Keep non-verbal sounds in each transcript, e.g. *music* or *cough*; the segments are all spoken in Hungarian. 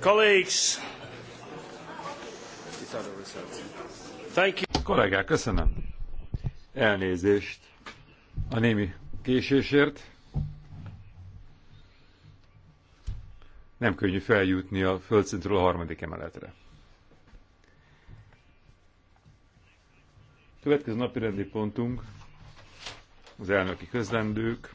Colleagues. Thank you. Kollégák, köszönöm. Elnézést a némi késésért. Nem könnyű feljutni a földszintről a harmadik emeletre. Következő napi rendi pontunk az elnöki közlendők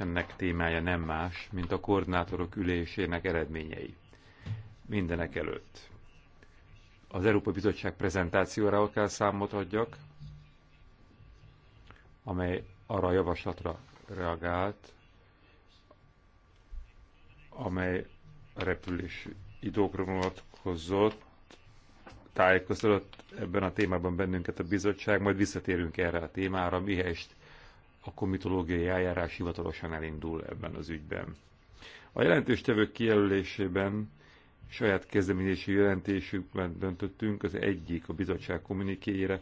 és ennek témája nem más, mint a koordinátorok ülésének eredményei. Mindenek előtt. Az Európai Bizottság prezentációra kell számot adjak, amely arra a javaslatra reagált, amely a repülés időkra vonatkozott, tájékoztatott ebben a témában bennünket a bizottság, majd visszatérünk erre a témára, mihelyest a komitológiai eljárás hivatalosan elindul ebben az ügyben. A jelentéstevők kijelölésében saját kezdeményezési jelentésükben döntöttünk, az egyik a bizottság kommunikéjére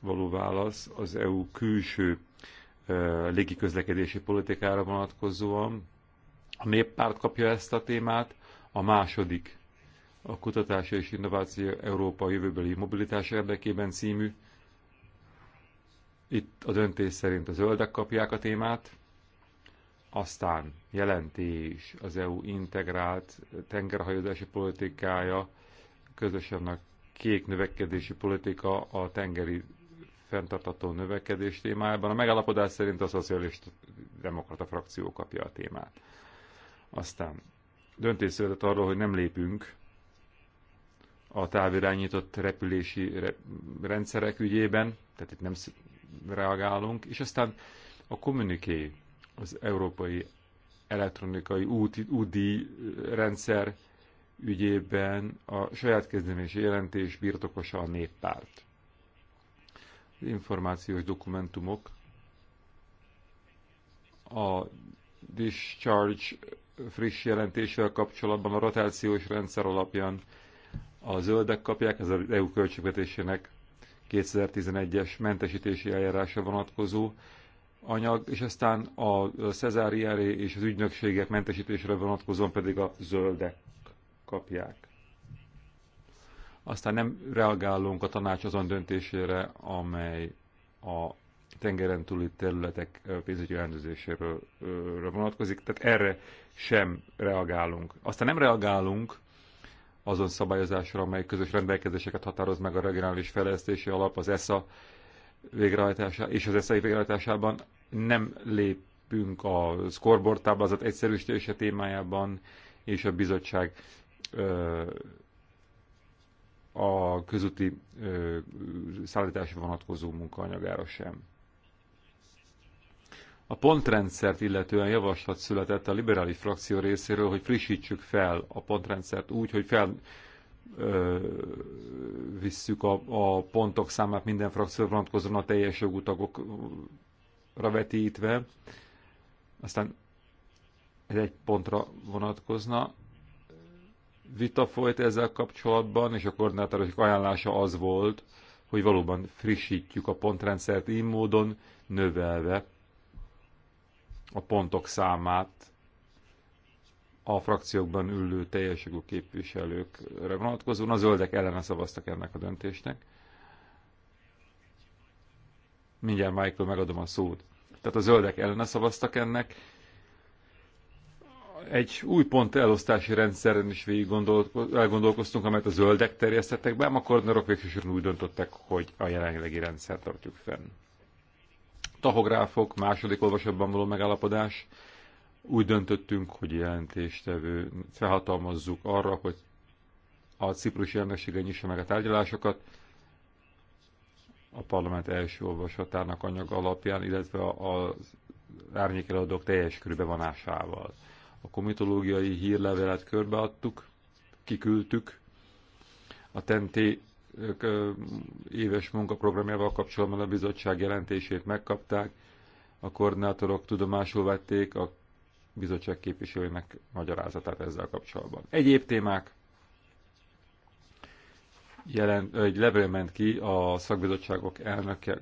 való válasz az EU külső légiközlekedési politikára vonatkozóan. A néppárt kapja ezt a témát, a második a Kutatás és Innováció Európa jövőbeli mobilitás érdekében című itt a döntés szerint a zöldek kapják a témát, aztán jelentés az EU integrált tengerhajózási politikája, közösen a kék növekedési politika a tengeri fenntartató növekedés témájában. A megállapodás szerint a szocialista demokrata frakció kapja a témát. Aztán döntés született arról, hogy nem lépünk a távirányított repülési rendszerek ügyében, tehát itt nem reagálunk, és aztán a kommuniké, az európai elektronikai úti, údi rendszer ügyében a saját kezdeményezési jelentés birtokosa a néppárt. Információs dokumentumok a discharge friss jelentéssel kapcsolatban a rotációs rendszer alapján a zöldek kapják, ez az EU költségvetésének 2011-es mentesítési eljárásra vonatkozó anyag, és aztán a szezáriári és az ügynökségek mentesítésre vonatkozóan pedig a zöldek kapják. Aztán nem reagálunk a tanács azon döntésére, amely a tengeren túli területek pénzügyi rendezéséről vonatkozik, tehát erre sem reagálunk. Aztán nem reagálunk azon szabályozásra, amely közös rendelkezéseket határoz meg a regionális fejlesztési alap, az ESA végrehajtása és az ESA végrehajtásában nem lépünk a scoreboard táblázat egyszerűsítése témájában és a bizottság a közúti szállításra vonatkozó munkaanyagára sem. A pontrendszert illetően javaslat született a liberális frakció részéről, hogy frissítsük fel a pontrendszert úgy, hogy fel ö, visszük a, a pontok számát minden frakció vonatkozóan a teljes jogú tagokra vetítve. Aztán ez egy pontra vonatkozna. Vita folyt ezzel kapcsolatban, és a koordinátorok ajánlása az volt, hogy valóban frissítjük a pontrendszert így módon, növelve a pontok számát a frakciókban ülő teljesjogú képviselőkre vonatkozóan. A zöldek ellene szavaztak ennek a döntésnek. Mindjárt Michael megadom a szót. Tehát a zöldek ellene szavaztak ennek. Egy új pont elosztási rendszeren is végig elgondolkoztunk, amelyet a zöldek terjesztettek be, a koordinátorok végsősorban úgy döntöttek, hogy a jelenlegi rendszert tartjuk fenn tahográfok, második olvasatban való megállapodás. Úgy döntöttünk, hogy jelentéstevő felhatalmazzuk arra, hogy a ciprusi elnöksége nyissa meg a tárgyalásokat a parlament első olvasatának anyag alapján, illetve az árnyékeladók teljes körbevonásával. A komitológiai hírlevelet körbeadtuk, kiküldtük, a TENTÉ éves munkaprogramjával kapcsolatban a bizottság jelentését megkapták, a koordinátorok tudomásul vették a bizottság képviselőinek magyarázatát ezzel kapcsolatban. Egyéb témák jelent, egy levél ment ki a szakbizottságok elnöke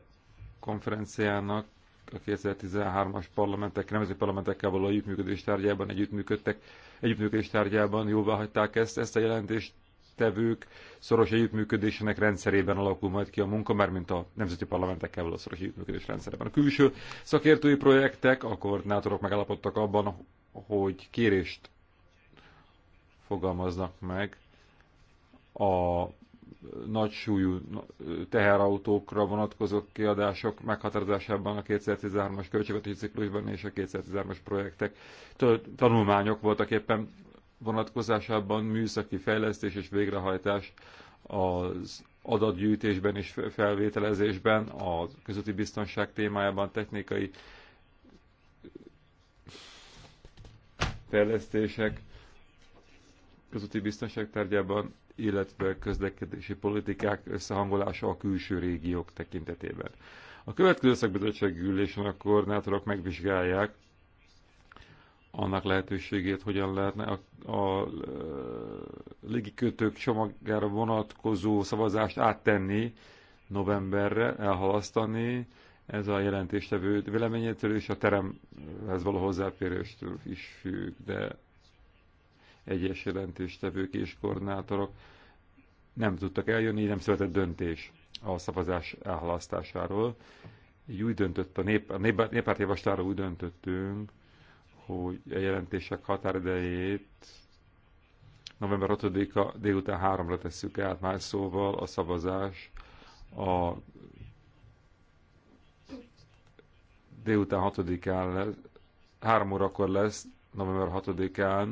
konferenciának, a 2013-as parlamentek, nemzeti parlamentekkel való együttműködés tárgyában együttműködtek, együttműködés tárgyában jóvá hagyták ezt, ezt a jelentést résztvevők szoros együttműködésének rendszerében alakul majd ki a munka, már mint a nemzeti parlamentekkel való szoros együttműködés rendszerében. A külső szakértői projektek, a koordinátorok megállapodtak abban, hogy kérést fogalmaznak meg a nagy súlyú teherautókra vonatkozó kiadások meghatározásában a 2013-as költségvetési ciklusban és a 2013-as projektek tanulmányok voltak éppen vonatkozásában műszaki fejlesztés és végrehajtás az adatgyűjtésben és felvételezésben, a közúti biztonság témájában technikai fejlesztések közúti biztonság tárgyában, illetve közlekedési politikák összehangolása a külső régiók tekintetében. A következő szakbizottsági ülésen a koordinátorok megvizsgálják annak lehetőségét hogyan lehetne a, a, a légikötők csomagára vonatkozó szavazást áttenni novemberre, elhalasztani, ez a jelentéstevő véleményétől és a teremhez való hozzáféréstől is függ, de egyes jelentéstevők és koordinátorok nem tudtak eljönni, nem született döntés a szavazás elhalasztásáról. Így úgy döntött a, nép, a nép, néppárt javaslatára úgy döntöttünk, hogy a jelentések határidejét november 5-a délután 3-ra tesszük át, más szóval a szavazás a délután 6-án lesz, 3 órakor lesz, november 6-án,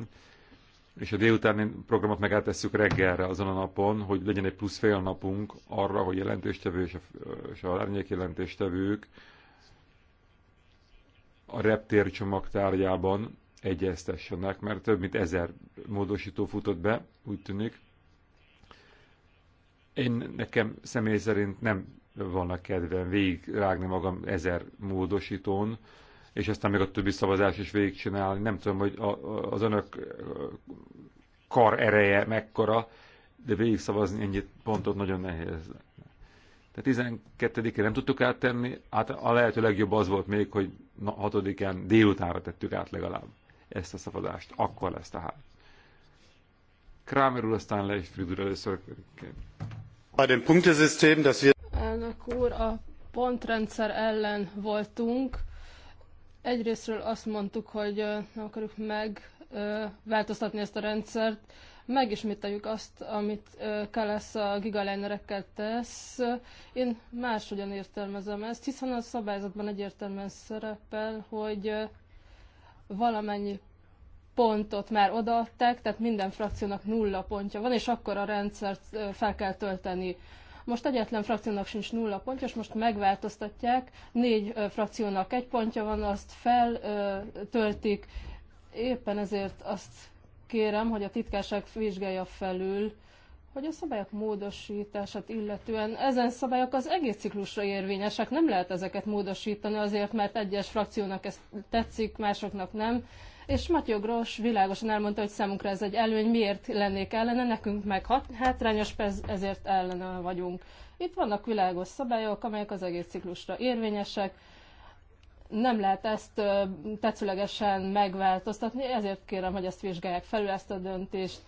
és a délutáni programot meg átesszük reggelre azon a napon, hogy legyen egy plusz fél napunk arra, hogy jelentéstevő és a, és a jelentéstevők a reptércsomag tárgyában egyeztessenek, mert több mint ezer módosító futott be, úgy tűnik. Én nekem személy szerint nem van a kedvem végigrágni magam ezer módosítón, és aztán még a többi szavazás is végigcsinálni. Nem tudom, hogy a, a, az önök kar ereje mekkora, de végig szavazni ennyit pontot nagyon nehéz Tehát 12-ére nem tudtuk áttenni, hát a lehető legjobb az volt még, hogy hatodikán délutánra tettük át legalább ezt a szavazást. Akkor lesz tehát. Kramer úr, aztán is úr először. Elnök úr, a pontrendszer ellen voltunk. Egyrésztről azt mondtuk, hogy nem akarjuk megváltoztatni ezt a rendszert, megismételjük azt, amit Kalesz a gigalinerekkel tesz. Én máshogyan értelmezem ezt, hiszen a szabályzatban egyértelműen szerepel, hogy valamennyi pontot már odaadták, tehát minden frakciónak nulla pontja van, és akkor a rendszert fel kell tölteni. Most egyetlen frakciónak sincs nulla pontja, és most megváltoztatják, négy frakciónak egy pontja van, azt feltöltik, éppen ezért azt kérem, hogy a titkárság vizsgálja felül, hogy a szabályok módosítását illetően ezen szabályok az egész ciklusra érvényesek, nem lehet ezeket módosítani azért, mert egyes frakciónak ez tetszik, másoknak nem. És Matyó Gross világosan elmondta, hogy számunkra ez egy előny, miért lennék ellene, nekünk meg hat, hátrányos, ezért ellene vagyunk. Itt vannak világos szabályok, amelyek az egész ciklusra érvényesek, nem lehet ezt tetszőlegesen megváltoztatni, ezért kérem, hogy ezt vizsgálják felül, ezt a döntést.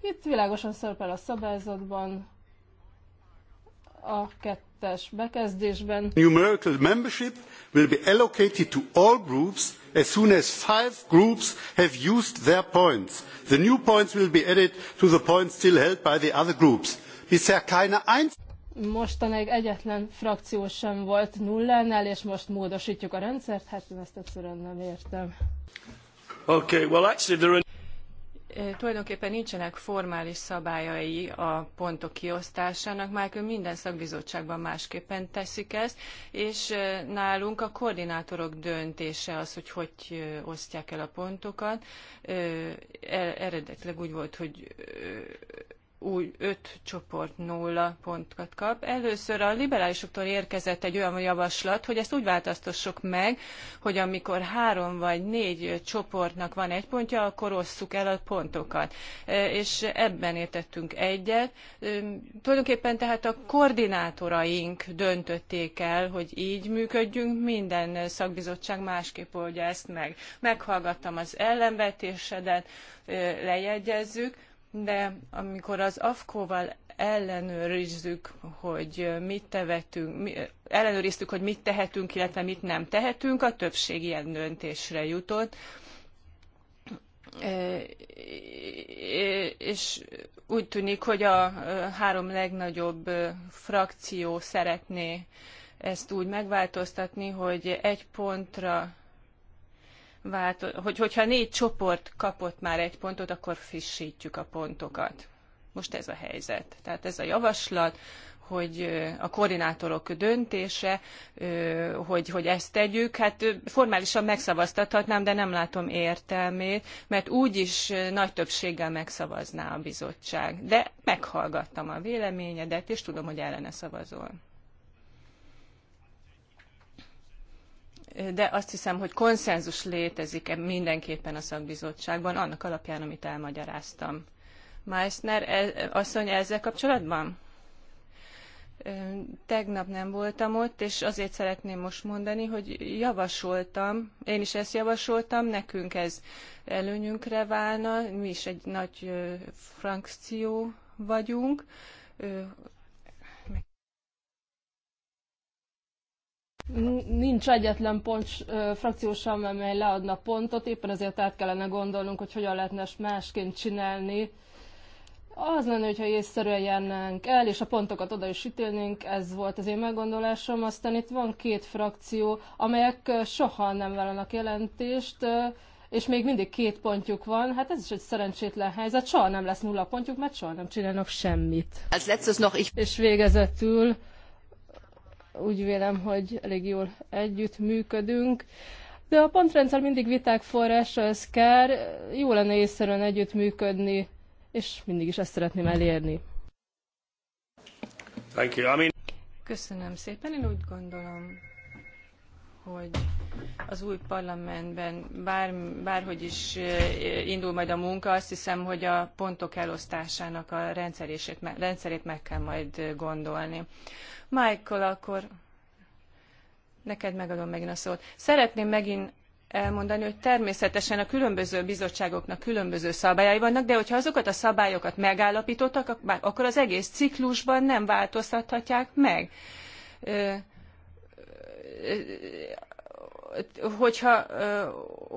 Itt világosan szerepel a szabályzatban, a kettes bekezdésben. Numerical membership will be allocated to all groups as soon as five groups have used their points. The new points will be added to the points still held by the other groups. Bisher keine einzige mostanáig egyetlen frakció sem volt nullánál, és most módosítjuk a rendszert, hát én ezt egyszerűen nem értem. Okay, well actually there are... Tulajdonképpen nincsenek formális szabályai a pontok kiosztásának, már minden szakbizottságban másképpen teszik ezt, és nálunk a koordinátorok döntése az, hogy hogy osztják el a pontokat. E-, eredetileg úgy volt, hogy új öt csoport nulla pontot kap. Először a liberálisoktól érkezett egy olyan javaslat, hogy ezt úgy változtassuk meg, hogy amikor három vagy négy csoportnak van egy pontja, akkor osszuk el a pontokat. E, és ebben értettünk egyet. E, tulajdonképpen tehát a koordinátoraink döntötték el, hogy így működjünk, minden szakbizottság másképp oldja ezt meg. Meghallgattam az ellenvetésedet, e, lejegyezzük, de amikor az AFKO-val ellenőrizzük, hogy mit tevetünk, mi, ellenőriztük, hogy mit tehetünk, illetve mit nem tehetünk, a többség ilyen döntésre jutott. És úgy tűnik, hogy a három legnagyobb frakció szeretné ezt úgy megváltoztatni, hogy egy pontra változ, hogy, hogyha négy csoport kapott már egy pontot, akkor frissítjük a pontokat. Most ez a helyzet. Tehát ez a javaslat, hogy a koordinátorok döntése, hogy, hogy ezt tegyük. Hát formálisan megszavaztathatnám, de nem látom értelmét, mert úgyis nagy többséggel megszavazná a bizottság. De meghallgattam a véleményedet, és tudom, hogy ellene szavazol. de azt hiszem, hogy konszenzus létezik -e mindenképpen a szakbizottságban, annak alapján, amit elmagyaráztam. Meissner e, asszony ezzel kapcsolatban? Tegnap nem voltam ott, és azért szeretném most mondani, hogy javasoltam, én is ezt javasoltam, nekünk ez előnyünkre válna, mi is egy nagy frankció vagyunk, Nincs egyetlen pont frakció sem, amely leadna pontot, éppen ezért át kellene gondolnunk, hogy hogyan lehetne ezt másként csinálni. Az lenne, hogyha észszerűen járnánk el, és a pontokat oda is ítélnénk, ez volt az én meggondolásom. Aztán itt van két frakció, amelyek soha nem vállalnak jelentést, és még mindig két pontjuk van, hát ez is egy szerencsétlen helyzet, soha nem lesz nulla pontjuk, mert soha nem csinálnak semmit. Ez noch ich... És végezetül úgy vélem, hogy elég jól együtt működünk. De a pontrendszer mindig viták forrása, ez kár, jó lenne észszerűen együtt működni, és mindig is ezt szeretném elérni. Thank you. I mean... Köszönöm szépen, én úgy gondolom, hogy az új parlamentben bár, bárhogy is indul majd a munka, azt hiszem, hogy a pontok elosztásának a rendszerését, rendszerét meg kell majd gondolni. Michael, akkor neked megadom megint a szót. Szeretném megint elmondani, hogy természetesen a különböző bizottságoknak különböző szabályai vannak, de hogyha azokat a szabályokat megállapítottak, akkor az egész ciklusban nem változtathatják meg hogyha,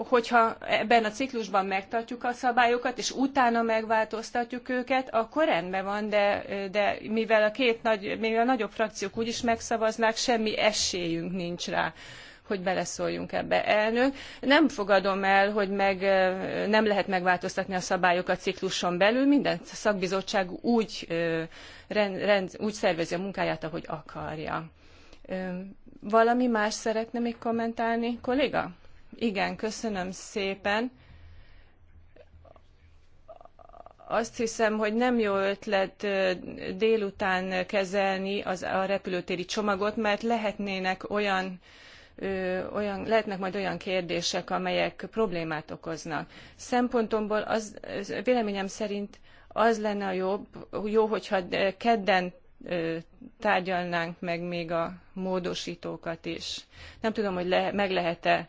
hogyha ebben a ciklusban megtartjuk a szabályokat, és utána megváltoztatjuk őket, akkor rendben van, de, de mivel a két nagy, mivel a nagyobb frakciók úgyis megszavaznák, semmi esélyünk nincs rá hogy beleszóljunk ebbe. Elnök, nem fogadom el, hogy meg, nem lehet megváltoztatni a szabályokat cikluson belül, minden szakbizottság úgy, rend, rend, úgy szervezi a munkáját, ahogy akarja. Valami más szeretne még kommentálni, kolléga? Igen, köszönöm szépen. Azt hiszem, hogy nem jó ötlet délután kezelni az, a repülőtéri csomagot, mert lehetnének olyan olyan, lehetnek majd olyan kérdések, amelyek problémát okoznak. Szempontomból az, véleményem szerint az lenne a jobb, jó, hogyha kedden tárgyalnánk meg még a módosítókat is. Nem tudom, hogy le, meg lehet-e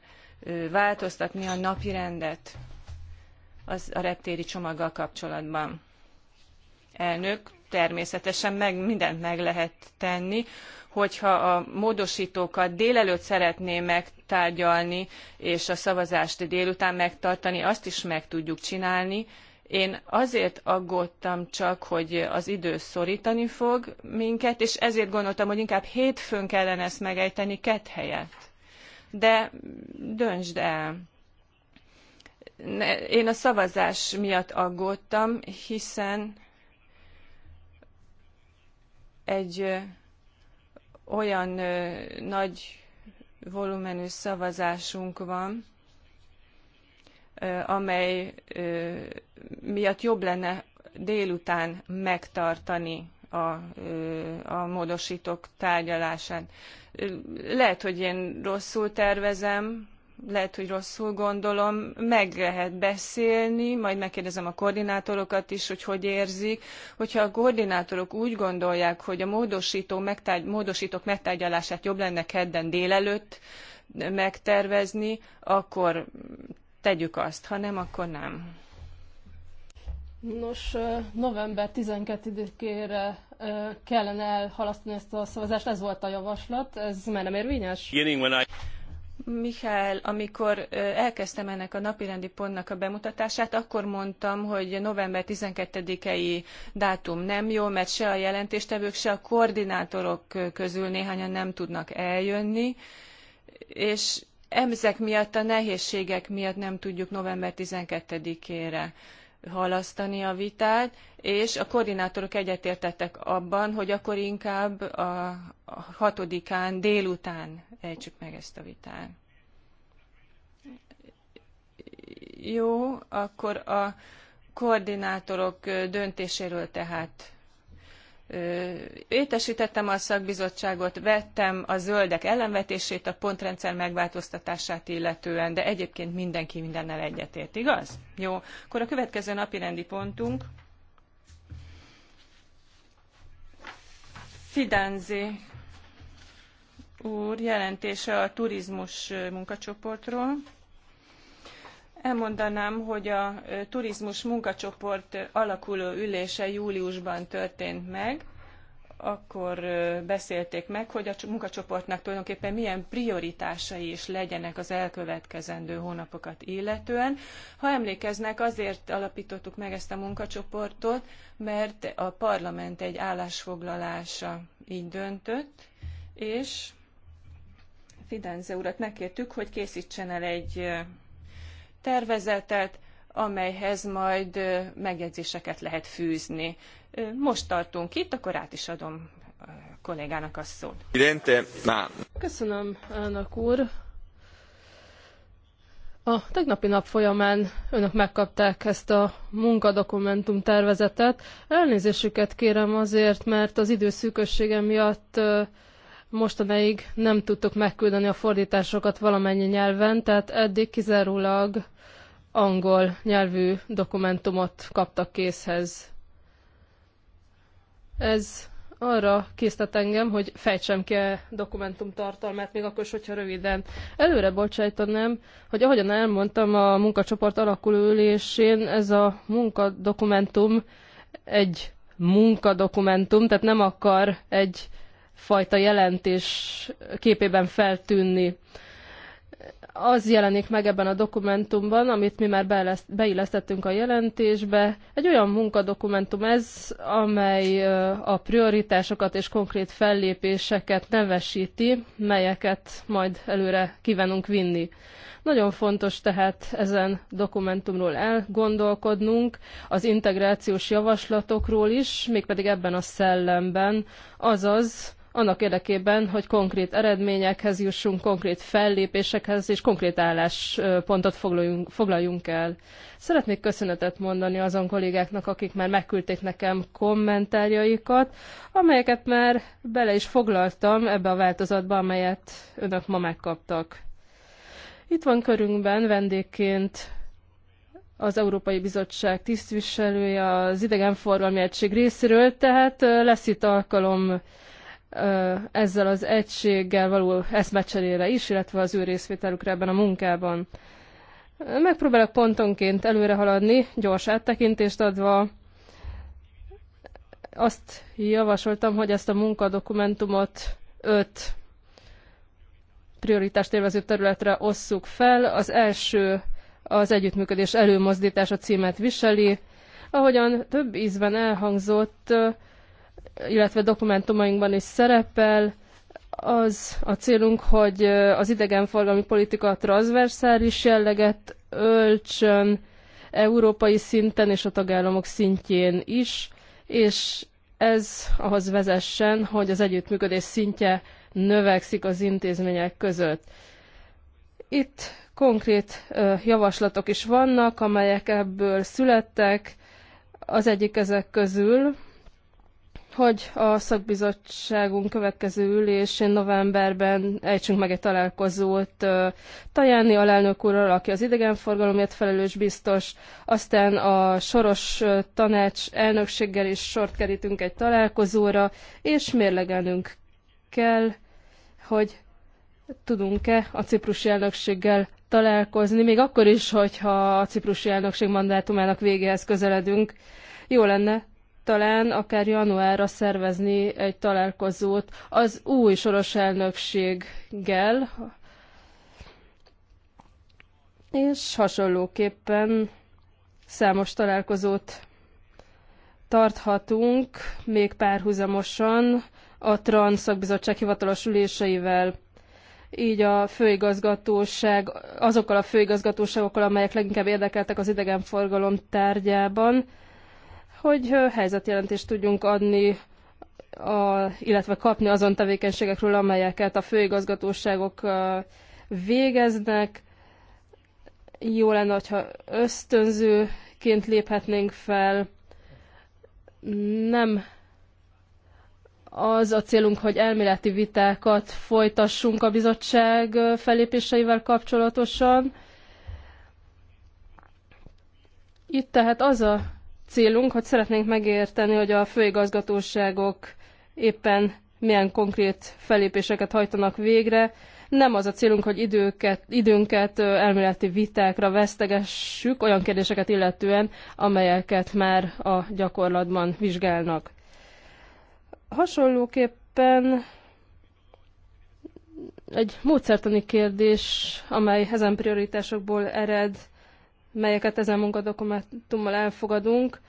változtatni a rendet az a reptéri csomaggal kapcsolatban. Elnök, természetesen meg, mindent meg lehet tenni. Hogyha a módosítókat délelőtt szeretné megtárgyalni, és a szavazást délután megtartani, azt is meg tudjuk csinálni én azért aggódtam csak, hogy az idő szorítani fog minket, és ezért gondoltam, hogy inkább hétfőn kellene ezt megejteni kett helyett. De döntsd el. Én a szavazás miatt aggódtam, hiszen egy olyan nagy volumenű szavazásunk van, amely miatt jobb lenne délután megtartani a, a módosítók tárgyalását. Lehet, hogy én rosszul tervezem, lehet, hogy rosszul gondolom, meg lehet beszélni, majd megkérdezem a koordinátorokat is, hogy hogy érzik. Hogyha a koordinátorok úgy gondolják, hogy a módosító megtárgy, módosítók megtárgyalását jobb lenne kedden délelőtt megtervezni, akkor tegyük azt, ha nem, akkor nem. Nos, november 12-ére kellene elhalasztani ezt a szavazást, ez volt a javaslat, ez már nem érvényes? Mihály, amikor elkezdtem ennek a napirendi pontnak a bemutatását, akkor mondtam, hogy november 12-i dátum nem jó, mert se a jelentéstevők, se a koordinátorok közül néhányan nem tudnak eljönni, és ezek miatt a nehézségek miatt nem tudjuk november 12-ére halasztani a vitát, és a koordinátorok egyetértettek abban, hogy akkor inkább a hatodikán délután ejtsük meg ezt a vitát. Jó, akkor a koordinátorok döntéséről tehát Értesítettem a szakbizottságot, vettem a zöldek ellenvetését, a pontrendszer megváltoztatását illetően, de egyébként mindenki mindennel egyetért, igaz? Jó, akkor a következő napi rendi pontunk. Fidánzi úr jelentése a turizmus munkacsoportról. Elmondanám, hogy a turizmus munkacsoport alakuló ülése júliusban történt meg, akkor beszélték meg, hogy a munkacsoportnak tulajdonképpen milyen prioritásai is legyenek az elkövetkezendő hónapokat illetően. Ha emlékeznek, azért alapítottuk meg ezt a munkacsoportot, mert a parlament egy állásfoglalása így döntött, és Fidenze urat megkértük, hogy készítsen el egy tervezetet, amelyhez majd megjegyzéseket lehet fűzni. Most tartunk itt, akkor át is adom a kollégának a szót. Köszönöm, elnök úr. A tegnapi nap folyamán önök megkapták ezt a munkadokumentum tervezetet. Elnézésüket kérem azért, mert az időszűkössége miatt mostanáig nem tudtuk megküldeni a fordításokat valamennyi nyelven, tehát eddig kizárólag angol nyelvű dokumentumot kaptak készhez. Ez arra késztet engem, hogy fejtsem ki a dokumentum tartalmát, még akkor is, hogyha röviden. Előre bocsájtanám, hogy ahogyan elmondtam a munkacsoport ülésén, ez a munkadokumentum egy munkadokumentum, tehát nem akar egy fajta jelentés képében feltűnni. Az jelenik meg ebben a dokumentumban, amit mi már beillesztettünk a jelentésbe. Egy olyan munkadokumentum ez, amely a prioritásokat és konkrét fellépéseket nevesíti, melyeket majd előre kívánunk vinni. Nagyon fontos tehát ezen dokumentumról elgondolkodnunk, az integrációs javaslatokról is, mégpedig ebben a szellemben, azaz annak érdekében, hogy konkrét eredményekhez jussunk, konkrét fellépésekhez és konkrét álláspontot foglaljunk, foglaljunk el. Szeretnék köszönetet mondani azon kollégáknak, akik már megküldték nekem kommentárjaikat, amelyeket már bele is foglaltam ebbe a változatba, amelyet önök ma megkaptak. Itt van körünkben vendégként az Európai Bizottság tisztviselője az idegenforgalmi egység részéről, tehát lesz itt alkalom ezzel az egységgel való eszmecserére is, illetve az ő részvételükre ebben a munkában. Megpróbálok pontonként előre haladni, gyors áttekintést adva. Azt javasoltam, hogy ezt a munkadokumentumot öt prioritást élvező területre osszuk fel. Az első az együttműködés előmozdítása címet viseli. Ahogyan több ízben elhangzott, illetve dokumentumainkban is szerepel. Az a célunk, hogy az idegenforgalmi politika transzverszális jelleget öltsön európai szinten és a tagállamok szintjén is, és ez ahhoz vezessen, hogy az együttműködés szintje növekszik az intézmények között. Itt konkrét javaslatok is vannak, amelyek ebből születtek. Az egyik ezek közül hogy a szakbizottságunk következő ülésén novemberben ejtsünk meg egy találkozót Tajáni alelnök úrral, aki az idegenforgalomért felelős biztos, aztán a soros tanács elnökséggel is sort kerítünk egy találkozóra, és mérlegelnünk kell, hogy tudunk-e a ciprusi elnökséggel találkozni, még akkor is, hogyha a ciprusi elnökség mandátumának végéhez közeledünk. Jó lenne, talán akár januárra szervezni egy találkozót az új soros elnökséggel, és hasonlóképpen számos találkozót tarthatunk még párhuzamosan a TRAN szakbizottság hivatalos üléseivel így a főigazgatóság, azokkal a főigazgatóságokkal, amelyek leginkább érdekeltek az idegenforgalom tárgyában, hogy helyzetjelentést tudjunk adni, a, illetve kapni azon tevékenységekről, amelyeket a főigazgatóságok végeznek. Jó lenne, hogyha ösztönzőként léphetnénk fel. Nem az a célunk, hogy elméleti vitákat folytassunk a bizottság felépéseivel kapcsolatosan. Itt tehát az a célunk, hogy szeretnénk megérteni, hogy a főigazgatóságok éppen milyen konkrét fellépéseket hajtanak végre. Nem az a célunk, hogy időket, időnket elméleti vitákra vesztegessük olyan kérdéseket illetően, amelyeket már a gyakorlatban vizsgálnak. Hasonlóképpen egy módszertani kérdés, amely ezen prioritásokból ered, melyeket ezen munkadokumentummal elfogadunk,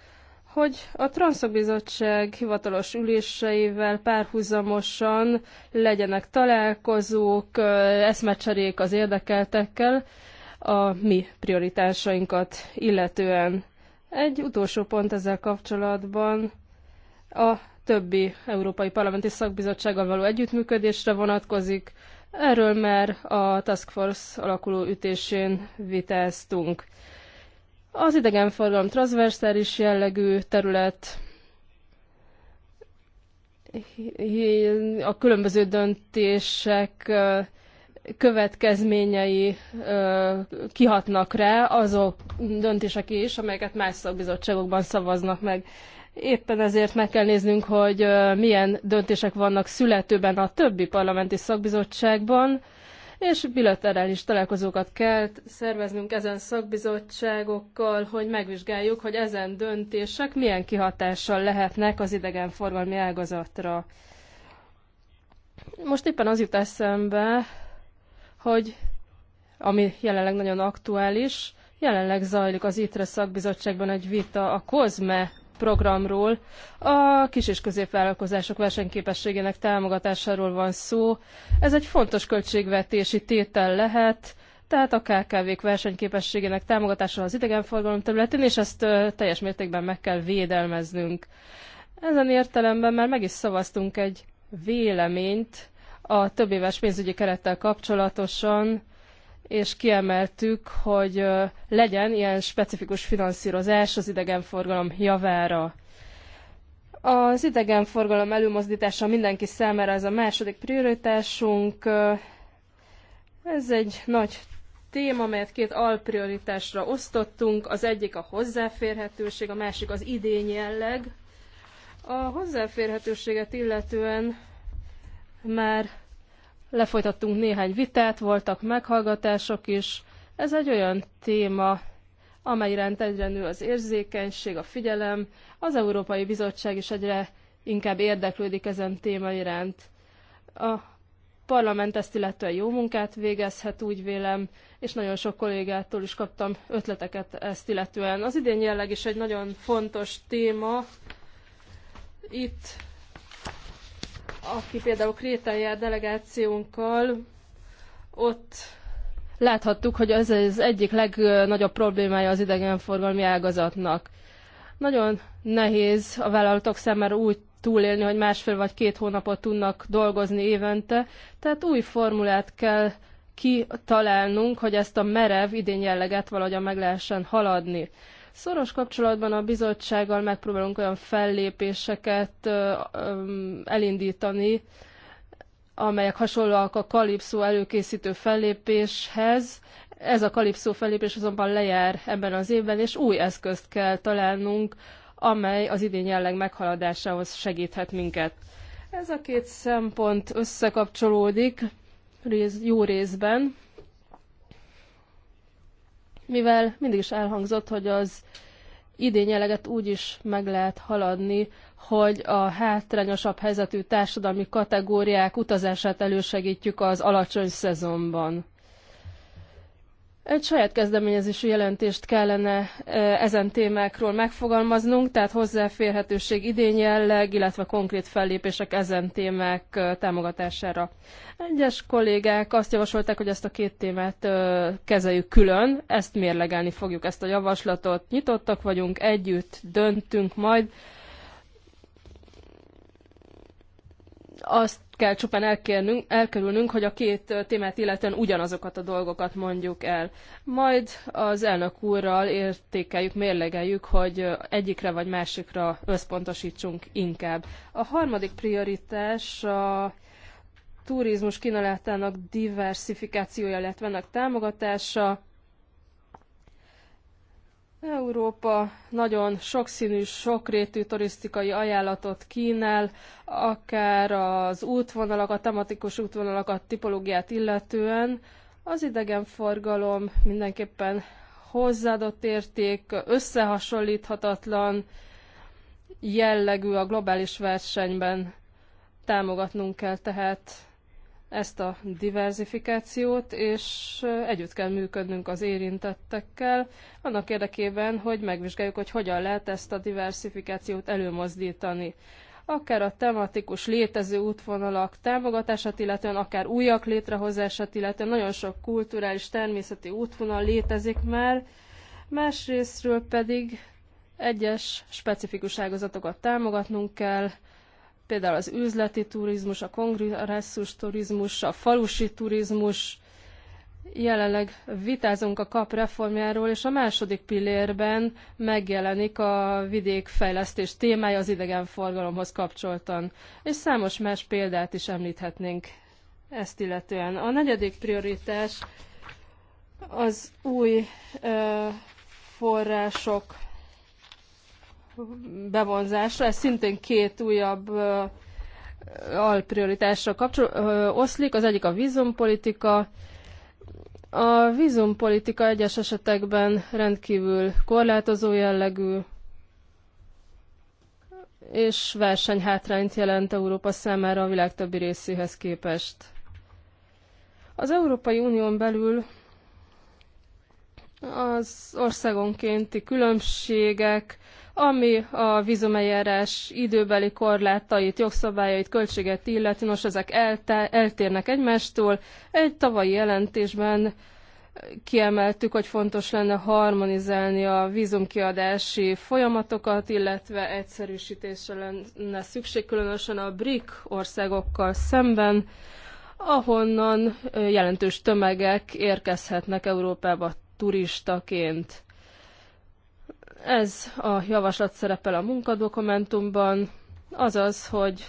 hogy a Transzokbizottság hivatalos üléseivel párhuzamosan legyenek találkozók, eszmecserék az érdekeltekkel a mi prioritásainkat illetően. Egy utolsó pont ezzel kapcsolatban a többi Európai Parlamenti Szakbizottsággal való együttműködésre vonatkozik. Erről már a Task Force alakuló ütésén vitáztunk. Az idegenforgalom transversális jellegű terület, a különböző döntések következményei kihatnak rá azok döntések is, amelyeket más szakbizottságokban szavaznak meg. Éppen ezért meg kell néznünk, hogy milyen döntések vannak születőben a többi parlamenti szakbizottságban, és bilaterális találkozókat kell szerveznünk ezen szakbizottságokkal, hogy megvizsgáljuk, hogy ezen döntések milyen kihatással lehetnek az idegenforgalmi ágazatra. Most éppen az jut eszembe, hogy ami jelenleg nagyon aktuális, jelenleg zajlik az ITRE szakbizottságban egy vita a COSME programról. A kis és középvállalkozások versenyképességének támogatásáról van szó. Ez egy fontos költségvetési tétel lehet, tehát a KKV-k versenyképességének támogatása az idegenforgalom területén, és ezt teljes mértékben meg kell védelmeznünk. Ezen értelemben már meg is szavaztunk egy véleményt a több éves pénzügyi kerettel kapcsolatosan, és kiemeltük, hogy legyen ilyen specifikus finanszírozás az idegenforgalom javára. Az idegenforgalom előmozdítása mindenki számára ez a második prioritásunk. Ez egy nagy téma, amelyet két alprioritásra osztottunk. Az egyik a hozzáférhetőség, a másik az idény jelleg. A hozzáférhetőséget illetően már lefolytattunk néhány vitát, voltak meghallgatások is. Ez egy olyan téma, amely iránt egyre nő az érzékenység, a figyelem. Az Európai Bizottság is egyre inkább érdeklődik ezen téma iránt. A parlament ezt illetően jó munkát végezhet, úgy vélem, és nagyon sok kollégától is kaptam ötleteket ezt illetően. Az idén jelleg is egy nagyon fontos téma. Itt aki például Krétán jár delegációnkkal, ott láthattuk, hogy ez az egyik legnagyobb problémája az idegenforgalmi ágazatnak. Nagyon nehéz a vállalatok szemmel úgy túlélni, hogy másfél vagy két hónapot tudnak dolgozni évente, tehát új formulát kell kitalálnunk, hogy ezt a merev idén jelleget valahogyan meg lehessen haladni. Szoros kapcsolatban a bizottsággal megpróbálunk olyan fellépéseket elindítani, amelyek hasonlóak a kalipszó előkészítő fellépéshez. Ez a kalipszó fellépés azonban lejár ebben az évben, és új eszközt kell találnunk, amely az idén jelleg meghaladásához segíthet minket. Ez a két szempont összekapcsolódik rész, jó részben, mivel mindig is elhangzott, hogy az idényeleget úgy is meg lehet haladni, hogy a hátrányosabb helyzetű társadalmi kategóriák utazását elősegítjük az alacsony szezonban. Egy saját kezdeményezésű jelentést kellene ezen témákról megfogalmaznunk, tehát hozzáférhetőség idényjelleg, illetve konkrét fellépések ezen témák támogatására. Egyes kollégák azt javasolták, hogy ezt a két témát kezeljük külön, ezt mérlegelni fogjuk, ezt a javaslatot. Nyitottak vagyunk, együtt döntünk majd. Azt kell csupán elkérnünk, elkerülnünk, hogy a két témát illetően ugyanazokat a dolgokat mondjuk el. Majd az elnök úrral értékeljük, mérlegeljük, hogy egyikre vagy másikra összpontosítsunk inkább. A harmadik prioritás a turizmus kínálatának diversifikációja, illetve ennek támogatása, Európa nagyon sokszínű, sokrétű turisztikai ajánlatot kínál, akár az útvonalakat, tematikus útvonalakat, tipológiát illetően. Az idegenforgalom mindenképpen hozzáadott érték, összehasonlíthatatlan jellegű a globális versenyben. Támogatnunk kell tehát ezt a diversifikációt, és együtt kell működnünk az érintettekkel, annak érdekében, hogy megvizsgáljuk, hogy hogyan lehet ezt a diversifikációt előmozdítani. Akár a tematikus létező útvonalak támogatását, illetően akár újak létrehozását, illetően nagyon sok kulturális, természeti útvonal létezik már, másrésztről pedig egyes specifikus ágazatokat támogatnunk kell, például az üzleti turizmus, a kongresszus turizmus, a falusi turizmus. Jelenleg vitázunk a kap reformjáról, és a második pillérben megjelenik a vidékfejlesztés témája az idegenforgalomhoz kapcsoltan. És számos más példát is említhetnénk ezt illetően. A negyedik prioritás az új ö, források bevonzásra. Ez szintén két újabb alprioritásra oszlik. Az egyik a vízumpolitika. A vízumpolitika egyes esetekben rendkívül korlátozó jellegű, és versenyhátrányt jelent Európa számára a világ többi részéhez képest. Az Európai Unión belül az országonkénti különbségek, ami a vízumeljárás időbeli korlátait, jogszabályait, költséget illeti, nos, ezek eltérnek egymástól. Egy tavalyi jelentésben kiemeltük, hogy fontos lenne harmonizálni a vízumkiadási folyamatokat, illetve egyszerűsítésre lenne szükség, különösen a BRIC országokkal szemben, ahonnan jelentős tömegek érkezhetnek Európába turistaként. Ez a javaslat szerepel a munkadokumentumban, azaz, hogy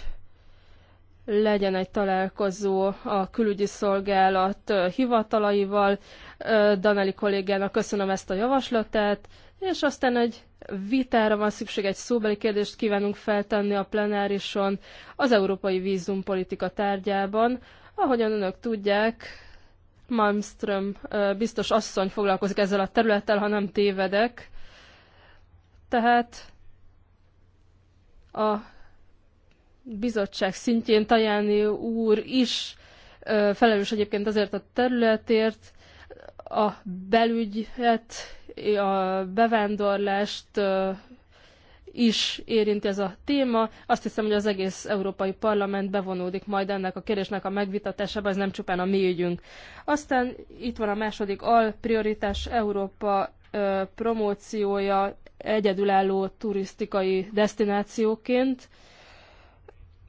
legyen egy találkozó a külügyi szolgálat hivatalaival. Daneli kollégának köszönöm ezt a javaslatát, és aztán egy vitára van szükség, egy szóbeli kérdést kívánunk feltenni a plenárison az európai vízumpolitika tárgyában. Ahogyan önök tudják, Malmström biztos asszony foglalkozik ezzel a területtel, ha nem tévedek, tehát a bizottság szintjén Tajáni úr is felelős egyébként azért a területért, a belügyet, a bevándorlást is érinti ez a téma. Azt hiszem, hogy az egész Európai Parlament bevonódik majd ennek a kérdésnek a megvitatásába, ez nem csupán a mi ügyünk. Aztán itt van a második alprioritás Európa ö, promóciója, egyedülálló turisztikai destinációként.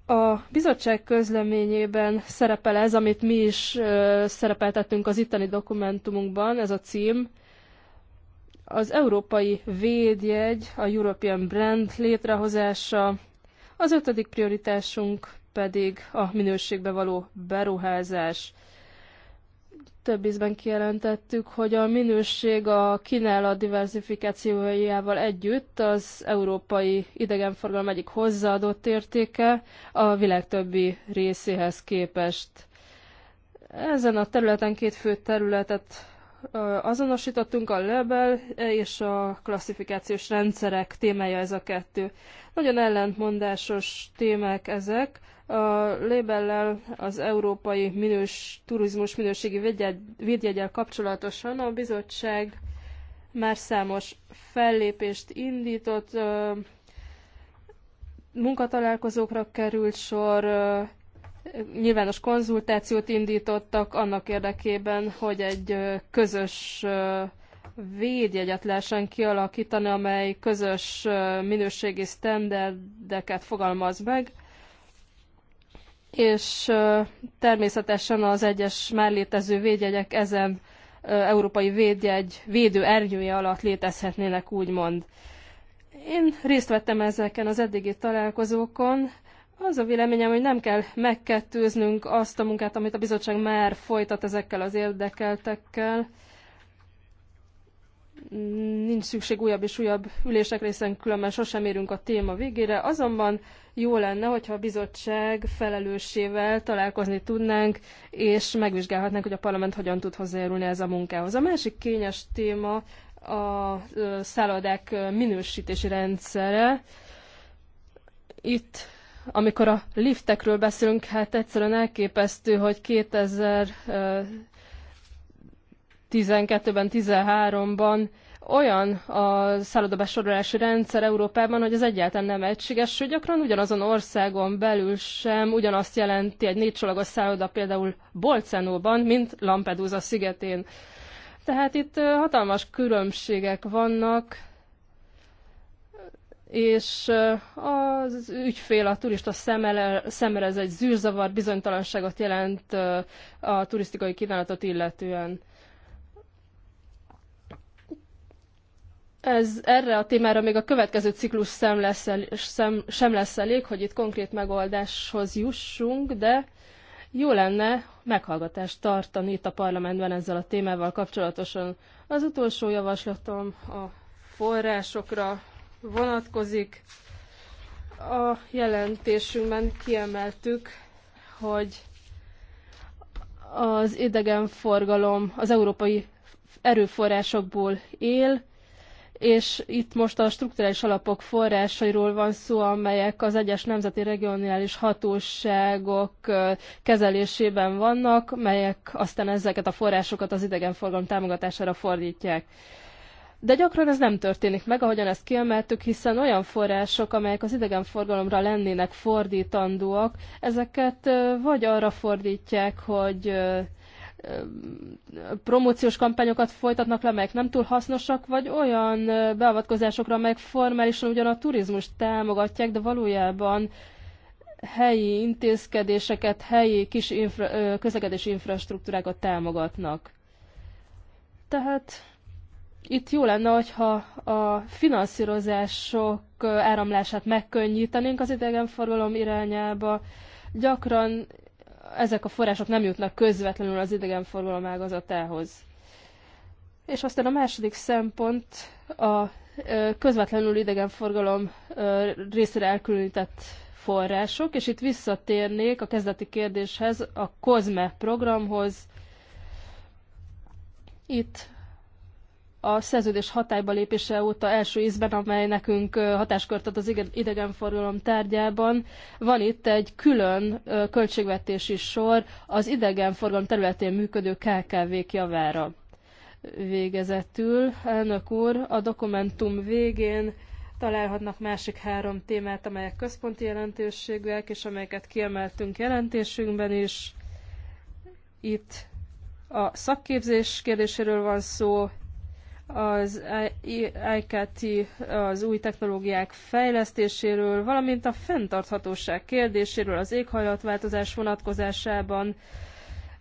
A bizottság közleményében szerepel ez, amit mi is szerepeltettünk az itteni dokumentumunkban, ez a cím. Az európai védjegy, a European Brand létrehozása, az ötödik prioritásunk pedig a minőségbe való beruházás. Több ízben kijelentettük, hogy a minőség a a diversifikációjával együtt az európai idegenforgalom egyik hozzáadott értéke a világ többi részéhez képest. Ezen a területen két fő területet azonosítottunk, a label és a klasszifikációs rendszerek témája ez a kettő. Nagyon ellentmondásos témák ezek, a lébellel az európai minős, turizmus minőségi védjegyel kapcsolatosan a bizottság már számos fellépést indított, munkatalálkozókra került sor, nyilvános konzultációt indítottak annak érdekében, hogy egy közös védjegyet lehessen kialakítani, amely közös minőségi sztenderdeket fogalmaz meg és természetesen az egyes már létező védjegyek ezen európai védjegy védő ernyője alatt létezhetnének, úgymond. Én részt vettem ezeken az eddigi találkozókon. Az a véleményem, hogy nem kell megkettőznünk azt a munkát, amit a bizottság már folytat ezekkel az érdekeltekkel. Nincs szükség újabb és újabb ülésekre, hiszen különben sosem érünk a téma végére. Azonban jó lenne, hogyha a bizottság felelőssével találkozni tudnánk, és megvizsgálhatnánk, hogy a parlament hogyan tud hozzájárulni ez a munkához. A másik kényes téma a szállodák minősítési rendszere. Itt amikor a liftekről beszélünk, hát egyszerűen elképesztő, hogy 2012-ben, 13-ban olyan a szállodabesorolási rendszer Európában, hogy ez egyáltalán nem egységes, hogy gyakran ugyanazon országon belül sem ugyanazt jelenti egy négycsolagos szálloda például Bolcenóban, mint Lampedusa szigetén. Tehát itt hatalmas különbségek vannak, és az ügyfél, a turista szemmel ez egy zűrzavar, bizonytalanságot jelent a turisztikai kínálatot illetően. ez, erre a témára még a következő ciklus sem lesz, el, sem, sem lesz elég, hogy itt konkrét megoldáshoz jussunk, de jó lenne meghallgatást tartani itt a parlamentben ezzel a témával kapcsolatosan. Az utolsó javaslatom a forrásokra vonatkozik. A jelentésünkben kiemeltük, hogy az idegenforgalom az európai erőforrásokból él, és itt most a strukturális alapok forrásairól van szó, amelyek az egyes nemzeti regionális hatóságok kezelésében vannak, melyek aztán ezeket a forrásokat az idegenforgalom támogatására fordítják. De gyakran ez nem történik meg, ahogyan ezt kiemeltük, hiszen olyan források, amelyek az idegenforgalomra lennének fordítandóak, ezeket vagy arra fordítják, hogy promóciós kampányokat folytatnak le, amelyek nem túl hasznosak, vagy olyan beavatkozásokra, amelyek formálisan ugyan a turizmust támogatják, de valójában helyi intézkedéseket, helyi kis infra, közlekedési infrastruktúrákat támogatnak. Tehát itt jó lenne, hogyha a finanszírozások áramlását megkönnyítenénk az idegenforgalom irányába. Gyakran ezek a források nem jutnak közvetlenül az idegenforgalom ágazatához. És aztán a második szempont a közvetlenül idegenforgalom részére elkülönített források, és itt visszatérnék a kezdeti kérdéshez, a COSME programhoz. Itt a szerződés hatályba lépése óta első ízben, amely nekünk hatáskört ad az idegenforgalom tárgyában. Van itt egy külön költségvetési sor az idegenforgalom területén működő KKV-k javára. Végezetül, elnök úr, a dokumentum végén találhatnak másik három témát, amelyek központi jelentőségűek, és amelyeket kiemeltünk jelentésünkben is. Itt a szakképzés kérdéséről van szó, az IKT, az új technológiák fejlesztéséről, valamint a fenntarthatóság kérdéséről az éghajlatváltozás vonatkozásában.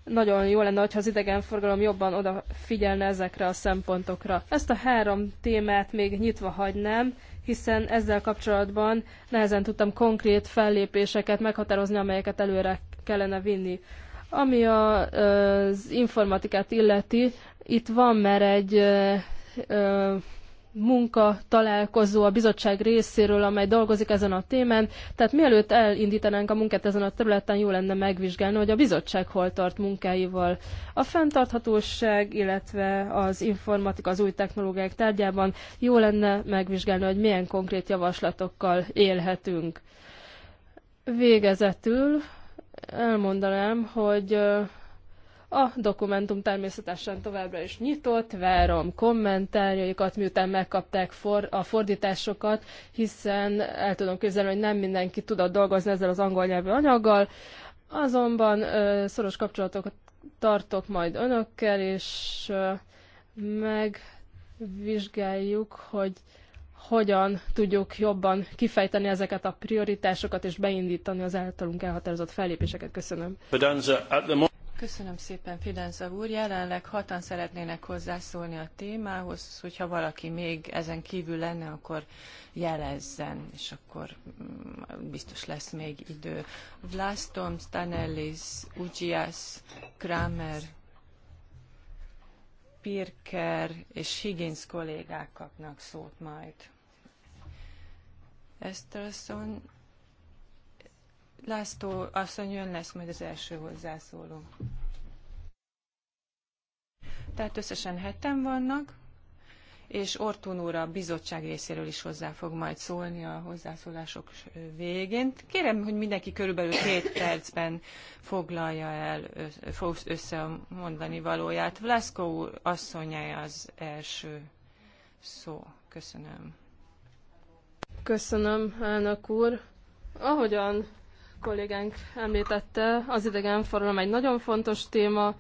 Nagyon jó lenne, ha az idegenforgalom jobban odafigyelne ezekre a szempontokra. Ezt a három témát még nyitva hagynám, hiszen ezzel kapcsolatban nehezen tudtam konkrét fellépéseket meghatározni, amelyeket előre kellene vinni. Ami a, az informatikát illeti, itt van már egy munka találkozó a bizottság részéről, amely dolgozik ezen a témán. Tehát mielőtt elindítanánk a munkát ezen a területen, jó lenne megvizsgálni, hogy a bizottság hol tart munkáival. A fenntarthatóság, illetve az informatika, az új technológiák tárgyában jó lenne megvizsgálni, hogy milyen konkrét javaslatokkal élhetünk. Végezetül elmondanám, hogy a dokumentum természetesen továbbra is nyitott, várom kommentárjaikat, miután megkapták for, a fordításokat, hiszen el tudom képzelni, hogy nem mindenki tudott dolgozni ezzel az angol nyelvű anyaggal, azonban ö, szoros kapcsolatokat tartok majd önökkel, és ö, megvizsgáljuk, hogy hogyan tudjuk jobban kifejteni ezeket a prioritásokat és beindítani az általunk elhatározott fellépéseket. Köszönöm. Köszönöm szépen, Fidenza úr. Jelenleg hatan szeretnének hozzászólni a témához, hogyha valaki még ezen kívül lenne, akkor jelezzen, és akkor mm, biztos lesz még idő. Vlastom, Stanellis, Ugyias, Kramer, Pirker és Higgins kollégák kapnak szót majd. Esterson László asszony, ön lesz majd az első hozzászóló. Tehát összesen heten vannak, és Ortun úr a bizottság részéről is hozzá fog majd szólni a hozzászólások végén. Kérem, hogy mindenki körülbelül két *coughs* percben foglalja el össze a mondani valóját. Vlaszko úr asszonyája az első szó. Köszönöm. Köszönöm, elnök úr. Ahogyan kollégánk említette, az idegenforgalom egy nagyon fontos téma,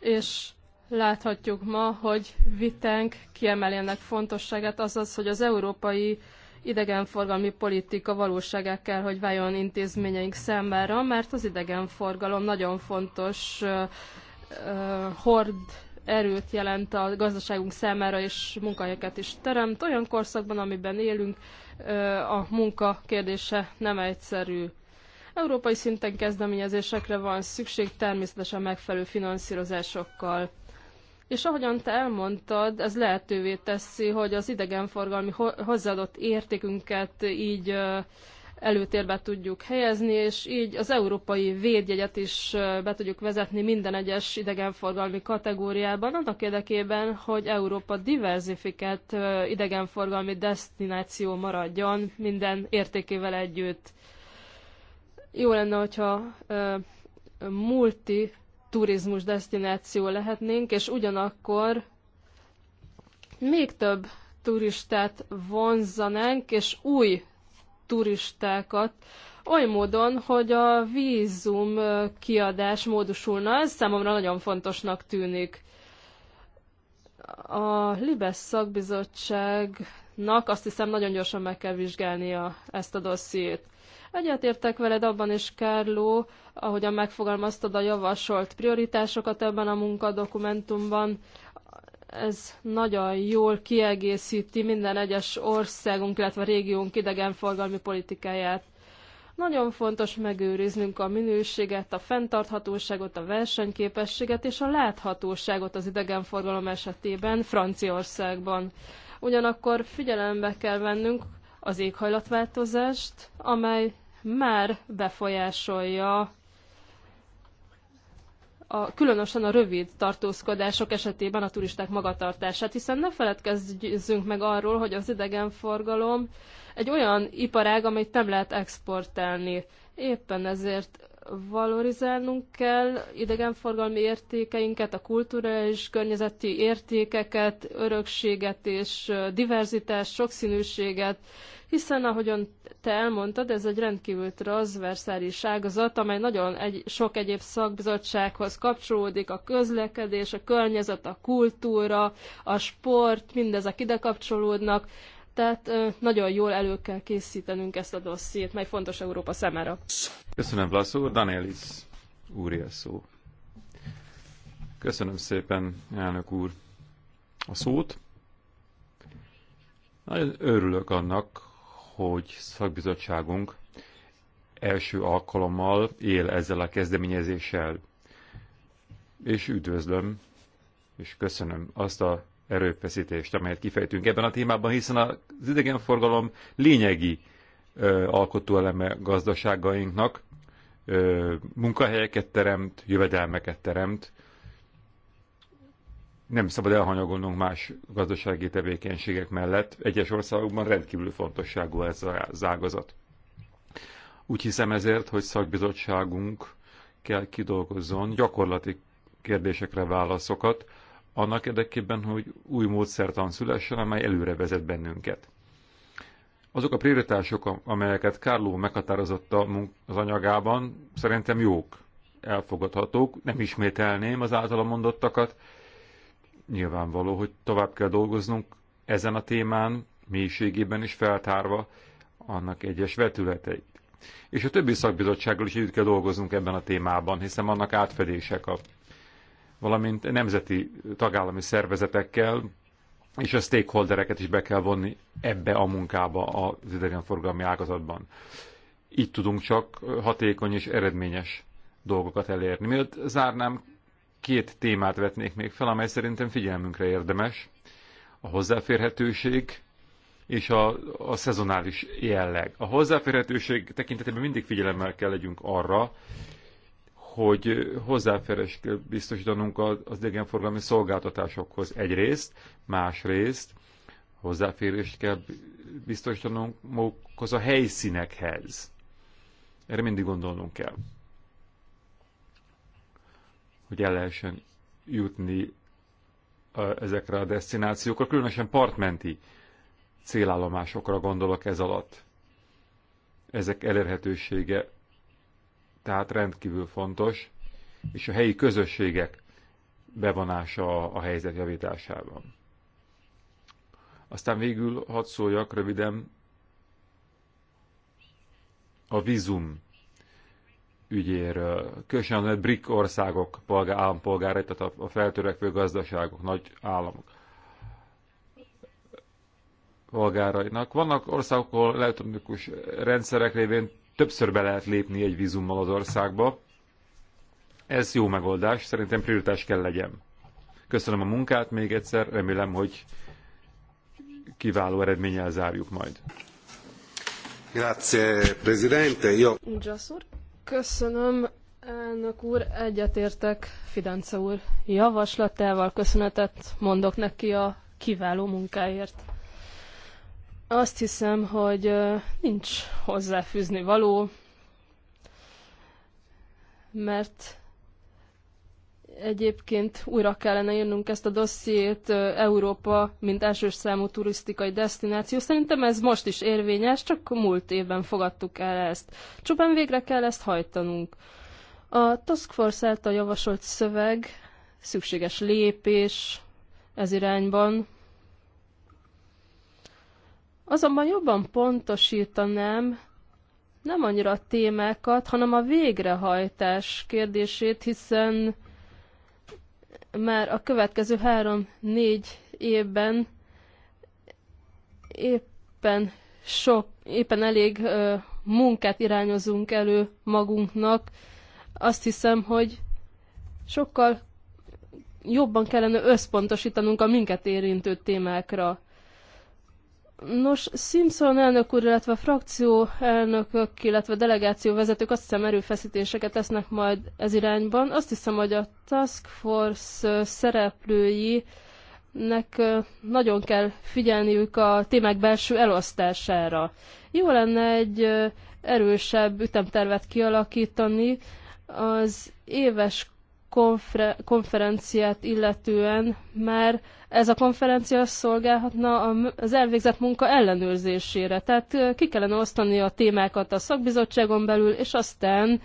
és láthatjuk ma, hogy vitánk kiemeli ennek fontosságát, azaz, hogy az európai idegenforgalmi politika valóságá kell, hogy váljon intézményeink számára, mert az idegenforgalom nagyon fontos uh, uh, hord erőt jelent a gazdaságunk számára, és munkahelyeket is teremt. Olyan korszakban, amiben élünk, uh, a munka kérdése nem egyszerű. Európai szinten kezdeményezésekre van szükség, természetesen megfelelő finanszírozásokkal. És ahogyan te elmondtad, ez lehetővé teszi, hogy az idegenforgalmi hozzáadott értékünket így előtérbe tudjuk helyezni, és így az európai védjegyet is be tudjuk vezetni minden egyes idegenforgalmi kategóriában, annak érdekében, hogy Európa diversifikált idegenforgalmi destináció maradjon minden értékével együtt. Jó lenne, hogyha multi turizmus destináció lehetnénk, és ugyanakkor még több turistát vonzanánk, és új turistákat, oly módon, hogy a vízum kiadás módosulna, ez számomra nagyon fontosnak tűnik. A Libes szakbizottságnak azt hiszem nagyon gyorsan meg kell vizsgálnia ezt a dossziét. Egyetértek veled abban is, Kárló, ahogyan megfogalmaztad a javasolt prioritásokat ebben a munkadokumentumban, ez nagyon jól kiegészíti minden egyes országunk, illetve régiónk idegenforgalmi politikáját. Nagyon fontos megőriznünk a minőséget, a fenntarthatóságot, a versenyképességet és a láthatóságot az idegenforgalom esetében Franciaországban. Ugyanakkor figyelembe kell vennünk az éghajlatváltozást, amely már befolyásolja a, különösen a rövid tartózkodások esetében a turisták magatartását, hiszen ne feledkezzünk meg arról, hogy az idegenforgalom egy olyan iparág, amit nem lehet exportálni. Éppen ezért valorizálnunk kell idegenforgalmi értékeinket, a kulturális környezeti értékeket, örökséget és diverzitást, sokszínűséget, hiszen ahogyan te elmondtad, ez egy rendkívül transzverszális ágazat, amely nagyon egy, sok egyéb szakbizottsághoz kapcsolódik, a közlekedés, a környezet, a kultúra, a sport, mindezek ide kapcsolódnak, tehát nagyon jól elő kell készítenünk ezt a dossziét, mely fontos Európa számára. Köszönöm, Vlasz úr. Danielis úr szó. Köszönöm szépen, elnök úr, a szót. Nagyon örülök annak, hogy szakbizottságunk első alkalommal él ezzel a kezdeményezéssel. És üdvözlöm, és köszönöm azt a erőfeszítést, amelyet kifejtünk ebben a témában, hiszen az idegenforgalom lényegi ö, alkotóeleme gazdaságainknak, ö, munkahelyeket teremt, jövedelmeket teremt, nem szabad elhanyagolnunk más gazdasági tevékenységek mellett. Egyes országokban rendkívül fontosságú ez az ágazat. Úgy hiszem ezért, hogy szakbizottságunk kell kidolgozzon gyakorlati kérdésekre válaszokat, annak érdekében, hogy új módszertan szülessen, amely előre vezet bennünket. Azok a prioritások, amelyeket Kárló meghatározott az anyagában, szerintem jók, elfogadhatók, nem ismételném az általa mondottakat, Nyilvánvaló, hogy tovább kell dolgoznunk ezen a témán, mélységében is feltárva annak egyes vetületeit. És a többi szakbizottsággal is együtt kell dolgoznunk ebben a témában, hiszen annak átfedések a valamint nemzeti tagállami szervezetekkel, és a stakeholdereket is be kell vonni ebbe a munkába az idegenforgalmi ágazatban. Így tudunk csak hatékony és eredményes dolgokat elérni. Miért zárnám, két témát vetnék még fel, amely szerintem figyelmünkre érdemes. A hozzáférhetőség és a, a szezonális jelleg. A hozzáférhetőség tekintetében mindig figyelemmel kell legyünk arra, hogy hozzáférés kell biztosítanunk az idegenforgalmi szolgáltatásokhoz egyrészt, másrészt hozzáférést kell biztosítanunk magukhoz a helyszínekhez. Erre mindig gondolnunk kell hogy el lehessen jutni ezekre a destinációkra, különösen partmenti célállomásokra gondolok ez alatt. Ezek elérhetősége tehát rendkívül fontos, és a helyi közösségek bevonása a helyzet javításában. Aztán végül hadd szóljak röviden a vízum ügyéről. Különösen a BRIC országok polgár, állampolgárai, tehát a feltörekvő gazdaságok, nagy államok polgárainak. Vannak országok, ahol elektronikus rendszerek révén többször be lehet lépni egy vízummal az országba. Ez jó megoldás, szerintem prioritás kell legyen. Köszönöm a munkát még egyszer, remélem, hogy kiváló eredménnyel zárjuk majd. Grazie, Presidente. Io... Köszönöm, elnök úr, egyetértek Fidence úr javaslatával, köszönetet mondok neki a kiváló munkáért. Azt hiszem, hogy nincs hozzáfűzni való, mert Egyébként újra kellene írnunk ezt a dossziét Európa, mint elsős számú turisztikai destináció. Szerintem ez most is érvényes, csak múlt évben fogadtuk el ezt. Csupán végre kell ezt hajtanunk. A Task Force által javasolt szöveg szükséges lépés ez irányban. Azonban jobban pontosítanám, nem annyira a témákat, hanem a végrehajtás kérdését, hiszen már a következő három-négy évben éppen sok, éppen elég ö, munkát irányozunk elő magunknak. Azt hiszem, hogy sokkal jobban kellene összpontosítanunk a minket érintő témákra. Nos, Simpson elnök úr, illetve a frakció elnökök, illetve vezetők azt hiszem erőfeszítéseket tesznek majd ez irányban. Azt hiszem, hogy a Task Force szereplői nek nagyon kell figyelniük a témák belső elosztására. Jó lenne egy erősebb ütemtervet kialakítani az éves konferenciát illetően, mert ez a konferencia szolgálhatna az elvégzett munka ellenőrzésére. Tehát ki kellene osztani a témákat a szakbizottságon belül, és aztán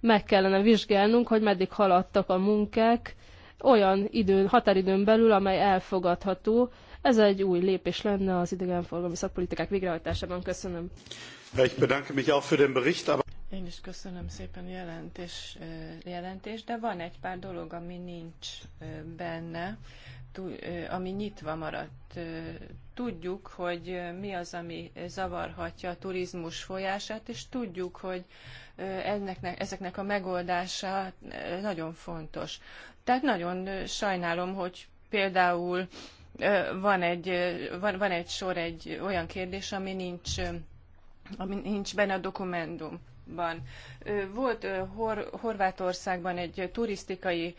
meg kellene vizsgálnunk, hogy meddig haladtak a munkák olyan időn, határidőn belül, amely elfogadható. Ez egy új lépés lenne az idegenforgalmi szakpolitikák végrehajtásában. Köszönöm. Ich bedanke mich auch für den Bericht, aber én is köszönöm szépen jelentés, jelentés, de van egy pár dolog, ami nincs benne ami nyitva maradt. Tudjuk, hogy mi az, ami zavarhatja a turizmus folyását, és tudjuk, hogy ennek, ezeknek a megoldása nagyon fontos. Tehát nagyon sajnálom, hogy például van egy, van, van egy sor egy olyan kérdés, ami nincs, ami nincs benne a dokumentumban. Volt Hor- Horvátországban egy turisztikai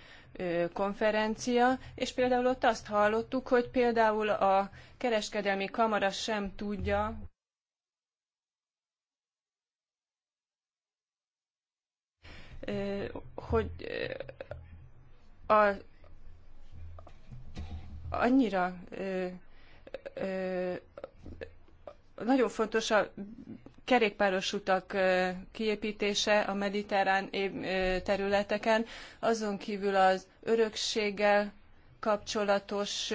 konferencia, és például ott azt hallottuk, hogy például a kereskedelmi kamara sem tudja, hogy a, annyira nagyon fontos a kerékpáros utak kiépítése a mediterrán területeken, azon kívül az örökséggel kapcsolatos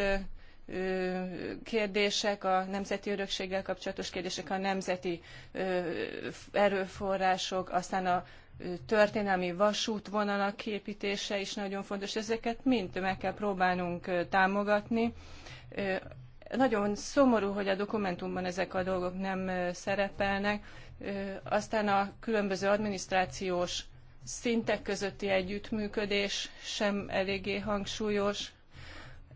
kérdések, a nemzeti örökséggel kapcsolatos kérdések, a nemzeti erőforrások, aztán a történelmi vasútvonalak kiépítése is nagyon fontos. Ezeket mind meg kell próbálnunk támogatni nagyon szomorú, hogy a dokumentumban ezek a dolgok nem szerepelnek. Aztán a különböző adminisztrációs szintek közötti együttműködés sem eléggé hangsúlyos.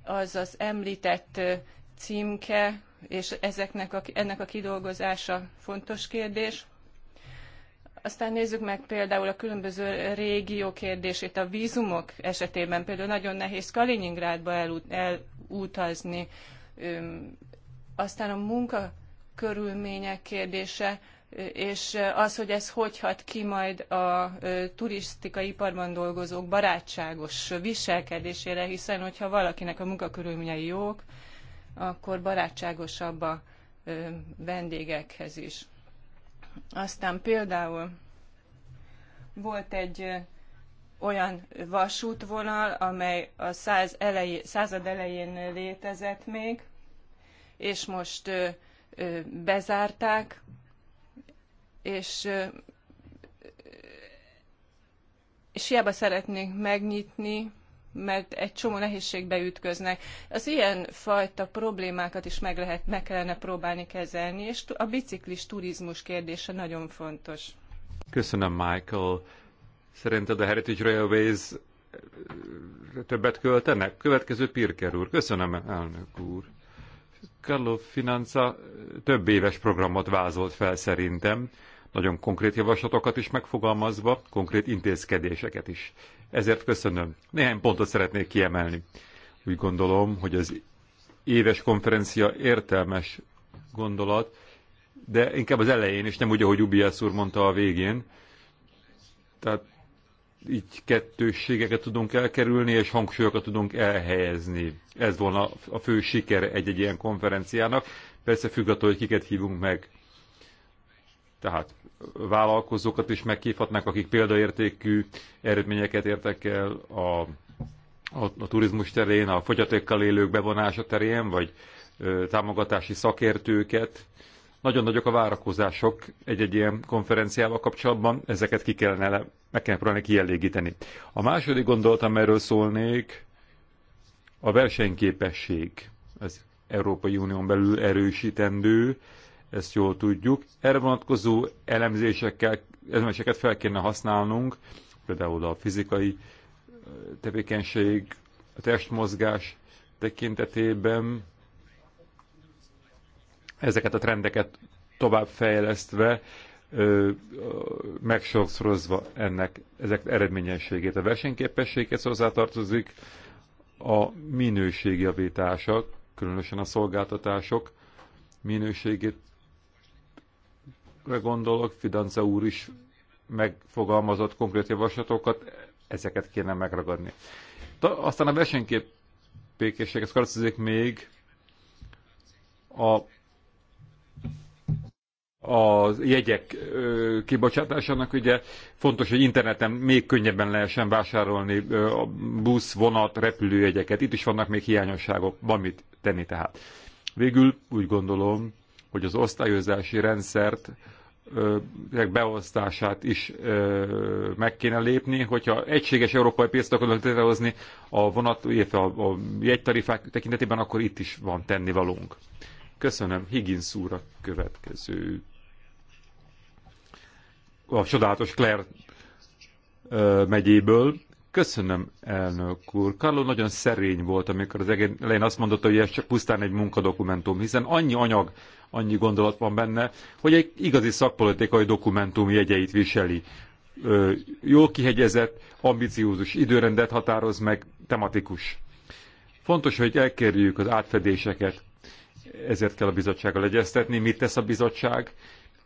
Az az említett címke, és ezeknek a, ennek a kidolgozása fontos kérdés. Aztán nézzük meg például a különböző régió kérdését a vízumok esetében. Például nagyon nehéz Kaliningrádba elutazni, aztán a munka körülmények kérdése, és az, hogy ez hogy hat ki majd a turisztikai iparban dolgozók barátságos viselkedésére, hiszen hogyha valakinek a munkakörülményei jók, akkor barátságosabb a vendégekhez is. Aztán például volt egy olyan vasútvonal, amely a száz elejé, század elején létezett még, és most ö, ö, bezárták, és, ö, és hiába szeretnénk megnyitni, mert egy csomó nehézségbe ütköznek. Az ilyen fajta problémákat is meg, lehet, meg kellene próbálni kezelni, és a biciklis turizmus kérdése nagyon fontos. Köszönöm, Michael. Szerinted a Heritage Railways többet költenek? Következő Pirker úr. Köszönöm, elnök úr. Carlo Finanza több éves programot vázolt fel szerintem, nagyon konkrét javaslatokat is megfogalmazva, konkrét intézkedéseket is. Ezért köszönöm. Néhány pontot szeretnék kiemelni. Úgy gondolom, hogy az éves konferencia értelmes gondolat, de inkább az elején, és nem úgy, ahogy Ubiász úr mondta a végén. Tehát így kettősségeket tudunk elkerülni, és hangsúlyokat tudunk elhelyezni. Ez volna a fő siker egy-egy ilyen konferenciának. Persze függ attól, hogy kiket hívunk meg. Tehát vállalkozókat is meghívhatnánk, akik példaértékű eredményeket értek el a, a, a turizmus terén, a fogyatékkal élők bevonása terén, vagy ö, támogatási szakértőket, nagyon nagyok a várakozások egy-egy ilyen konferenciával kapcsolatban, ezeket ki kellene, meg kellene próbálni kielégíteni. A második gondoltam, erről szólnék, a versenyképesség az Európai Unión belül erősítendő, ezt jól tudjuk. Erre vonatkozó elemzésekkel, elemzéseket fel kéne használnunk, például a fizikai tevékenység, a testmozgás tekintetében, ezeket a trendeket továbbfejlesztve, megsokszorozva ennek ezek eredményességét. A versenyképességhez hozzátartozik a minőségjavítása, különösen a szolgáltatások minőségét gondolok, Fidanza úr is megfogalmazott konkrét javaslatokat, ezeket kéne megragadni. Aztán a versenyképékességhez tartozik még a a jegyek kibocsátásának ugye fontos, hogy interneten még könnyebben lehessen vásárolni a busz, vonat, repülőjegyeket. Itt is vannak még hiányosságok, van mit tenni tehát. Végül úgy gondolom, hogy az osztályozási rendszert beosztását is meg kéne lépni, hogyha egységes európai pénzt akarnak létrehozni a vonat, illetve a, a jegytarifák tekintetében, akkor itt is van tennivalónk. Köszönöm. Higgins úr a következő a csodálatos Claire megyéből. Köszönöm, elnök úr. Carlo nagyon szerény volt, amikor az elején azt mondotta, hogy ez csak pusztán egy munkadokumentum, hiszen annyi anyag, annyi gondolat van benne, hogy egy igazi szakpolitikai dokumentum jegyeit viseli. Jól kihegyezett, ambiciózus időrendet határoz meg, tematikus. Fontos, hogy elkerüljük az átfedéseket, ezért kell a bizottsággal egyeztetni, mit tesz a bizottság,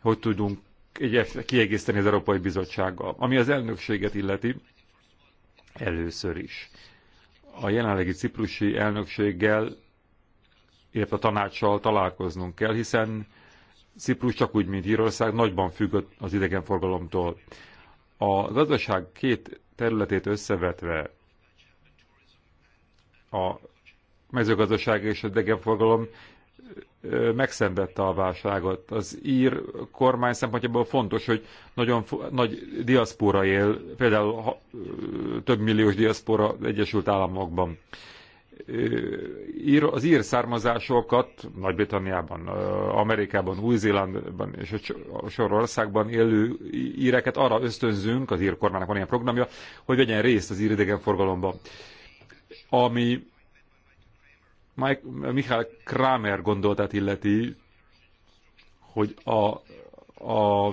hogy tudunk kiegészíteni az Európai Bizottsággal. Ami az elnökséget illeti, először is. A jelenlegi ciprusi elnökséggel, illetve a tanácssal találkoznunk kell, hiszen Ciprus csak úgy, mint Írország, nagyban függ az idegenforgalomtól. A gazdaság két területét összevetve, a mezőgazdaság és a idegenforgalom megszenvedte a válságot. Az ír kormány szempontjából fontos, hogy nagyon nagy diaszpora él, például ha, több milliós diaszpora Egyesült Államokban. az ír származásokat Nagy-Britanniában, Amerikában, Új-Zélandban és a Sorországban élő íreket arra ösztönzünk, az ír kormánynak van ilyen programja, hogy vegyen részt az ír idegenforgalomban. Ami Michael Kramer gondoltát illeti, hogy a, a,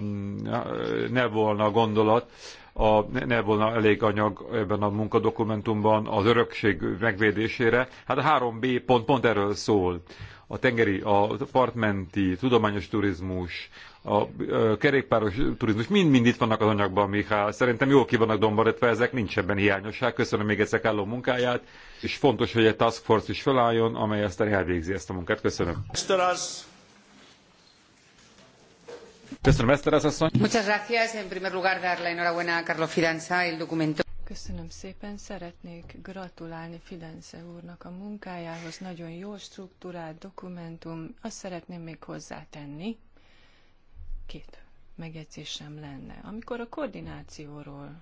ne volna gondolat, a, ne volna elég anyag ebben a munkadokumentumban az örökség megvédésére. Hát a 3B pont pont erről szól. A tengeri, a partmenti, tudományos turizmus, a kerékpáros turizmus, mind-mind itt vannak az anyagban, Mihály. Szerintem jól ki vannak domborítva ezek, nincs ebben hiányosság. Köszönöm még egyszer álló munkáját, és fontos, hogy egy task force is felálljon, amely aztán elvégzi ezt a munkát. Köszönöm. Eszteraz. Köszönöm, az asszony. Muchas gracias. En primer lugar, enhorabuena a Carlos Fidanza, el documento. Köszönöm szépen, szeretnék gratulálni Fidence úrnak a munkájához, nagyon jó struktúrált dokumentum. Azt szeretném még hozzátenni, Két megjegyzésem lenne. Amikor a koordinációról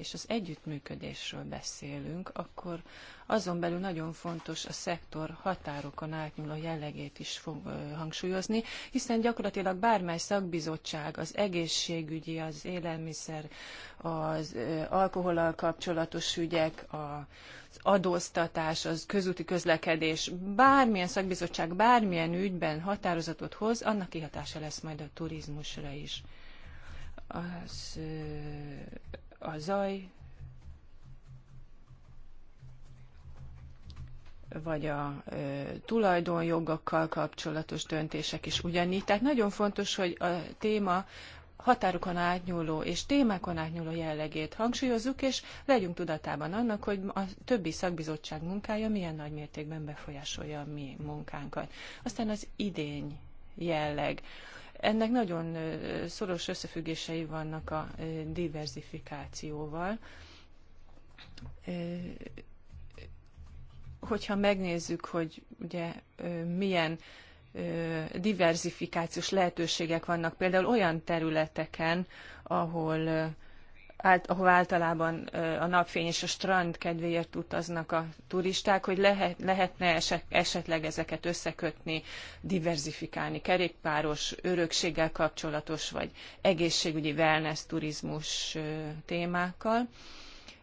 és az együttműködésről beszélünk, akkor azon belül nagyon fontos a szektor határokon átnyúló jellegét is fog, hangsúlyozni, hiszen gyakorlatilag bármely szakbizottság, az egészségügyi, az élelmiszer, az alkoholal kapcsolatos ügyek, az adóztatás, az közúti közlekedés, bármilyen szakbizottság bármilyen ügyben határozatot hoz, annak kihatása lesz majd a turizmusra is. Az, a zaj, vagy a ö, tulajdonjogokkal kapcsolatos döntések is ugyanígy. Tehát nagyon fontos, hogy a téma határokon átnyúló és témákon átnyúló jellegét hangsúlyozzuk, és legyünk tudatában annak, hogy a többi szakbizottság munkája milyen nagy mértékben befolyásolja a mi munkánkat. Aztán az idény jelleg. Ö, ennek nagyon szoros összefüggései vannak a diversifikációval. Hogyha megnézzük, hogy ugye milyen diversifikációs lehetőségek vannak például olyan területeken, ahol Ált, ahova általában a napfény és a strand kedvéért utaznak a turisták, hogy lehet, lehetne esetleg ezeket összekötni, diversifikálni, kerékpáros, örökséggel kapcsolatos vagy egészségügyi wellness turizmus témákkal.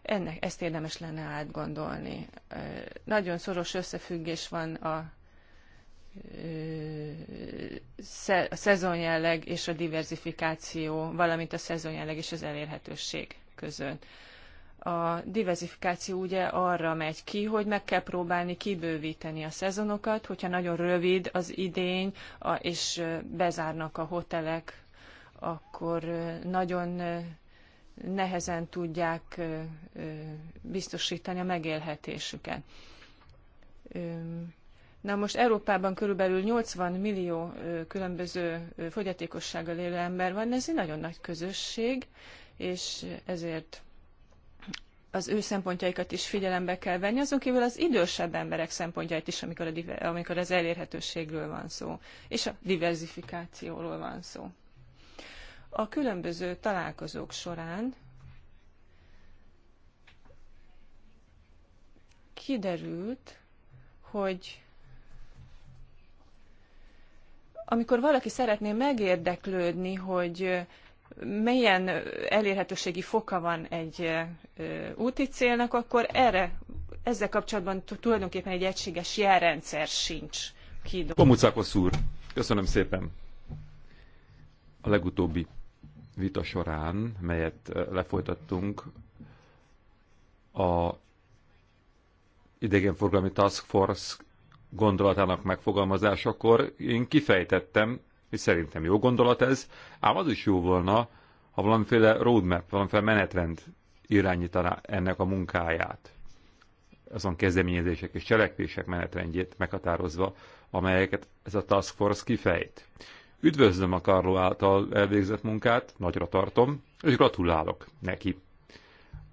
Ennek, ezt érdemes lenne átgondolni. Nagyon szoros összefüggés van a a szezonjelleg és a diversifikáció, valamint a szezonjelleg és az elérhetőség között. A diversifikáció ugye arra megy ki, hogy meg kell próbálni kibővíteni a szezonokat, hogyha nagyon rövid az idény, és bezárnak a hotelek, akkor nagyon nehezen tudják biztosítani a megélhetésüket Na most Európában körülbelül 80 millió különböző fogyatékossággal élő ember van, ez egy nagyon nagy közösség, és ezért az ő szempontjaikat is figyelembe kell venni, azon kívül az idősebb emberek szempontjait is, amikor, a, amikor az elérhetőségről van szó, és a diversifikációról van szó. A különböző találkozók során kiderült, hogy amikor valaki szeretné megérdeklődni, hogy milyen elérhetőségi foka van egy úti célnak, akkor erre ezzel kapcsolatban tulajdonképpen egy egységes jelrendszer sincs. Komucákos úr, köszönöm szépen. A legutóbbi vita során, melyet lefolytattunk, a idegenforgalmi Task Force gondolatának megfogalmazásakor én kifejtettem, és szerintem jó gondolat ez, ám az is jó volna, ha valamiféle roadmap, valamiféle menetrend irányítaná ennek a munkáját, azon kezdeményezések és cselekvések menetrendjét meghatározva, amelyeket ez a Task Force kifejt. Üdvözlöm a Karló által elvégzett munkát, nagyra tartom, és gratulálok neki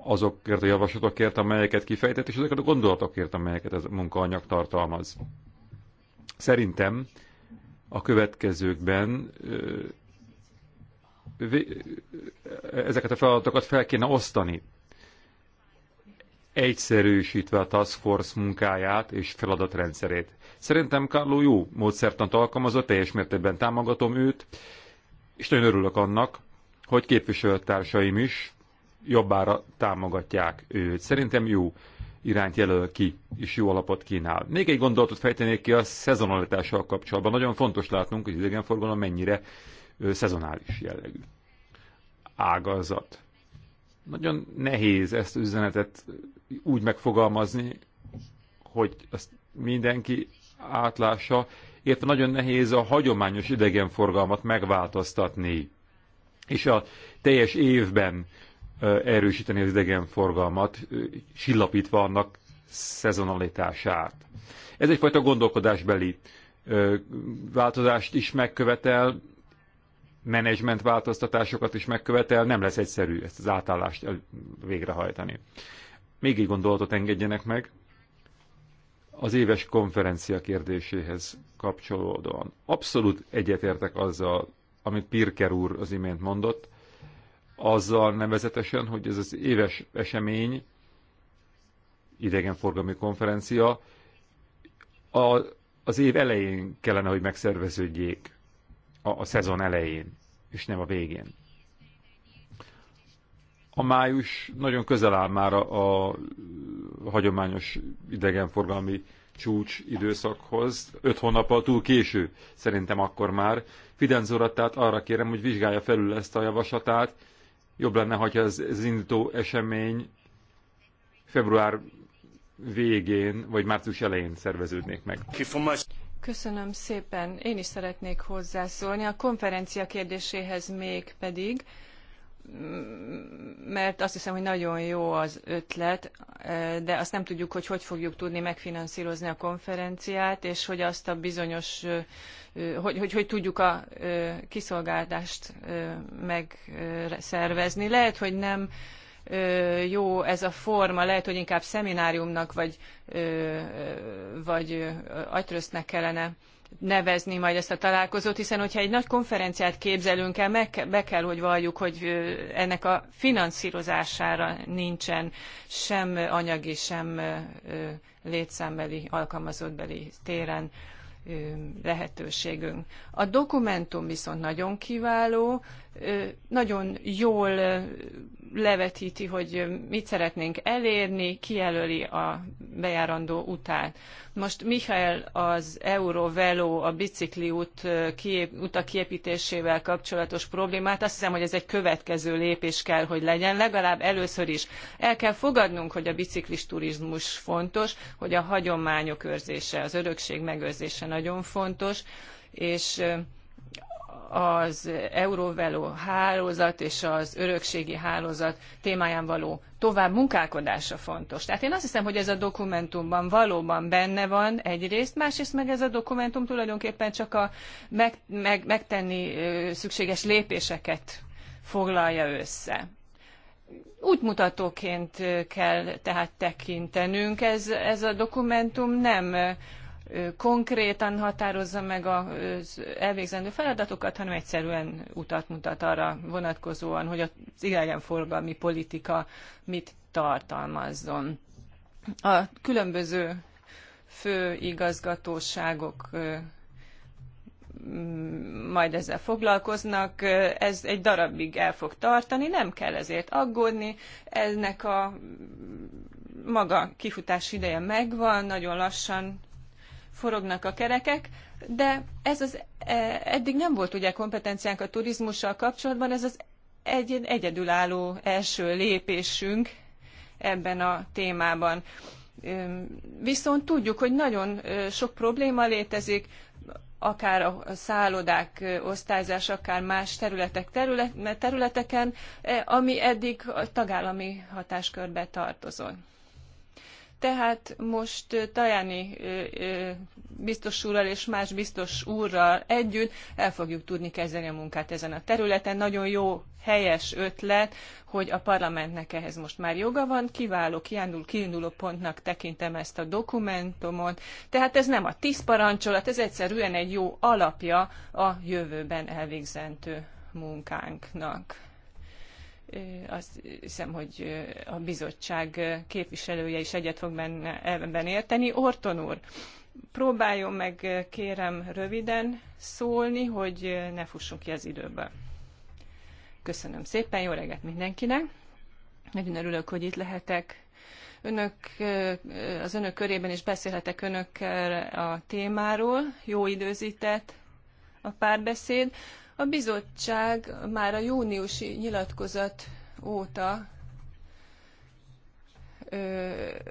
azokért a javaslatokért, amelyeket kifejtett, és ezeket a gondolatokért, amelyeket ez a munkaanyag tartalmaz. Szerintem a következőkben ezeket a feladatokat fel kéne osztani, egyszerűsítve a Task Force munkáját és feladatrendszerét. Szerintem Carlo jó módszertant alkalmazott, teljes mértékben támogatom őt, és nagyon örülök annak, hogy képviselőtársaim is jobbára támogatják őt. Szerintem jó irányt jelöl ki, és jó alapot kínál. Még egy gondolatot fejtenék ki a szezonalitással kapcsolatban. Nagyon fontos látnunk, hogy idegenforgalom mennyire szezonális jellegű ágazat. Nagyon nehéz ezt üzenetet úgy megfogalmazni, hogy azt mindenki átlássa, illetve nagyon nehéz a hagyományos idegenforgalmat megváltoztatni, és a teljes évben erősíteni az idegenforgalmat, sillapítva annak szezonalitását. Ez egyfajta gondolkodásbeli változást is megkövetel, menedzsment változtatásokat is megkövetel, nem lesz egyszerű ezt az átállást végrehajtani. Még egy gondolatot engedjenek meg az éves konferencia kérdéséhez kapcsolódóan. Abszolút egyetértek azzal, amit Pirker úr az imént mondott, azzal nevezetesen, hogy ez az éves esemény, idegenforgalmi konferencia, a, az év elején kellene, hogy megszerveződjék, a, a szezon elején, és nem a végén. A május nagyon közel áll már a, a hagyományos idegenforgalmi csúcs időszakhoz, öt hónappal túl késő, szerintem akkor már. Fidenzorat tehát arra kérem, hogy vizsgálja felül ezt a javaslatát, jobb lenne, ha ez, ez indító esemény február végén, vagy március elején szerveződnék meg. Köszönöm szépen. Én is szeretnék hozzászólni. A konferencia kérdéséhez még pedig mert azt hiszem, hogy nagyon jó az ötlet, de azt nem tudjuk, hogy hogy fogjuk tudni megfinanszírozni a konferenciát, és hogy azt a bizonyos, hogy hogy, hogy tudjuk a kiszolgáltást megszervezni. Lehet, hogy nem jó ez a forma, lehet, hogy inkább szemináriumnak vagy, vagy agytrösztnek kellene nevezni majd ezt a találkozót, hiszen hogyha egy nagy konferenciát képzelünk el, meg, be kell, hogy valljuk, hogy ennek a finanszírozására nincsen sem anyagi, sem létszámbeli, alkalmazottbeli téren lehetőségünk. A dokumentum viszont nagyon kiváló, nagyon jól levetíti, hogy mit szeretnénk elérni, kijelöli a bejárandó után. Most Michael az Eurovelo, a bicikli út, kiép, utak kapcsolatos problémát, azt hiszem, hogy ez egy következő lépés kell, hogy legyen. Legalább először is el kell fogadnunk, hogy a biciklis turizmus fontos, hogy a hagyományok őrzése, az örökség megőrzése nagyon fontos, és az Euróveló hálózat és az örökségi hálózat témáján való tovább munkálkodása fontos. Tehát én azt hiszem, hogy ez a dokumentumban valóban benne van egyrészt, másrészt meg ez a dokumentum tulajdonképpen csak a meg, meg, megtenni szükséges lépéseket foglalja össze útmutatóként kell tehát tekintenünk. Ez, ez a dokumentum nem konkrétan határozza meg az elvégzendő feladatokat, hanem egyszerűen utat mutat arra vonatkozóan, hogy az idegenforgalmi politika mit tartalmazzon. A különböző fő igazgatóságok majd ezzel foglalkoznak, ez egy darabig el fog tartani, nem kell ezért aggódni, ennek a maga kifutás ideje megvan, nagyon lassan forognak a kerekek, de ez az, e, eddig nem volt ugye kompetenciánk a turizmussal kapcsolatban, ez az egy, egyedülálló első lépésünk ebben a témában. Viszont tudjuk, hogy nagyon sok probléma létezik, akár a szállodák osztályzás, akár más területek területeken, e, ami eddig a tagállami hatáskörbe tartozott tehát most Tajani biztos úrral és más biztos úrral együtt el fogjuk tudni kezdeni a munkát ezen a területen. Nagyon jó, helyes ötlet, hogy a parlamentnek ehhez most már joga van. Kiváló kiándul, kiinduló pontnak tekintem ezt a dokumentumot. Tehát ez nem a tíz parancsolat, ez egyszerűen egy jó alapja a jövőben elvégzendő munkánknak azt hiszem, hogy a bizottság képviselője is egyet fog benne, ebben érteni. Orton úr, próbáljon meg kérem röviden szólni, hogy ne fussunk ki az időből. Köszönöm szépen, jó reggelt mindenkinek. Nagyon örülök, hogy itt lehetek. Önök, az önök körében is beszélhetek önökkel a témáról. Jó időzített a párbeszéd. A bizottság már a júniusi nyilatkozat óta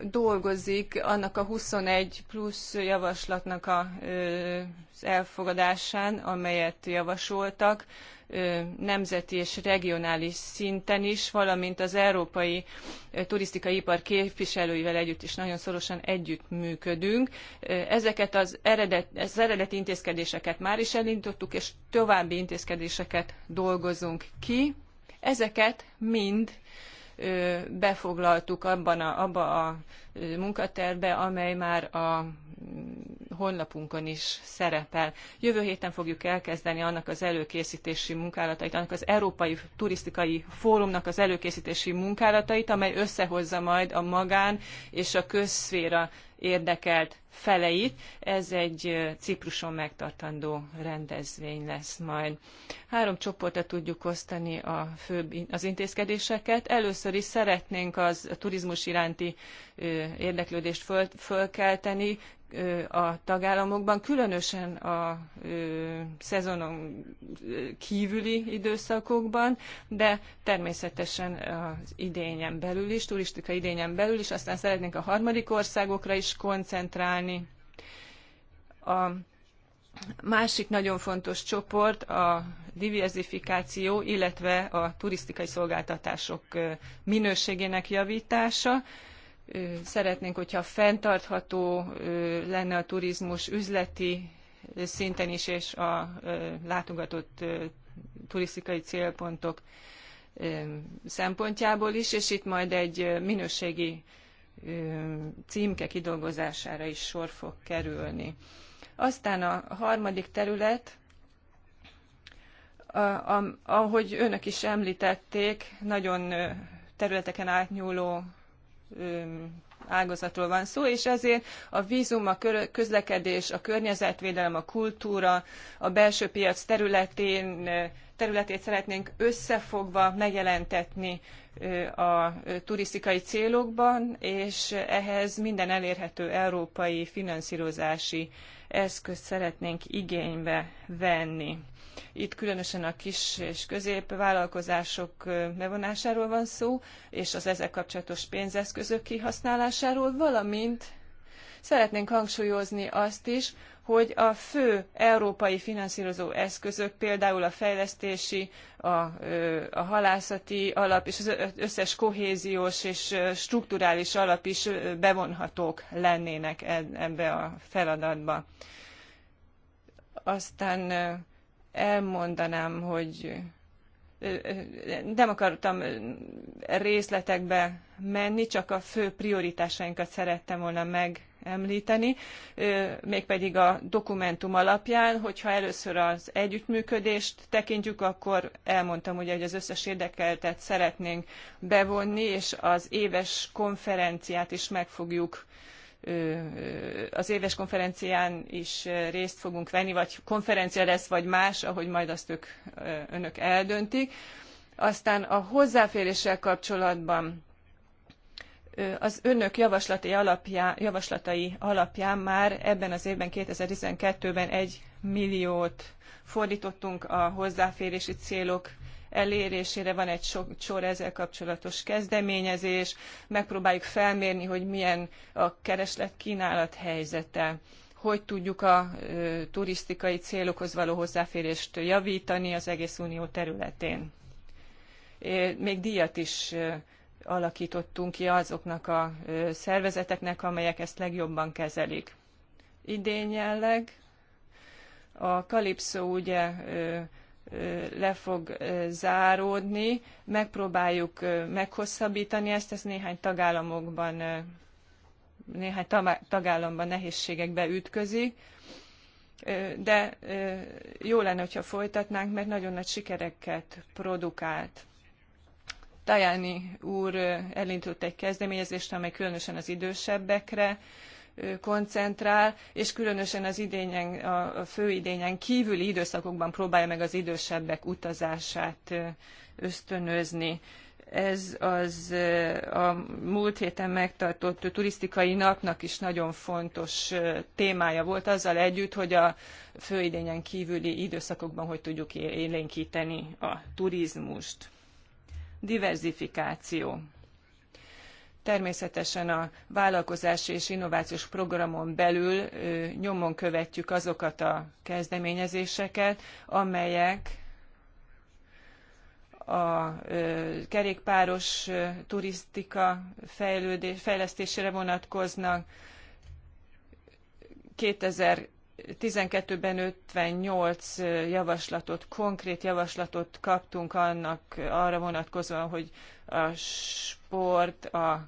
dolgozik annak a 21 plusz javaslatnak a, az elfogadásán, amelyet javasoltak nemzeti és regionális szinten is, valamint az európai turisztikai ipar képviselőivel együtt is nagyon szorosan együttműködünk. Ezeket az, eredet, az eredeti intézkedéseket már is elindítottuk, és további intézkedéseket dolgozunk ki. Ezeket mind befoglaltuk abban a, abba a munkaterbe, amely már a honlapunkon is szerepel. Jövő héten fogjuk elkezdeni annak az előkészítési munkálatait, annak az Európai Turisztikai Fórumnak az előkészítési munkálatait, amely összehozza majd a magán és a közszféra érdekelt feleit. Ez egy Cipruson megtartandó rendezvény lesz majd. Három csoportra tudjuk osztani a főbb az intézkedéseket. Először is szeretnénk az a turizmus iránti érdeklődést föl, fölkelteni, a tagállamokban, különösen a szezonon kívüli időszakokban, de természetesen az idényen belül is, turistika idényen belül is, aztán szeretnénk a harmadik országokra is koncentrálni. A másik nagyon fontos csoport a diversifikáció, illetve a turisztikai szolgáltatások minőségének javítása szeretnénk, hogyha fenntartható lenne a turizmus üzleti szinten is, és a látogatott turisztikai célpontok szempontjából is, és itt majd egy minőségi címke kidolgozására is sor fog kerülni. Aztán a harmadik terület, ahogy önök is említették, nagyon területeken átnyúló ágazatról van szó, és ezért a vízum, a közlekedés, a környezetvédelem, a kultúra, a belső piac területén területét szeretnénk összefogva megjelentetni a turisztikai célokban, és ehhez minden elérhető európai finanszírozási eszközt szeretnénk igénybe venni. Itt különösen a kis és középvállalkozások bevonásáról van szó, és az ezzel kapcsolatos pénzeszközök kihasználásáról, valamint Szeretnénk hangsúlyozni azt is, hogy a fő európai finanszírozó eszközök, például a fejlesztési, a, a halászati alap és az összes kohéziós és strukturális alap is bevonhatók lennének e, ebbe a feladatba. Aztán elmondanám, hogy nem akartam részletekbe menni, csak a fő prioritásainkat szerettem volna meg említeni, mégpedig a dokumentum alapján, hogyha először az együttműködést tekintjük, akkor elmondtam ugye, hogy az összes érdekeltet szeretnénk bevonni, és az éves konferenciát is meg fogjuk az éves konferencián is részt fogunk venni, vagy konferencia lesz, vagy más, ahogy majd azt ők, önök eldöntik. Aztán a hozzáféréssel kapcsolatban az önök javaslatai alapján, javaslatai alapján már ebben az évben, 2012-ben egy milliót fordítottunk a hozzáférési célok elérésére. Van egy sok, sor ezzel kapcsolatos kezdeményezés. Megpróbáljuk felmérni, hogy milyen a kereslet-kínálat helyzete hogy tudjuk a ö, turisztikai célokhoz való hozzáférést javítani az egész unió területén. É, még díjat is alakítottunk ki azoknak a szervezeteknek, amelyek ezt legjobban kezelik. Idén jelleg a Kalipszó ugye le fog záródni, megpróbáljuk meghosszabbítani ezt, ez néhány tagállamokban néhány tagállamban nehézségekbe ütközik, de jó lenne, hogyha folytatnánk, mert nagyon nagy sikereket produkált. Tajani úr elindult egy kezdeményezést, amely különösen az idősebbekre koncentrál, és különösen az idényen, a főidényen kívüli időszakokban próbálja meg az idősebbek utazását ösztönözni. Ez az a múlt héten megtartott turisztikai napnak is nagyon fontos témája volt, azzal együtt, hogy a főidényen kívüli időszakokban hogy tudjuk élénkíteni a turizmust diverzifikáció. Természetesen a vállalkozási és innovációs programon belül nyomon követjük azokat a kezdeményezéseket, amelyek a kerékpáros turisztika fejlesztésére vonatkoznak. 2000 12-ben 58 javaslatot, konkrét javaslatot kaptunk annak arra vonatkozóan, hogy a sport, a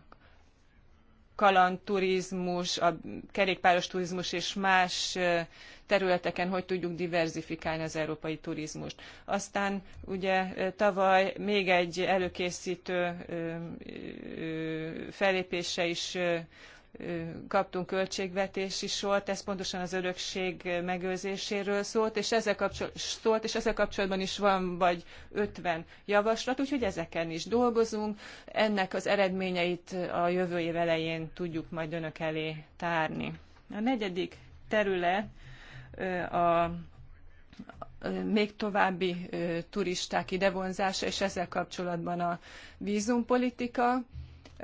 kalandturizmus, a kerékpáros turizmus és más területeken hogy tudjuk diverzifikálni az európai turizmust. Aztán ugye tavaly még egy előkészítő fellépése is kaptunk költségvetési sort, ez pontosan az örökség megőrzéséről szólt, és ezzel, kapcsol- szólt, és ezzel kapcsolatban is van vagy 50 javaslat, úgyhogy ezeken is dolgozunk. Ennek az eredményeit a jövő év elején tudjuk majd önök elé tárni. A negyedik terület a még további turisták idevonzása, és ezzel kapcsolatban a vízumpolitika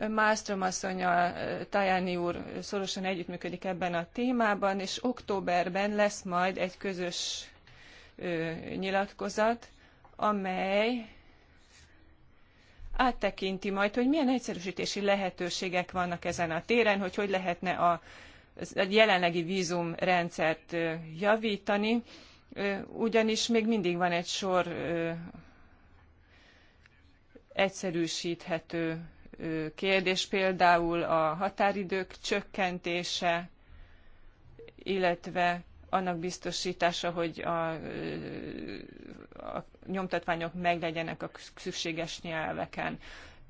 Malmström asszonya, Tajani úr szorosan együttműködik ebben a témában, és októberben lesz majd egy közös nyilatkozat, amely áttekinti majd, hogy milyen egyszerűsítési lehetőségek vannak ezen a téren, hogy hogy lehetne a, a jelenlegi vízumrendszert javítani, ugyanis még mindig van egy sor egyszerűsíthető kérdés, például a határidők csökkentése, illetve annak biztosítása, hogy a, a nyomtatványok meglegyenek a szükséges nyelveken.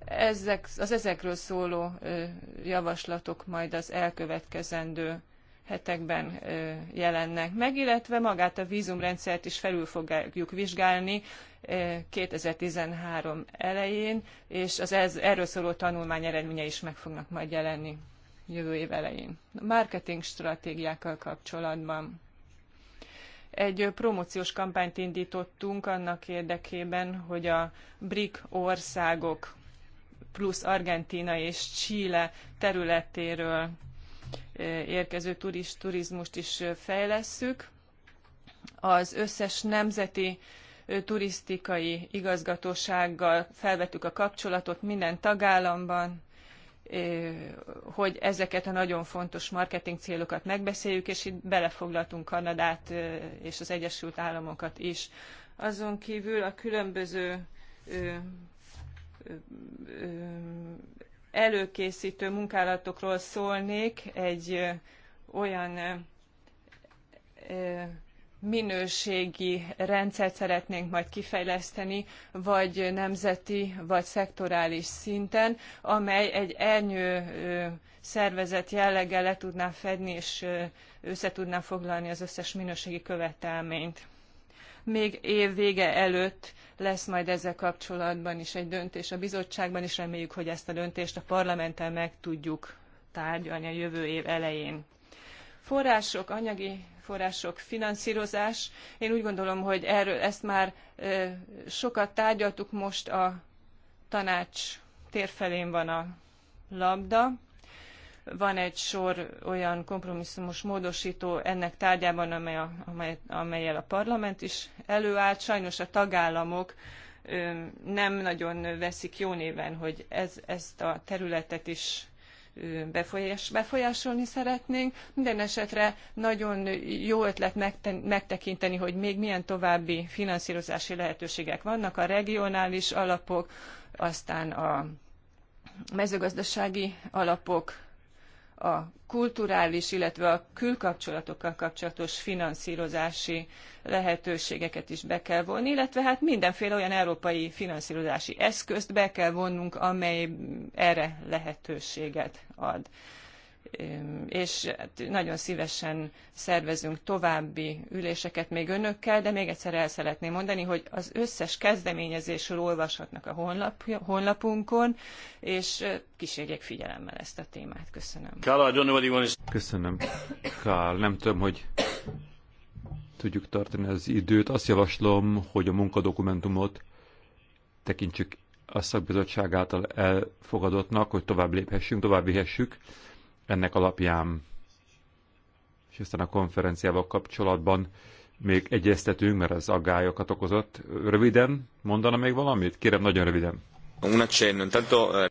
Ezek, az ezekről szóló javaslatok majd az elkövetkezendő hetekben jelennek meg, illetve magát a vízumrendszert is felül fogjuk vizsgálni 2013 elején, és az ez, erről szóló tanulmány eredménye is meg fognak majd jelenni jövő év elején. A marketing stratégiákkal kapcsolatban egy promóciós kampányt indítottunk annak érdekében, hogy a BRIC országok plusz Argentina és Chile területéről érkező turist, turizmust is fejlesszük. Az összes nemzeti turisztikai igazgatósággal felvettük a kapcsolatot minden tagállamban, hogy ezeket a nagyon fontos marketing célokat megbeszéljük, és itt belefoglaltunk Kanadát és az Egyesült Államokat is. Azon kívül a különböző előkészítő munkálatokról szólnék, egy olyan minőségi rendszert szeretnénk majd kifejleszteni, vagy nemzeti, vagy szektorális szinten, amely egy ernyő szervezet jelleggel le tudná fedni és össze tudná foglalni az összes minőségi követelményt még év vége előtt lesz majd ezzel kapcsolatban is egy döntés a bizottságban, és reméljük, hogy ezt a döntést a parlamenttel meg tudjuk tárgyalni a jövő év elején. Források, anyagi források, finanszírozás. Én úgy gondolom, hogy erről ezt már sokat tárgyaltuk, most a tanács térfelén van a labda. Van egy sor olyan kompromisszumos módosító ennek tárgyában, amely a, amely, amelyel a parlament is előállt. Sajnos a tagállamok nem nagyon veszik jó néven, hogy ez, ezt a területet is befolyás, befolyásolni szeretnénk. Minden esetre nagyon jó ötlet megtekinteni, hogy még milyen további finanszírozási lehetőségek vannak, a regionális alapok, aztán a mezőgazdasági alapok, a kulturális, illetve a külkapcsolatokkal kapcsolatos finanszírozási lehetőségeket is be kell vonni, illetve hát mindenféle olyan európai finanszírozási eszközt be kell vonnunk, amely erre lehetőséget ad és nagyon szívesen szervezünk további üléseket még önökkel, de még egyszer el szeretném mondani, hogy az összes kezdeményezésről olvashatnak a honlap, honlapunkon, és kísérjék figyelemmel ezt a témát. Köszönöm. Köszönöm. Kár, nem tudom, hogy tudjuk tartani az időt. Azt javaslom, hogy a munkadokumentumot tekintsük a szakbizottság által elfogadottnak, hogy tovább léphessünk, tovább vihessük ennek alapján, és aztán a konferenciával kapcsolatban még egyeztetünk, mert az aggályokat okozott. Röviden mondana még valamit? Kérem, nagyon röviden. Eh,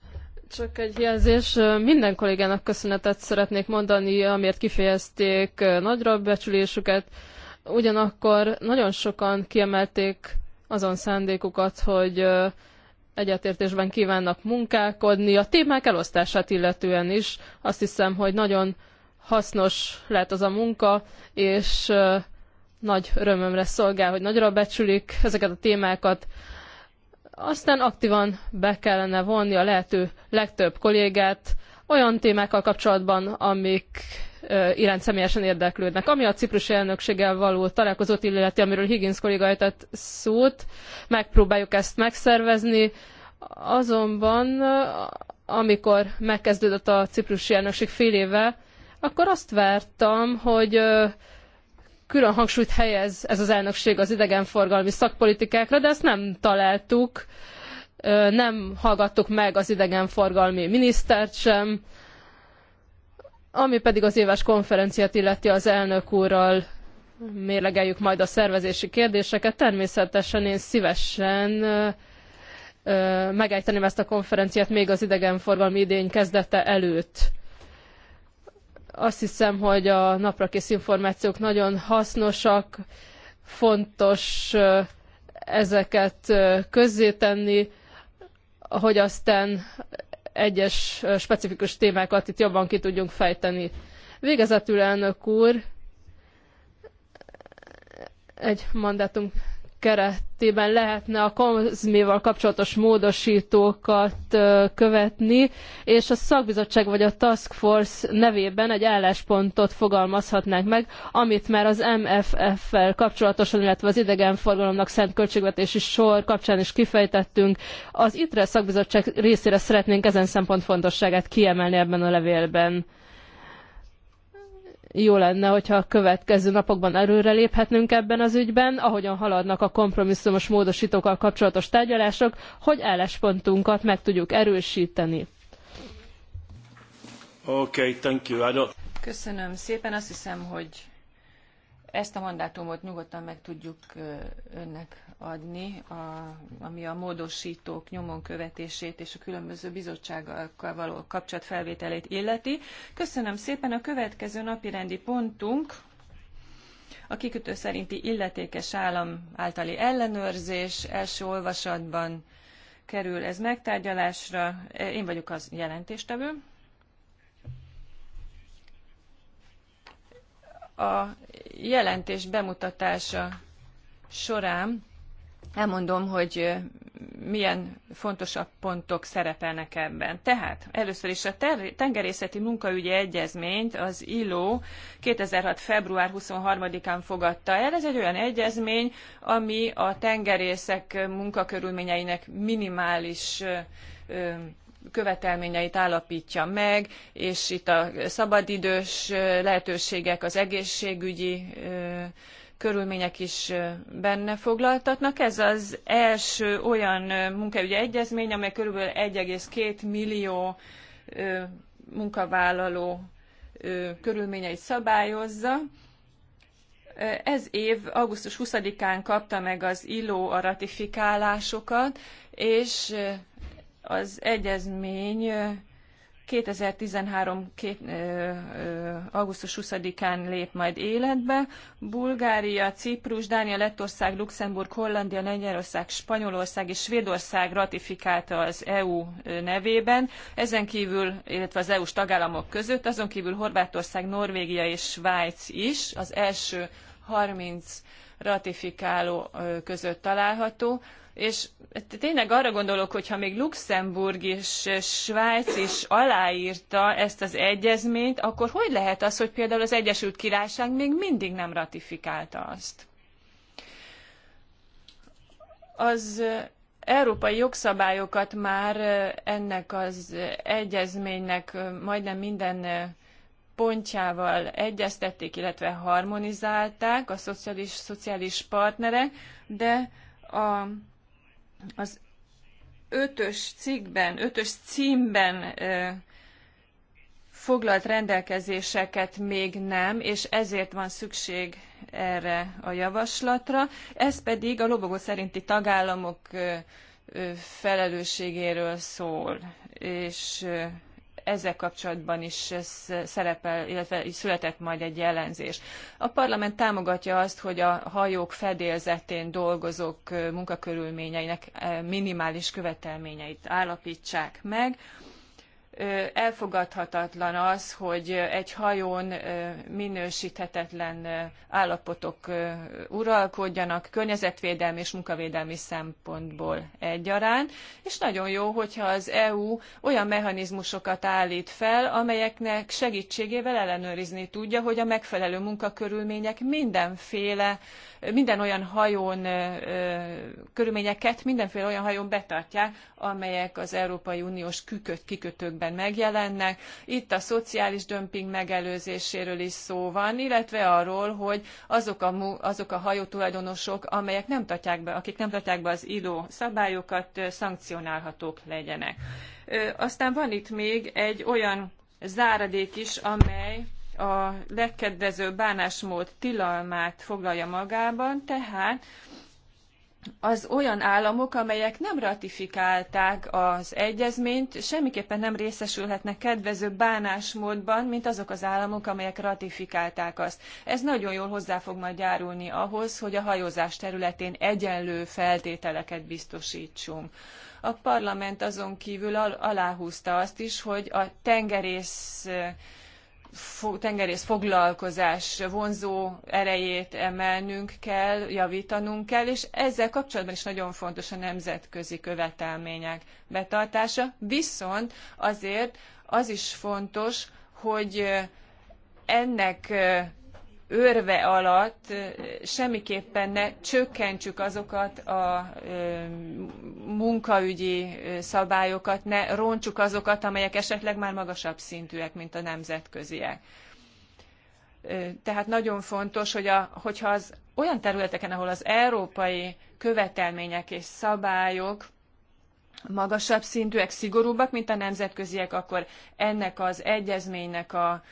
Csak egy jelzés. Minden kollégának köszönetet szeretnék mondani, amiért kifejezték eh, nagyra becsülésüket. Ugyanakkor nagyon sokan kiemelték azon szándékukat, hogy eh, egyetértésben kívánnak munkálkodni. A témák elosztását illetően is azt hiszem, hogy nagyon hasznos lehet az a munka, és nagy örömömre szolgál, hogy nagyra becsülik ezeket a témákat. Aztán aktívan be kellene vonni a lehető legtöbb kollégát olyan témákkal kapcsolatban, amik iránt személyesen érdeklődnek. Ami a ciprusi elnökséggel való találkozót illeti, amiről Higgins kolléga ejtett szót, megpróbáljuk ezt megszervezni, azonban amikor megkezdődött a ciprusi elnökség fél éve, akkor azt vártam, hogy külön hangsúlyt helyez ez az elnökség az idegenforgalmi szakpolitikákra, de ezt nem találtuk, nem hallgattuk meg az idegenforgalmi minisztert sem, ami pedig az éves konferenciát illeti az elnök úrral, mérlegeljük majd a szervezési kérdéseket. Természetesen én szívesen megejteném ezt a konferenciát még az idegenforgalmi idény kezdete előtt. Azt hiszem, hogy a naprakész információk nagyon hasznosak, fontos ezeket közzétenni, hogy aztán egyes specifikus témákat itt jobban ki tudjunk fejteni. Végezetül, elnök úr, egy mandátum keretében lehetne a kozméval kapcsolatos módosítókat követni, és a szakbizottság vagy a task force nevében egy álláspontot fogalmazhatnánk meg, amit már az MFF-fel kapcsolatosan, illetve az idegenforgalomnak szent költségvetési sor kapcsán is kifejtettünk. Az ITRE szakbizottság részére szeretnénk ezen szempont fontosságát kiemelni ebben a levélben jó lenne, hogyha a következő napokban erőre léphetnünk ebben az ügyben, ahogyan haladnak a kompromisszumos módosítókkal kapcsolatos tárgyalások, hogy álláspontunkat meg tudjuk erősíteni. Okay, thank you. Köszönöm szépen. Azt hiszem, hogy ezt a mandátumot nyugodtan meg tudjuk önnek adni, a, ami a módosítók nyomon követését és a különböző bizottságokkal való kapcsolatfelvételét illeti. Köszönöm szépen. A következő napi rendi pontunk a kikötő szerinti illetékes állam általi ellenőrzés első olvasatban kerül ez megtárgyalásra. Én vagyok az jelentéstevő. A jelentés bemutatása során elmondom, hogy milyen fontosabb pontok szerepelnek ebben. Tehát először is a tengerészeti munkaügyi egyezményt az ILO 2006. február 23-án fogadta el. Ez egy olyan egyezmény, ami a tengerészek munkakörülményeinek minimális követelményeit állapítja meg, és itt a szabadidős lehetőségek, az egészségügyi körülmények is benne foglaltatnak. Ez az első olyan munkaügyi egyezmény, amely kb. 1,2 millió munkavállaló körülményeit szabályozza. Ez év augusztus 20-án kapta meg az ILO a ratifikálásokat, és az egyezmény 2013. Két, ö, ö, augusztus 20-án lép majd életbe. Bulgária, Ciprus, Dánia, Lettország, Luxemburg, Hollandia, Lengyelország, Spanyolország és Svédország ratifikálta az EU nevében. Ezen kívül, illetve az EU-s tagállamok között, azon kívül Horvátország, Norvégia és Svájc is az első 30 ratifikáló között található és tényleg arra gondolok, hogy ha még Luxemburg és Svájc is aláírta ezt az egyezményt, akkor hogy lehet az, hogy például az Egyesült Királyság még mindig nem ratifikálta azt? Az európai jogszabályokat már ennek az egyezménynek majdnem minden pontjával egyeztették, illetve harmonizálták a szociális, szociális partnerek, de a az ötös cikkben, ötös címben foglalt rendelkezéseket még nem, és ezért van szükség erre a javaslatra. Ez pedig a lobogó szerinti tagállamok felelősségéről szól, és ezzel kapcsolatban is szerepel, illetve született majd egy jelenzés. A parlament támogatja azt, hogy a hajók fedélzetén dolgozók munkakörülményeinek minimális követelményeit állapítsák meg, elfogadhatatlan az, hogy egy hajón minősíthetetlen állapotok uralkodjanak környezetvédelmi és munkavédelmi szempontból egyaránt, és nagyon jó, hogyha az EU olyan mechanizmusokat állít fel, amelyeknek segítségével ellenőrizni tudja, hogy a megfelelő munkakörülmények mindenféle, minden olyan hajón körülményeket mindenféle olyan hajón betartják, amelyek az Európai Uniós kikötőkben évben megjelennek. Itt a szociális dömping megelőzéséről is szó van, illetve arról, hogy azok a, azok a hajótulajdonosok, amelyek nem tartják be, akik nem tartják be az idő szabályokat, szankcionálhatók legyenek. Aztán van itt még egy olyan záradék is, amely a legkedvezőbb bánásmód tilalmát foglalja magában, tehát az olyan államok, amelyek nem ratifikálták az egyezményt, semmiképpen nem részesülhetnek kedvező bánásmódban, mint azok az államok, amelyek ratifikálták azt. Ez nagyon jól hozzá fog majd járulni ahhoz, hogy a hajózás területén egyenlő feltételeket biztosítsunk. A parlament azon kívül al- aláhúzta azt is, hogy a tengerész tengerész foglalkozás vonzó erejét emelnünk kell, javítanunk kell, és ezzel kapcsolatban is nagyon fontos a nemzetközi követelmények betartása. Viszont azért az is fontos, hogy ennek örve alatt semmiképpen ne csökkentsük azokat a munkaügyi szabályokat, ne rontsuk azokat, amelyek esetleg már magasabb szintűek, mint a nemzetköziek. Tehát nagyon fontos, hogy a, hogyha az olyan területeken, ahol az európai követelmények és szabályok magasabb szintűek, szigorúbbak, mint a nemzetköziek, akkor ennek az egyezménynek a,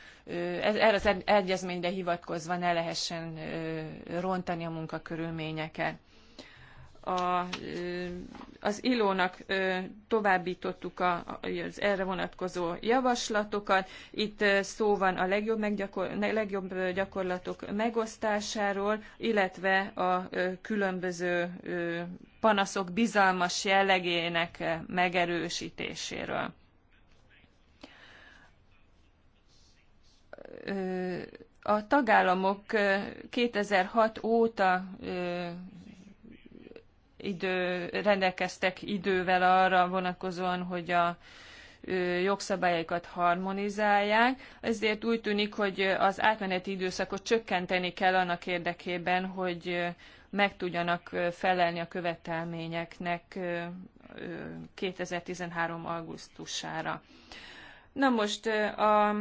erre az egyezményre hivatkozva ne lehessen rontani a munkakörülményeket. A, az ILO-nak továbbítottuk a, az erre vonatkozó javaslatokat. Itt szó van a legjobb, meggyakor, legjobb gyakorlatok megosztásáról, illetve a különböző panaszok bizalmas jellegének megerősítéséről a tagállamok 2006 óta idő, rendelkeztek idővel arra vonatkozóan, hogy a jogszabályaikat harmonizálják, ezért úgy tűnik, hogy az átmeneti időszakot csökkenteni kell annak érdekében, hogy meg tudjanak felelni a követelményeknek 2013. augusztusára. Na most a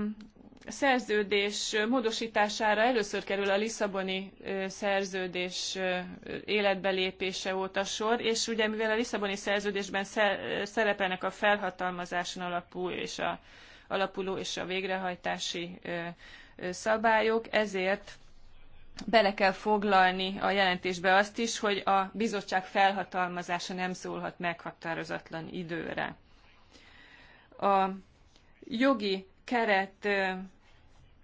szerződés módosítására először kerül a Lisszaboni szerződés életbelépése óta sor, és ugye mivel a Lisszaboni szerződésben szerepelnek a felhatalmazáson alapú és a, alapuló és a végrehajtási szabályok, ezért bele kell foglalni a jelentésbe azt is, hogy a bizottság felhatalmazása nem szólhat meghatározatlan időre. A jogi keret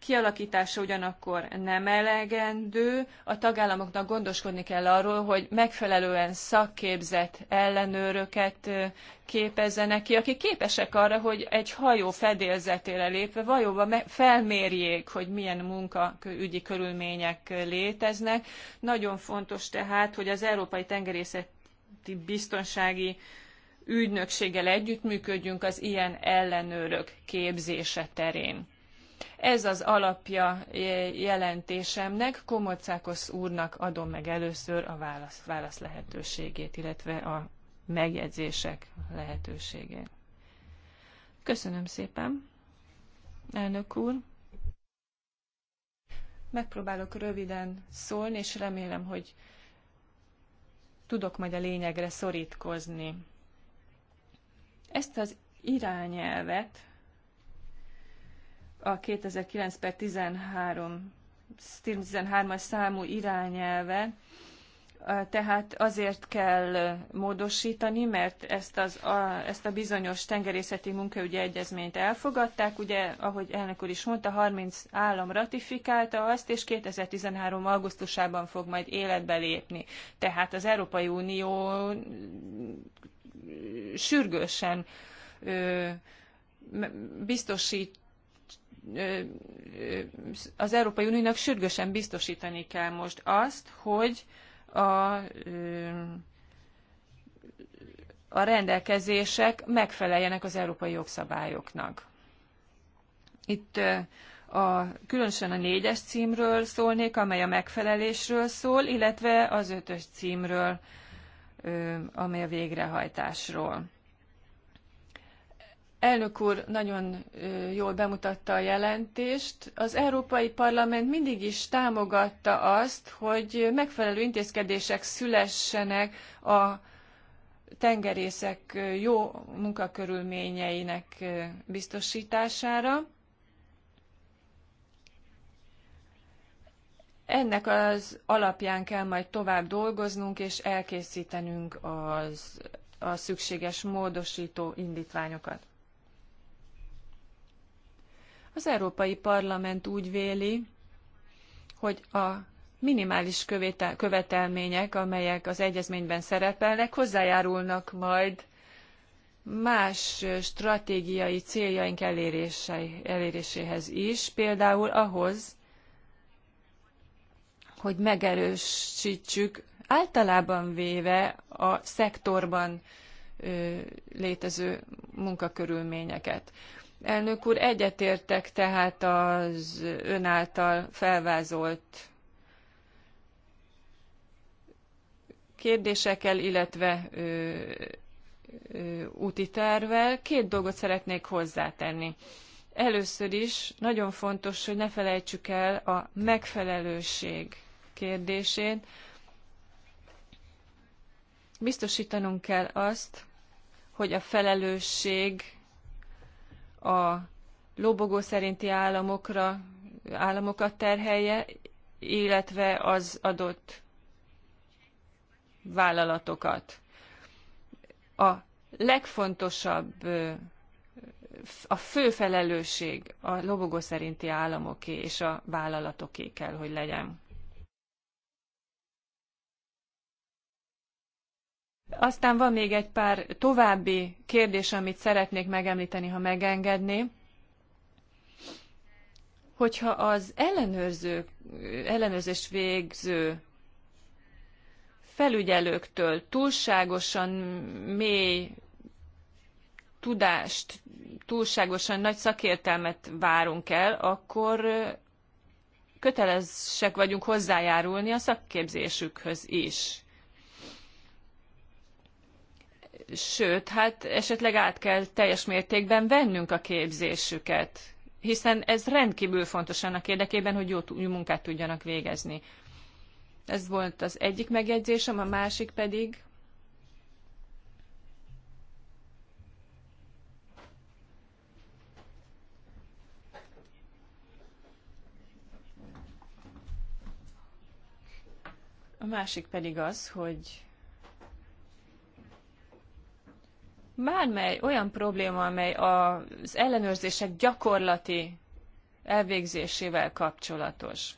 kialakítása ugyanakkor nem elegendő, a tagállamoknak gondoskodni kell arról, hogy megfelelően szakképzett ellenőröket képezzenek ki, akik képesek arra, hogy egy hajó fedélzetére lépve valóban felmérjék, hogy milyen munkaügyi körülmények léteznek. Nagyon fontos tehát, hogy az Európai Tengerészeti Biztonsági Ügynökséggel együttműködjünk az ilyen ellenőrök képzése terén ez az alapja eh, jelentésemnek. Komocákos úrnak adom meg először a válasz, válasz lehetőségét, illetve a megjegyzések lehetőségét. Köszönöm szépen, elnök úr. Megpróbálok röviden szólni, és remélem, hogy tudok majd a lényegre szorítkozni. Ezt az irányelvet a 2009 per 13 13-as számú irányelve, tehát azért kell módosítani, mert ezt, az, a, ezt a bizonyos tengerészeti munkaügyi egyezményt elfogadták. Ugye, ahogy elnök úr is mondta, 30 állam ratifikálta azt, és 2013. augusztusában fog majd életbe lépni. Tehát az Európai Unió sürgősen ö, biztosít az Európai Uniónak sürgősen biztosítani kell most azt, hogy a a rendelkezések megfeleljenek az európai jogszabályoknak. Itt a, különösen a négyes címről szólnék, amely a megfelelésről szól, illetve az ötös címről, amely a végrehajtásról. Elnök úr nagyon jól bemutatta a jelentést. Az Európai Parlament mindig is támogatta azt, hogy megfelelő intézkedések szülessenek a tengerészek jó munkakörülményeinek biztosítására. Ennek az alapján kell majd tovább dolgoznunk és elkészítenünk az, a szükséges módosító indítványokat. Az Európai Parlament úgy véli, hogy a minimális követelmények, amelyek az egyezményben szerepelnek, hozzájárulnak majd más stratégiai céljaink eléréséhez is, például ahhoz, hogy megerősítsük általában véve a szektorban létező munkakörülményeket. Elnök úr, egyetértek tehát az ön által felvázolt kérdésekkel, illetve ö, ö, úti Két dolgot szeretnék hozzátenni. Először is nagyon fontos, hogy ne felejtsük el a megfelelőség kérdését. Biztosítanunk kell azt, hogy a felelősség a lobogó szerinti államokra, államokat terhelje, illetve az adott vállalatokat. A legfontosabb, a fő felelősség a lobogó szerinti államoké és a vállalatoké kell, hogy legyen. Aztán van még egy pár további kérdés, amit szeretnék megemlíteni, ha megengedné. Hogyha az ellenőrző, ellenőrzés végző felügyelőktől túlságosan mély tudást, túlságosan nagy szakértelmet várunk el, akkor kötelezsek vagyunk hozzájárulni a szakképzésükhöz is. sőt, hát esetleg át kell teljes mértékben vennünk a képzésüket, hiszen ez rendkívül fontos annak érdekében, hogy jó munkát tudjanak végezni. Ez volt az egyik megjegyzésem, a másik pedig, A másik pedig az, hogy bármely olyan probléma, amely az ellenőrzések gyakorlati elvégzésével kapcsolatos.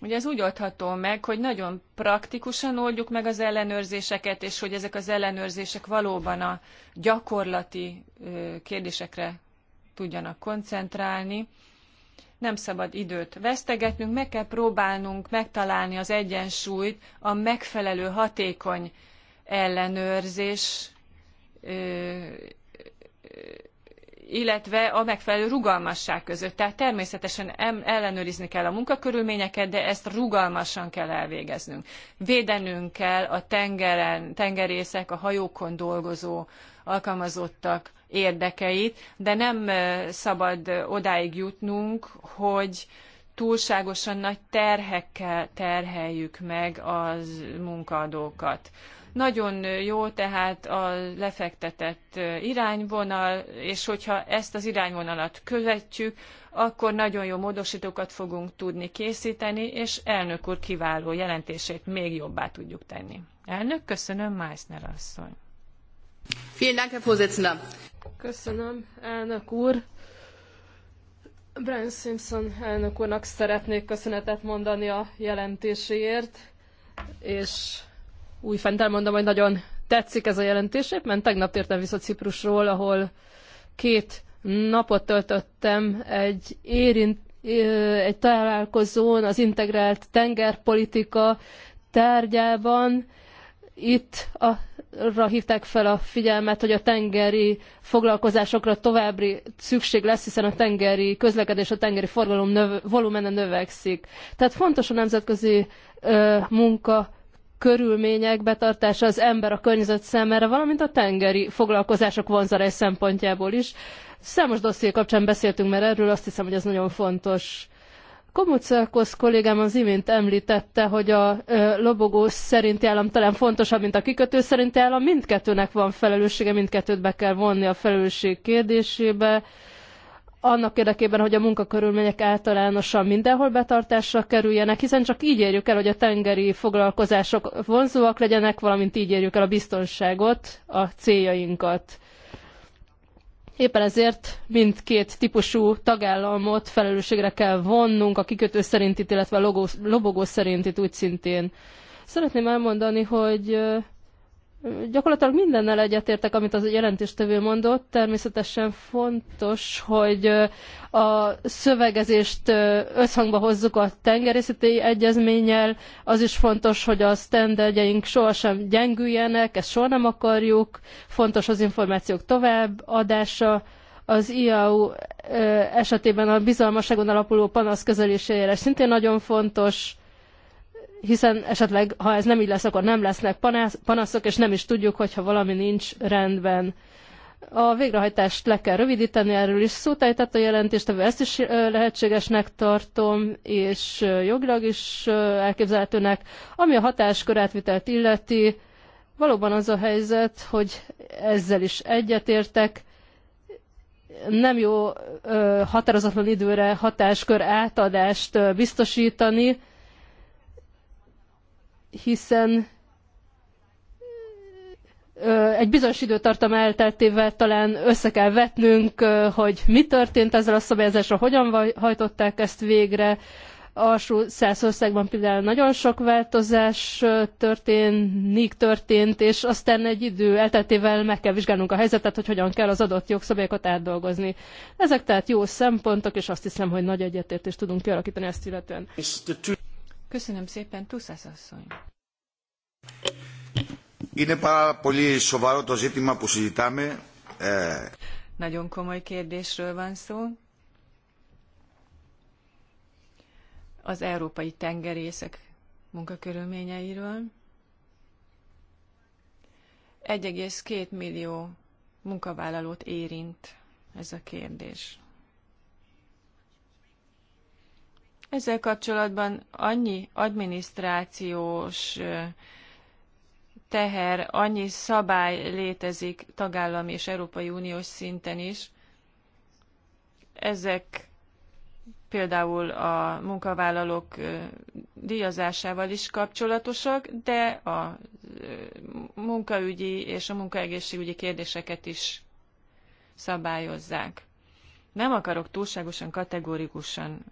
Ugye ez úgy oldható meg, hogy nagyon praktikusan oldjuk meg az ellenőrzéseket, és hogy ezek az ellenőrzések valóban a gyakorlati kérdésekre tudjanak koncentrálni. Nem szabad időt vesztegetnünk, meg kell próbálnunk megtalálni az egyensúlyt a megfelelő hatékony ellenőrzés, illetve a megfelelő rugalmasság között. Tehát természetesen ellenőrizni kell a munkakörülményeket, de ezt rugalmasan kell elvégeznünk. Védenünk kell a tengeren, tengerészek, a hajókon dolgozó alkalmazottak érdekeit, de nem szabad odáig jutnunk, hogy túlságosan nagy terhekkel terheljük meg a munkadókat. Nagyon jó tehát a lefektetett irányvonal, és hogyha ezt az irányvonalat követjük, akkor nagyon jó módosítókat fogunk tudni készíteni, és elnök úr kiváló jelentését még jobbá tudjuk tenni. Elnök, köszönöm, Meissner asszony. Köszönöm, elnök úr. Brian Simpson elnök úrnak szeretnék köszönetet mondani a jelentéséért, és újfent elmondom, hogy nagyon tetszik ez a jelentés. mert tegnap értem vissza Ciprusról, ahol két napot töltöttem egy érint, egy találkozón az integrált tengerpolitika tárgyában. Itt arra hívták fel a figyelmet, hogy a tengeri foglalkozásokra további szükség lesz, hiszen a tengeri közlekedés, a tengeri forgalom növ- volumene növekszik. Tehát fontos a nemzetközi ö, munka körülmények betartása az ember a környezet számára, valamint a tengeri foglalkozások vonzarás szempontjából is. Számos dosszié kapcsán beszéltünk már erről, azt hiszem, hogy ez nagyon fontos. Komucelkosz kollégám az imént említette, hogy a lobogó szerinti állam talán fontosabb, mint a kikötő szerinti állam. Mindkettőnek van felelőssége, mindkettőt be kell vonni a felelősség kérdésébe annak érdekében, hogy a munkakörülmények általánosan mindenhol betartásra kerüljenek, hiszen csak így érjük el, hogy a tengeri foglalkozások vonzóak legyenek, valamint így érjük el a biztonságot, a céljainkat. Éppen ezért mindkét típusú tagállamot felelősségre kell vonnunk, a kikötő szerint itt, illetve a logó, lobogó szerint itt úgy szintén. Szeretném elmondani, hogy Gyakorlatilag mindennel egyetértek, amit az jelentéstevő mondott. Természetesen fontos, hogy a szövegezést összhangba hozzuk a tengerészeti egyezménnyel. Az is fontos, hogy a standardjeink sohasem gyengüljenek, ezt soha nem akarjuk. Fontos az információk továbbadása. Az IAU esetében a bizalmaságon alapuló panasz kezelési szintén nagyon fontos hiszen esetleg, ha ez nem így lesz, akkor nem lesznek panaszok, és nem is tudjuk, hogyha valami nincs rendben. A végrehajtást le kell rövidíteni, erről is szótájtett a jelentést, ezt is lehetségesnek tartom, és jogilag is elképzelhetőnek. Ami a hatáskör átvitelt illeti, valóban az a helyzet, hogy ezzel is egyetértek, nem jó határozatlan időre hatáskör átadást biztosítani, hiszen egy bizonyos időtartam elteltével talán össze kell vetnünk, hogy mi történt ezzel a szabályozással, hogyan hajtották ezt végre. Alsó Szászországban például nagyon sok változás történik, történt, és aztán egy idő elteltével meg kell vizsgálnunk a helyzetet, hogy hogyan kell az adott jogszabályokat átdolgozni. Ezek tehát jó szempontok, és azt hiszem, hogy nagy egyetértést tudunk kialakítani ezt illetően. Köszönöm szépen, Tuszász asszony. Nagyon komoly kérdésről van szó. Az európai tengerészek munkakörülményeiről. 1,2 millió munkavállalót érint ez a kérdés. Ezzel kapcsolatban annyi adminisztrációs teher, annyi szabály létezik tagállami és Európai Uniós szinten is. Ezek például a munkavállalók díjazásával is kapcsolatosak, de a munkaügyi és a munkaegészségügyi kérdéseket is szabályozzák. Nem akarok túlságosan kategórikusan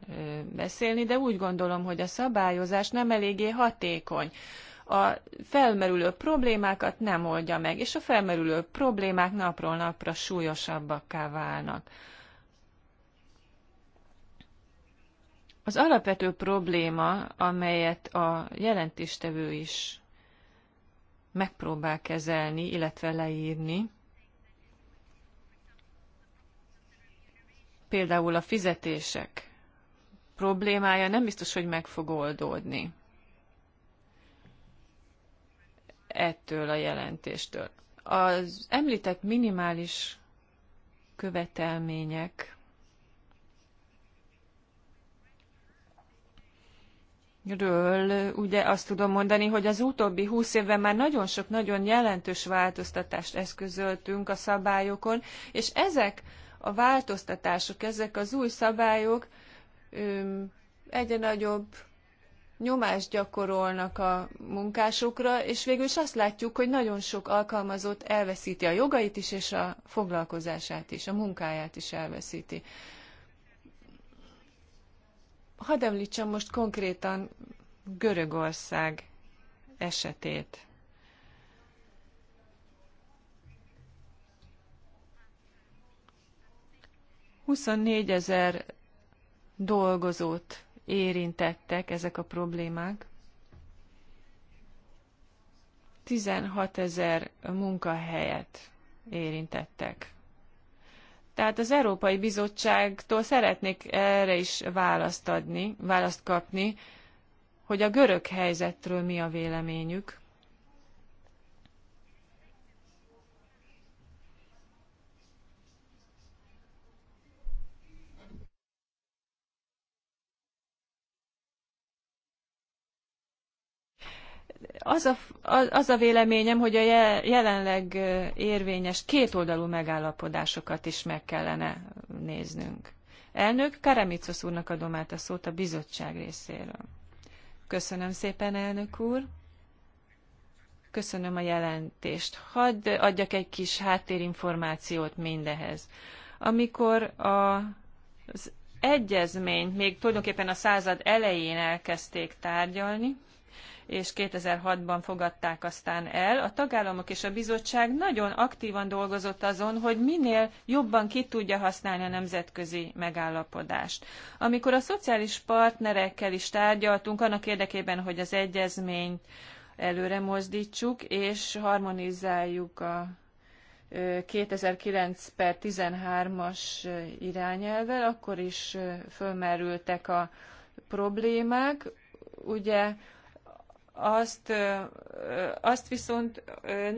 beszélni, de úgy gondolom, hogy a szabályozás nem eléggé hatékony a felmerülő problémákat nem oldja meg, és a felmerülő problémák napról napra súlyosabbakká válnak. Az alapvető probléma, amelyet a jelentéstevő is megpróbál kezelni, illetve leírni, például a fizetések problémája nem biztos, hogy meg fog oldódni ettől a jelentéstől. Az említett minimális követelmények Ről ugye azt tudom mondani, hogy az utóbbi húsz évben már nagyon sok, nagyon jelentős változtatást eszközöltünk a szabályokon, és ezek a változtatások, ezek az új szabályok egyre nagyobb nyomást gyakorolnak a munkásokra, és végül is azt látjuk, hogy nagyon sok alkalmazott elveszíti a jogait is, és a foglalkozását is, a munkáját is elveszíti. Hadd említsem most konkrétan Görögország esetét. 24 ezer dolgozót érintettek ezek a problémák. 16 ezer munkahelyet érintettek. Tehát az Európai Bizottságtól szeretnék erre is választ adni, választ kapni, hogy a görög helyzetről mi a véleményük. az a, az a véleményem, hogy a jelenleg érvényes kétoldalú megállapodásokat is meg kellene néznünk. Elnök, Karamicosz úrnak adom át a szót a bizottság részéről. Köszönöm szépen, elnök úr. Köszönöm a jelentést. Hadd adjak egy kis háttérinformációt mindehez. Amikor a, az egyezményt még tulajdonképpen a század elején elkezdték tárgyalni, és 2006-ban fogadták aztán el. A tagállamok és a bizottság nagyon aktívan dolgozott azon, hogy minél jobban ki tudja használni a nemzetközi megállapodást. Amikor a szociális partnerekkel is tárgyaltunk, annak érdekében, hogy az egyezményt előre mozdítsuk, és harmonizáljuk a 2009 per 13-as irányelvvel, akkor is fölmerültek a problémák. Ugye azt, azt viszont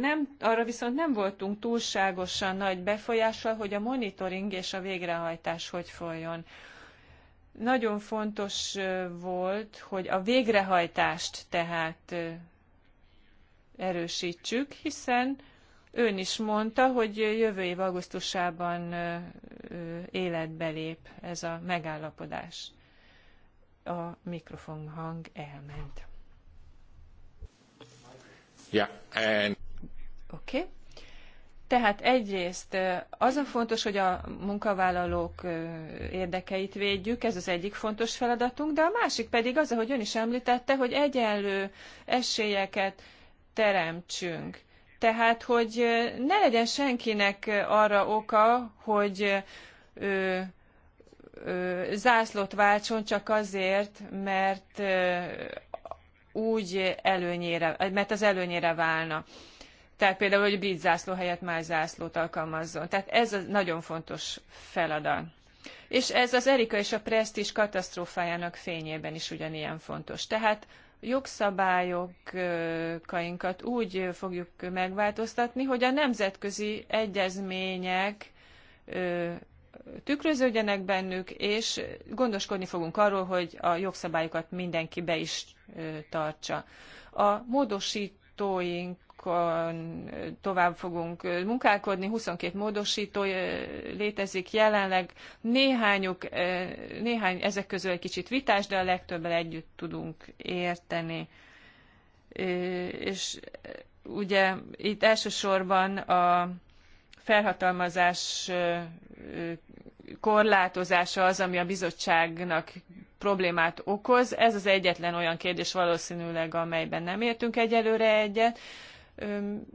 nem, arra viszont nem voltunk túlságosan nagy befolyással, hogy a monitoring és a végrehajtás hogy folyjon. Nagyon fontos volt, hogy a végrehajtást tehát erősítsük, hiszen ön is mondta, hogy jövő év augusztusában életbe lép ez a megállapodás. A mikrofon hang elment. Yeah, and... Oké. Okay. Tehát egyrészt az a fontos, hogy a munkavállalók érdekeit védjük, ez az egyik fontos feladatunk, de a másik pedig az, ahogy ön is említette, hogy egyenlő esélyeket teremtsünk. Tehát, hogy ne legyen senkinek arra oka, hogy ö, ö, zászlót váltson csak azért, mert úgy előnyére, mert az előnyére válna. Tehát például, hogy brit zászló helyett más zászlót alkalmazzon. Tehát ez a nagyon fontos feladat. És ez az Erika és a Prestige katasztrófájának fényében is ugyanilyen fontos. Tehát jogszabályokainkat úgy fogjuk megváltoztatni, hogy a nemzetközi egyezmények tükröződjenek bennük, és gondoskodni fogunk arról, hogy a jogszabályokat mindenki be is tartsa. A módosítóink tovább fogunk munkálkodni, 22 módosító létezik jelenleg, néhányuk, néhány ezek közül egy kicsit vitás, de a legtöbbel együtt tudunk érteni. És ugye itt elsősorban a felhatalmazás korlátozása az, ami a bizottságnak problémát okoz. Ez az egyetlen olyan kérdés valószínűleg, amelyben nem értünk egyelőre egyet.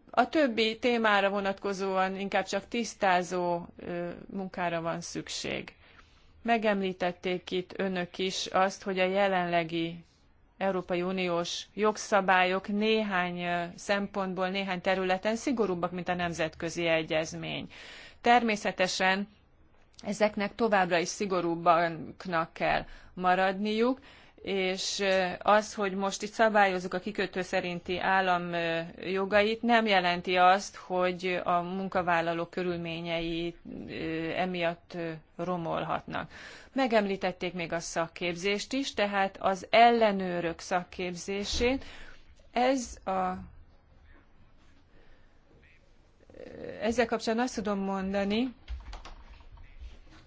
A többi témára vonatkozóan inkább csak tisztázó munkára van szükség. Megemlítették itt önök is azt, hogy a jelenlegi Európai Uniós jogszabályok néhány szempontból, néhány területen szigorúbbak, mint a nemzetközi egyezmény. Természetesen ezeknek továbbra is szigorúbbaknak kell maradniuk, és az, hogy most itt szabályozzuk a kikötő szerinti állam jogait, nem jelenti azt, hogy a munkavállalók körülményei emiatt romolhatnak. Megemlítették még a szakképzést is, tehát az ellenőrök szakképzését. Ez a ezzel kapcsolatban azt tudom mondani,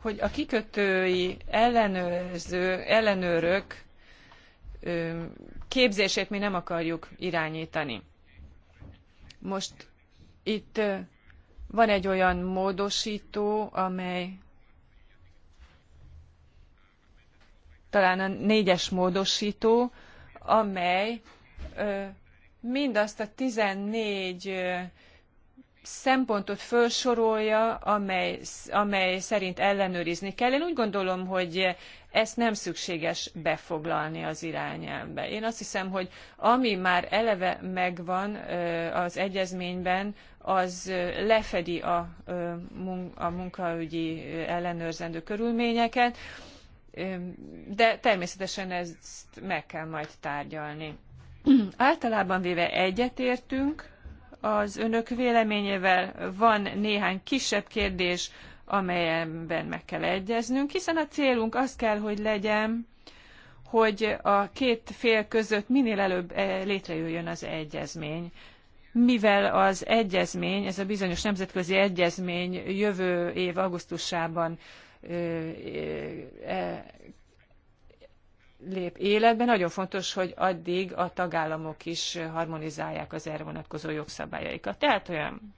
hogy a kikötői ellenőrző, ellenőrök képzését mi nem akarjuk irányítani. Most itt van egy olyan módosító, amely talán a négyes módosító, amely mindazt a 14 szempontot felsorolja, amely, amely szerint ellenőrizni kell. Én úgy gondolom, hogy ezt nem szükséges befoglalni az irányelvbe. Én azt hiszem, hogy ami már eleve megvan az egyezményben, az lefedi a, a munkaügyi ellenőrzendő körülményeket, de természetesen ezt meg kell majd tárgyalni. Általában véve egyetértünk az önök véleményével, van néhány kisebb kérdés, amelyben meg kell egyeznünk, hiszen a célunk az kell, hogy legyen, hogy a két fél között minél előbb eh, létrejöjjön az egyezmény. Mivel az egyezmény, ez a bizonyos nemzetközi egyezmény jövő év augusztusában e, lép életbe, nagyon fontos, hogy addig a tagállamok is harmonizálják az erre vonatkozó jogszabályaikat. Tehát olyan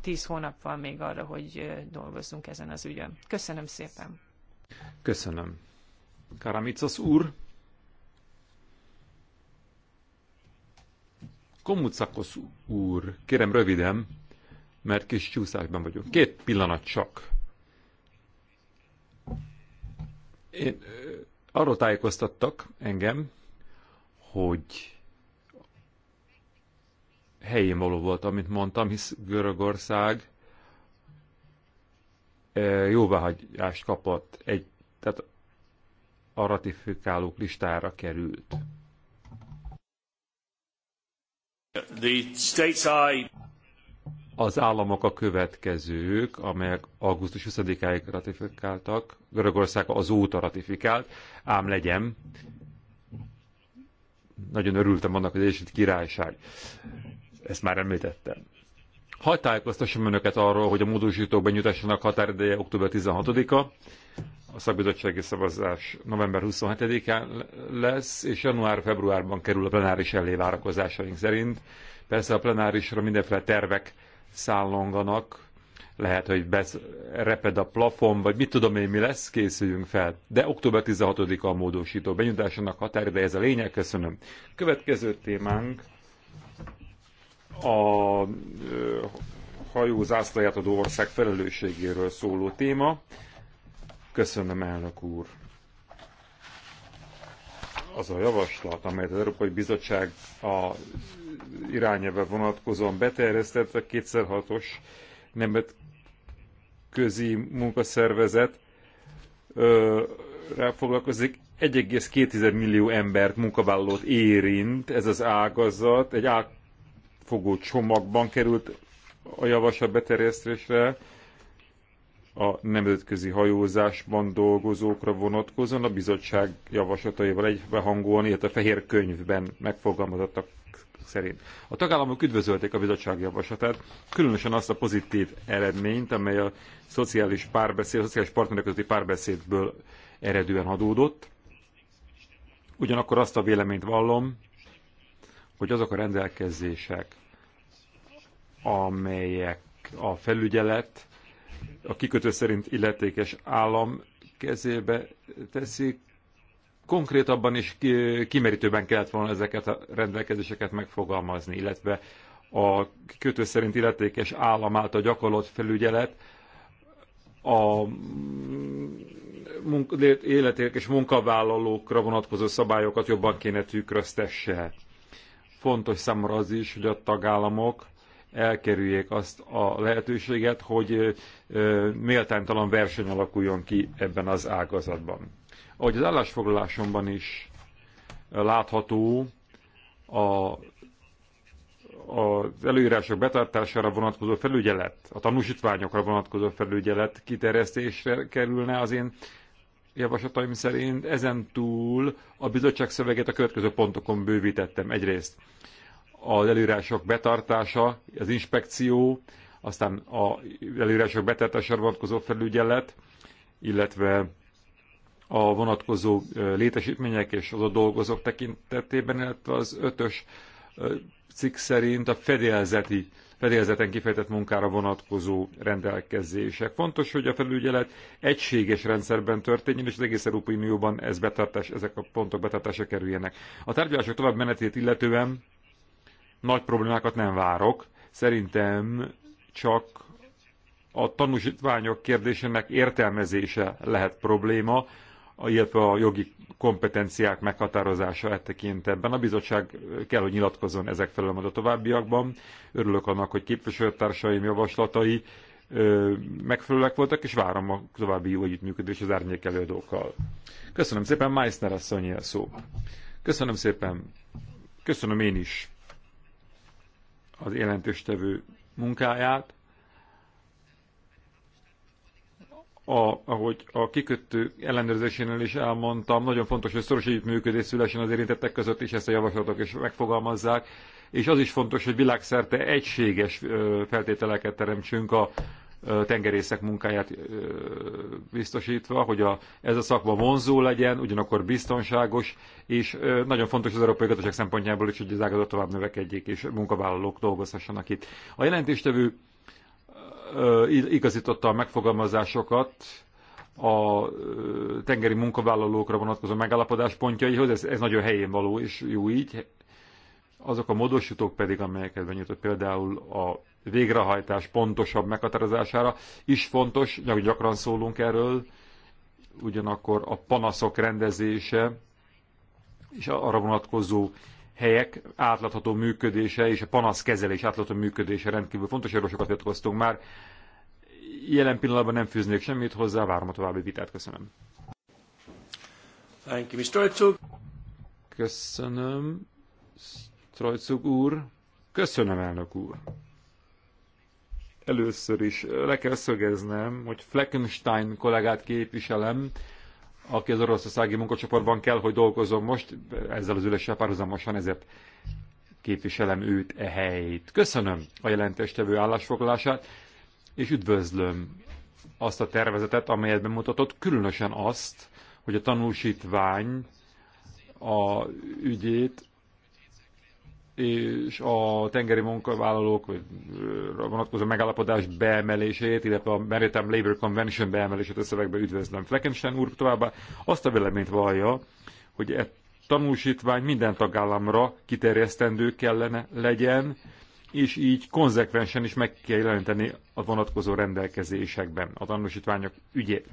tíz hónap van még arra, hogy dolgozzunk ezen az ügyön. Köszönöm szépen. Köszönöm. Karamicos úr. Komucakos úr, kérem röviden, mert kis csúszásban vagyok. Két pillanat csak. Én, arról tájékoztattak engem, hogy helyén való volt, amit mondtam, hisz Görögország e, jóváhagyást kapott, egy, tehát a ratifikálók listára került. The Az államok a következők, amelyek augusztus 20-áig ratifikáltak, Görögország azóta ratifikált, ám legyen. Nagyon örültem annak, hogy az Egyesült Királyság ezt már említettem. Hagy tájékoztassam önöket arról, hogy a módosítók benyújtásának határideje október 16-a, a szakbizottsági szavazás november 27-án lesz, és január-februárban kerül a plenáris elé várakozásaink szerint. Persze a plenárisra mindenféle tervek szállonganak, lehet, hogy besz, reped a plafon, vagy mit tudom én, mi lesz, készüljünk fel. De október 16-a a módosító benyújtásának határideje, ez a lényeg, köszönöm. Következő témánk a hajó zászlaját adó ország felelősségéről szóló téma. Köszönöm, elnök úr! Az a javaslat, amelyet az Európai Bizottság a irányelve vonatkozóan beterjesztett a 2006-os nemzetközi munkaszervezet rá foglalkozik, 1,2 millió embert, munkavállalót érint ez az ágazat, egy ág átfogó csomagban került a javaslat beterjesztésre a nemzetközi hajózásban dolgozókra vonatkozóan a bizottság javaslataival egybehangolni, illetve a fehér könyvben megfogalmazottak szerint. A tagállamok üdvözölték a bizottság javaslatát, különösen azt a pozitív eredményt, amely a szociális párbeszéd, a szociális partnerek közötti párbeszédből eredően adódott. Ugyanakkor azt a véleményt vallom, hogy azok a rendelkezések, amelyek a felügyelet a kikötő szerint illetékes állam kezébe teszik. Konkrétabban is kimerítőben kellett volna ezeket a rendelkezéseket megfogalmazni, illetve a kikötő szerint illetékes állam által gyakorolt felügyelet a munka, életérkes munkavállalókra vonatkozó szabályokat jobban kéne tükröztesse. Fontos számomra az is, hogy a tagállamok elkerüljék azt a lehetőséget, hogy méltánytalan verseny alakuljon ki ebben az ágazatban. Ahogy az állásfoglalásomban is látható, a az előírások betartására vonatkozó felügyelet, a tanúsítványokra vonatkozó felügyelet kiterjesztésre kerülne az én javaslataim szerint. Ezen túl a bizottság szöveget a következő pontokon bővítettem egyrészt az előírások betartása, az inspekció, aztán az előírások betartására vonatkozó felügyelet, illetve a vonatkozó létesítmények és az a dolgozók tekintetében, illetve az ötös cikk szerint a fedélzeti, fedélzeten kifejtett munkára vonatkozó rendelkezések. Fontos, hogy a felügyelet egységes rendszerben történjen, és az egész Európai Unióban ez betartás, ezek a pontok betartása kerüljenek. A tárgyalások tovább menetét illetően nagy problémákat nem várok. Szerintem csak a tanúsítványok kérdésének értelmezése lehet probléma, illetve a jogi kompetenciák meghatározása e tekintetben. A bizottság kell, hogy nyilatkozzon ezek felől majd a továbbiakban. Örülök annak, hogy képviselőtársaim javaslatai megfelelőek voltak, és várom a további jó együttműködés az árnyék előadókkal. Köszönöm szépen, Meissner asszonyi a szó. Köszönöm szépen. Köszönöm én is az jelentőstevő munkáját. A, ahogy a kikötő ellenőrzésénél is elmondtam, nagyon fontos, hogy szoros együttműködés szülesen az érintettek között, és ezt a javaslatok is megfogalmazzák és az is fontos, hogy világszerte egységes feltételeket teremtsünk a tengerészek munkáját biztosítva, hogy a, ez a szakma vonzó legyen, ugyanakkor biztonságos, és nagyon fontos az európai gazdaság szempontjából is, hogy az ágazat tovább növekedjék, és munkavállalók dolgozhassanak itt. A jelentéstevő igazította a megfogalmazásokat, a tengeri munkavállalókra vonatkozó megállapodás pontjaihoz, ez, ez nagyon helyén való, és jó így, azok a módosítók pedig, amelyeket benyújtott például a végrehajtás pontosabb meghatározására is fontos, gyakran szólunk erről, ugyanakkor a panaszok rendezése és arra vonatkozó helyek átlátható működése és a panaszkezelés átlátható működése rendkívül fontos, erről sokat vitatkoztunk már. Jelen pillanatban nem fűznék semmit hozzá, várom a további vitát, köszönöm. Thank you, Mr. Köszönöm. Trajcug úr. Köszönöm, elnök úr. Először is le kell szögeznem, hogy Fleckenstein kollégát képviselem, aki az oroszországi munkacsoportban kell, hogy dolgozom most, ezzel az üléssel párhuzamosan, ezért képviselem őt e helyét. Köszönöm a jelentéstevő állásfoglalását, és üdvözlöm azt a tervezetet, amelyet bemutatott, különösen azt, hogy a tanúsítvány a ügyét és a tengeri munkavállalók vonatkozó megállapodás beemelését, illetve a Maritime Labour Convention beemelését a szövegbe üdvözlöm. Fleckenstein úr továbbá azt a véleményt vallja, hogy e tanúsítvány minden tagállamra kiterjesztendő kellene legyen, és így konzekvensen is meg kell jelenteni a vonatkozó rendelkezésekben a tanúsítványok ügyét.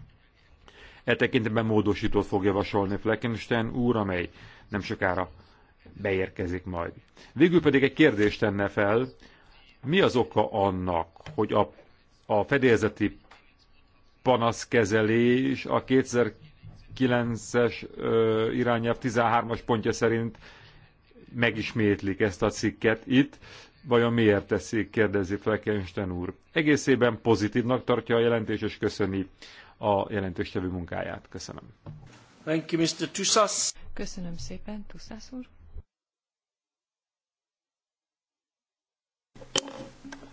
E tekintetben módosítót fog javasolni Fleckenstein úr, amely nem sokára beérkezik majd. Végül pedig egy kérdést tenne fel, mi az oka annak, hogy a, a fedélzeti panaszkezelés a 2009-es irányelv 13-as pontja szerint megismétlik ezt a cikket itt, vajon miért teszik, kérdezi Fleckenstein úr. Egészében pozitívnak tartja a jelentés, és köszöni a jelentéstevő munkáját. Köszönöm. Thank you, Mr. Tussas. Köszönöm szépen, Tussas úr.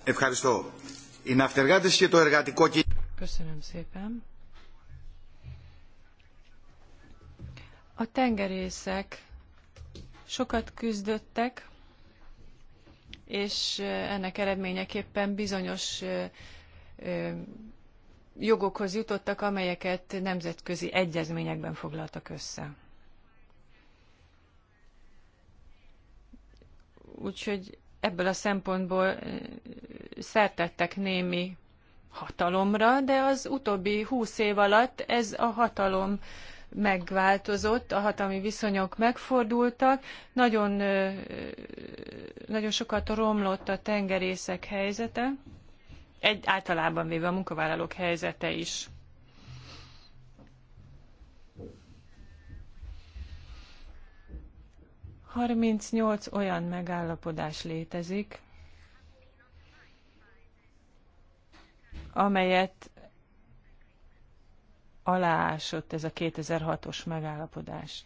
Ευχαριστώ. Οι ναυτεργάτες και το εργατικό Köszönöm szépen. A tengerészek sokat küzdöttek, és ennek eredményeképpen bizonyos jogokhoz jutottak, amelyeket nemzetközi egyezményekben foglaltak össze. Úgyhogy ebből a szempontból szertettek némi hatalomra, de az utóbbi húsz év alatt ez a hatalom megváltozott, a hatalmi viszonyok megfordultak, nagyon, nagyon sokat romlott a tengerészek helyzete, egy, általában véve a munkavállalók helyzete is. 38 olyan megállapodás létezik, amelyet aláásott ez a 2006-os megállapodás.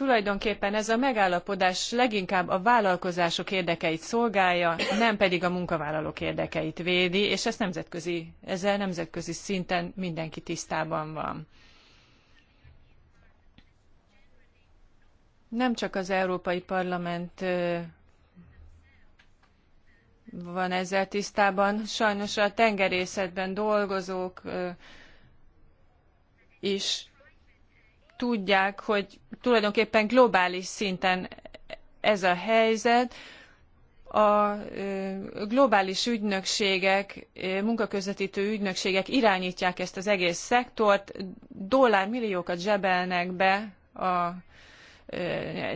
Tulajdonképpen ez a megállapodás leginkább a vállalkozások érdekeit szolgálja, nem pedig a munkavállalók érdekeit védi, és ez nemzetközi, ezzel nemzetközi szinten mindenki tisztában van. Nem csak az Európai Parlament van ezzel tisztában, sajnos a tengerészetben dolgozók is tudják, hogy tulajdonképpen globális szinten ez a helyzet. A globális ügynökségek, munkaközvetítő ügynökségek irányítják ezt az egész szektort, dollármilliókat zsebelnek be a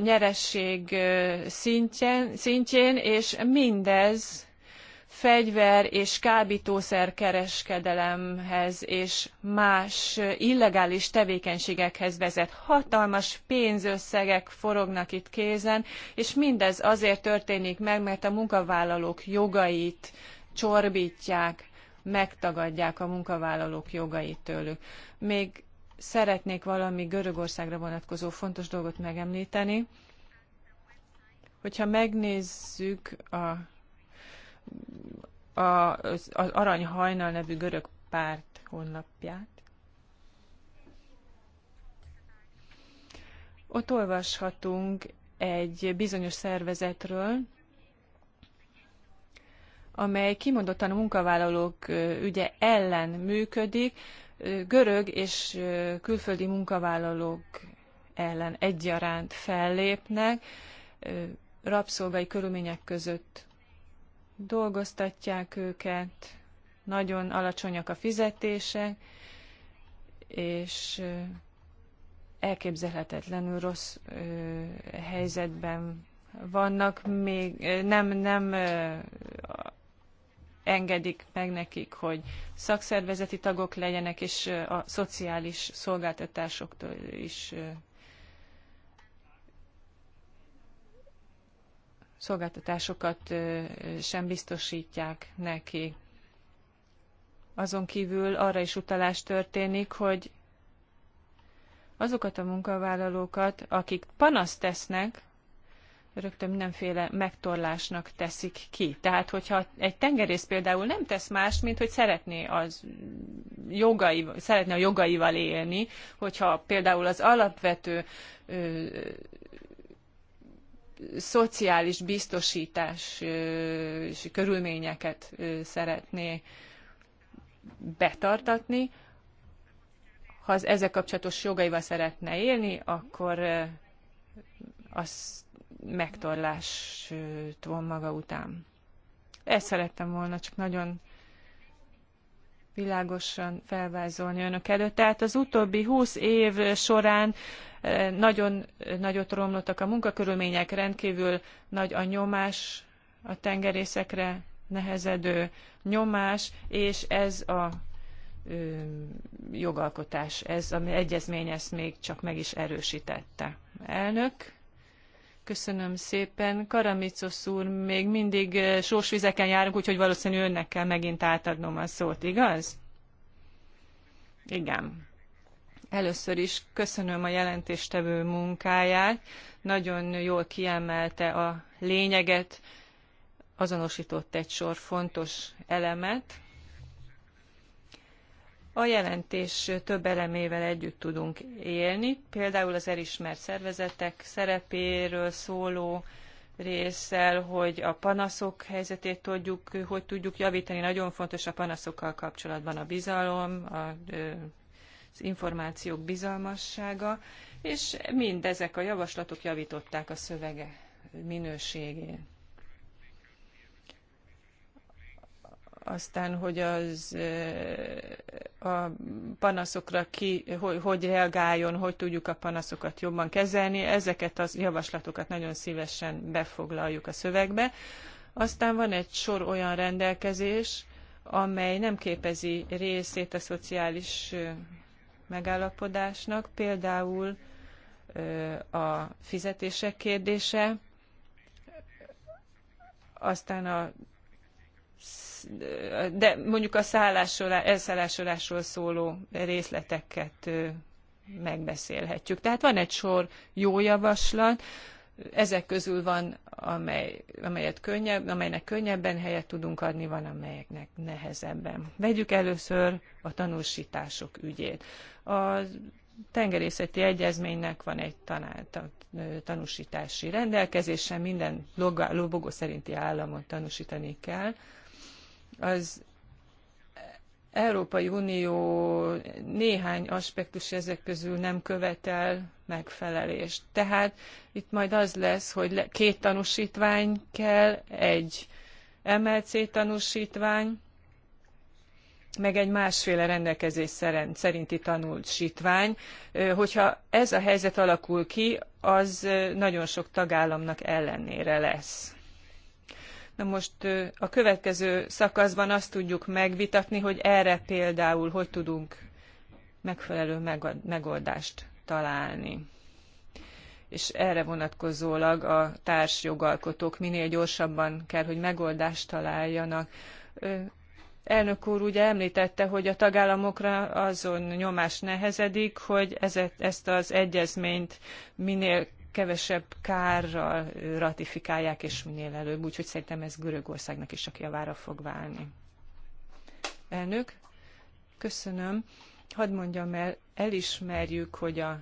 nyeresség szintjén, szintjén, és mindez fegyver és kereskedelemhez és más illegális tevékenységekhez vezet. Hatalmas pénzösszegek forognak itt kézen, és mindez azért történik meg, mert a munkavállalók jogait csorbítják, megtagadják a munkavállalók jogait tőlük. Még szeretnék valami Görögországra vonatkozó fontos dolgot megemlíteni. Hogyha megnézzük a a, az Hajnal nevű görög párt honlapját. Ott olvashatunk egy bizonyos szervezetről, amely kimondottan a munkavállalók ügye ellen működik, görög és külföldi munkavállalók ellen egyaránt fellépnek, rabszolgai körülmények között dolgoztatják őket, nagyon alacsonyak a fizetések, és elképzelhetetlenül rossz helyzetben vannak, még nem, nem engedik meg nekik, hogy szakszervezeti tagok legyenek, és a szociális szolgáltatásoktól is szolgáltatásokat sem biztosítják neki. Azon kívül arra is utalás történik, hogy azokat a munkavállalókat, akik panaszt tesznek, rögtön mindenféle megtorlásnak teszik ki. Tehát, hogyha egy tengerész például nem tesz más, mint hogy szeretné, az jogai, szeretné a jogaival élni, hogyha például az alapvető szociális és körülményeket szeretné betartatni. Ha az ezzel kapcsolatos jogaival szeretne élni, akkor az megtorlást von maga után. Ezt szerettem volna csak nagyon világosan felvázolni önök előtt. Tehát az utóbbi húsz év során nagyon nagyot romlottak a munkakörülmények, rendkívül nagy a nyomás a tengerészekre nehezedő nyomás, és ez a ö, jogalkotás, ez az egyezmény ezt még csak meg is erősítette. Elnök, köszönöm szépen. Karamicos úr, még mindig sós vizeken járunk, úgyhogy valószínű önnek kell megint átadnom a szót, igaz? Igen. Először is köszönöm a jelentéstevő munkáját, nagyon jól kiemelte a lényeget, azonosított egy sor fontos elemet. A jelentés több elemével együtt tudunk élni, például az elismert szervezetek szerepéről szóló részsel, hogy a panaszok helyzetét tudjuk, hogy tudjuk javítani. Nagyon fontos a panaszokkal kapcsolatban a bizalom, a az információk bizalmassága, és mindezek a javaslatok javították a szövege minőségét. aztán, hogy az eh, a panaszokra ki, hogy, hogy reagáljon, hogy tudjuk a panaszokat jobban kezelni, ezeket a javaslatokat nagyon szívesen befoglaljuk a szövegbe. Aztán van egy sor olyan rendelkezés, amely nem képezi részét a szociális eh, megállapodásnak, például a fizetések kérdése, aztán a de mondjuk a elszállásolásról szóló részleteket megbeszélhetjük. Tehát van egy sor jó javaslat, ezek közül van, amely, amelyet könnyebb, amelynek könnyebben helyet tudunk adni, van amelyeknek nehezebben. Vegyük először a tanúsítások ügyét. A tengerészeti egyezménynek van egy tanált, tanúsítási rendelkezése, minden logó szerinti államot tanúsítani kell. Az Európai Unió néhány aspektus ezek közül nem követel megfelelést. Tehát itt majd az lesz, hogy két tanúsítvány kell, egy MLC tanúsítvány, meg egy másféle rendelkezés szerinti tanúsítvány. Hogyha ez a helyzet alakul ki, az nagyon sok tagállamnak ellenére lesz. Na most a következő szakaszban azt tudjuk megvitatni, hogy erre például hogy tudunk megfelelő megoldást találni. És erre vonatkozólag a társjogalkotók minél gyorsabban kell, hogy megoldást találjanak. Elnök úr ugye említette, hogy a tagállamokra azon nyomás nehezedik, hogy ezt az egyezményt minél kevesebb kárral ratifikálják, és minél előbb, úgyhogy szerintem ez Görögországnak is csak javára fog válni. Elnök, köszönöm. Hadd mondjam el, elismerjük, hogy a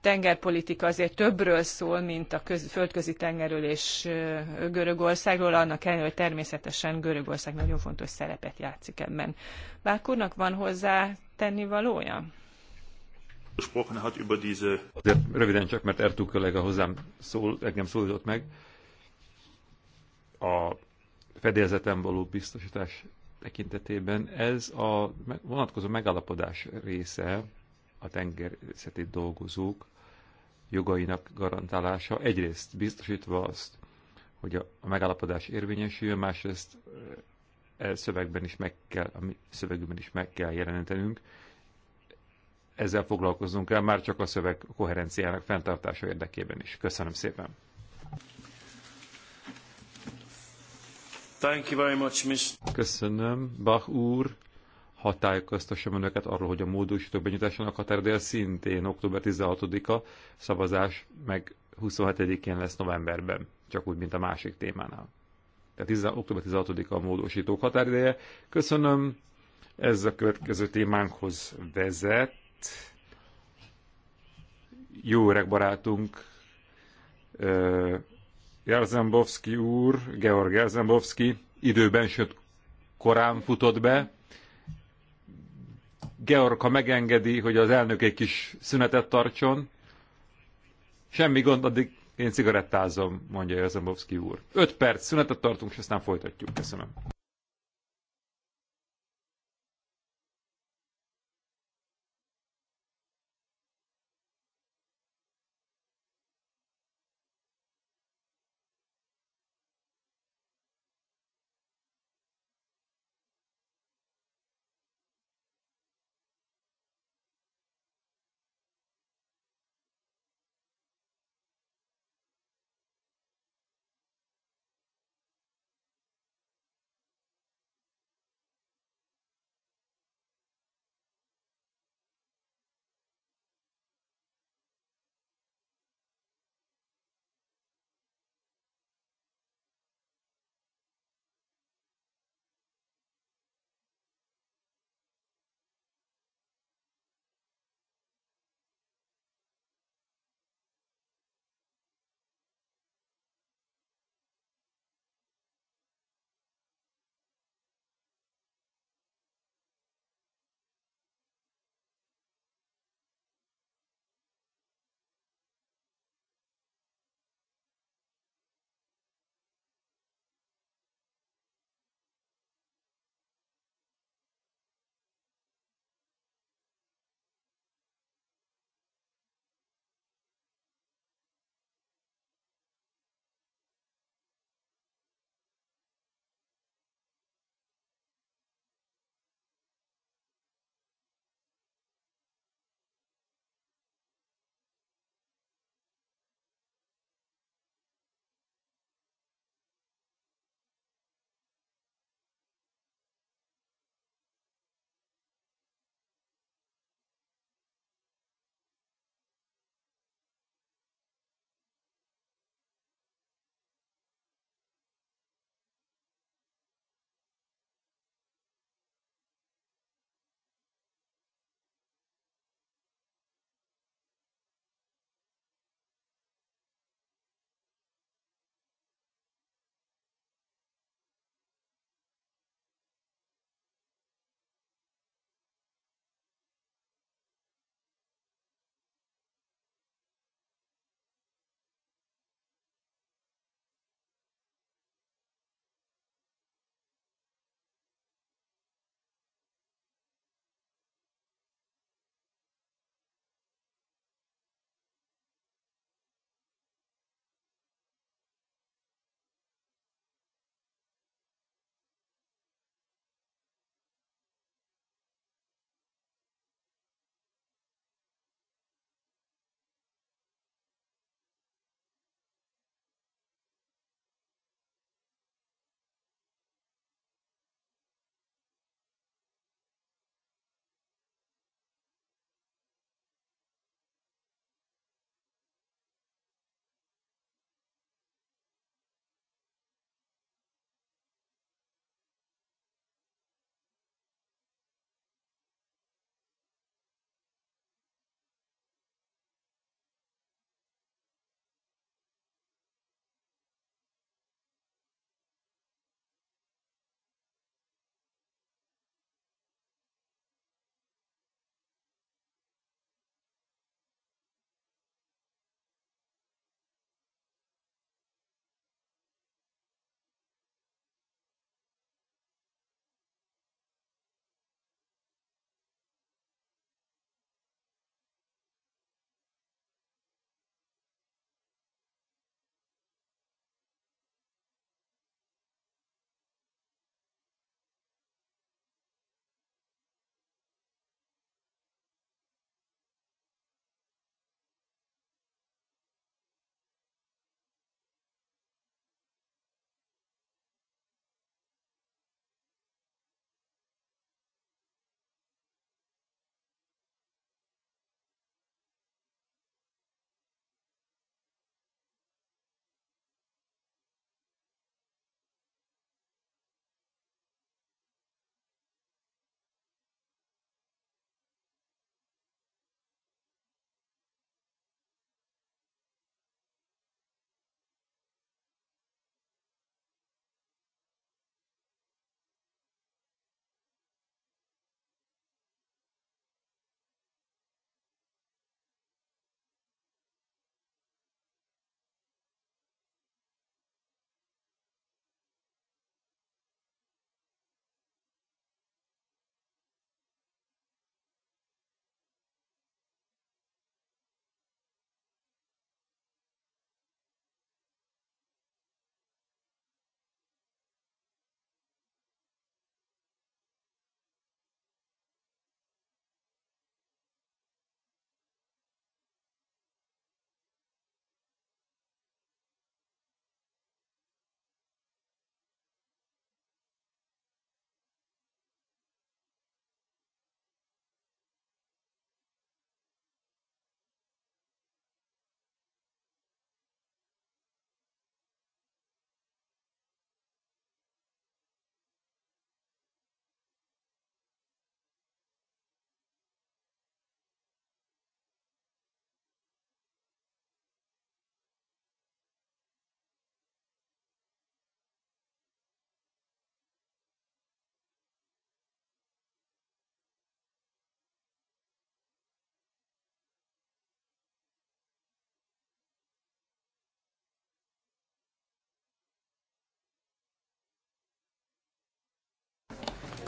tengerpolitika azért többről szól, mint a köz, földközi tengerről és Görögországról, annak ellenére, hogy természetesen Görögország nagyon fontos szerepet játszik ebben. Bárkurnak van hozzá tennivalója? gesprochen hat über diese... Azért röviden csak, mert Ertu kollega hozzám szól, engem szólított meg. A fedélzeten való biztosítás tekintetében ez a vonatkozó megállapodás része a tengerészeti dolgozók jogainak garantálása. Egyrészt biztosítva azt, hogy a megállapodás érvényesül, másrészt eh, e szövegben is meg kell, a szövegünkben is meg kell jelenítenünk, ezzel foglalkozunk, el, már csak a szöveg koherenciának fenntartása érdekében is. Köszönöm szépen. Thank you very much, Mr. Köszönöm, Bach úr. Hatályoztassam önöket arról, hogy a módosítók benyújtásának határdél szintén október 16-a, szavazás meg 27-én lesz novemberben, csak úgy, mint a másik témánál. Tehát október 16-a a módosítók határideje. Köszönöm, ez a következő témánkhoz vezet jó öreg barátunk, Jelzembovszki úr, Georg Jelzembovszki, időben, sőt korán futott be. Georg, ha megengedi, hogy az elnök egy kis szünetet tartson, semmi gond, addig én cigarettázom, mondja Jelzembovszki úr. Öt perc szünetet tartunk, és aztán folytatjuk. Köszönöm.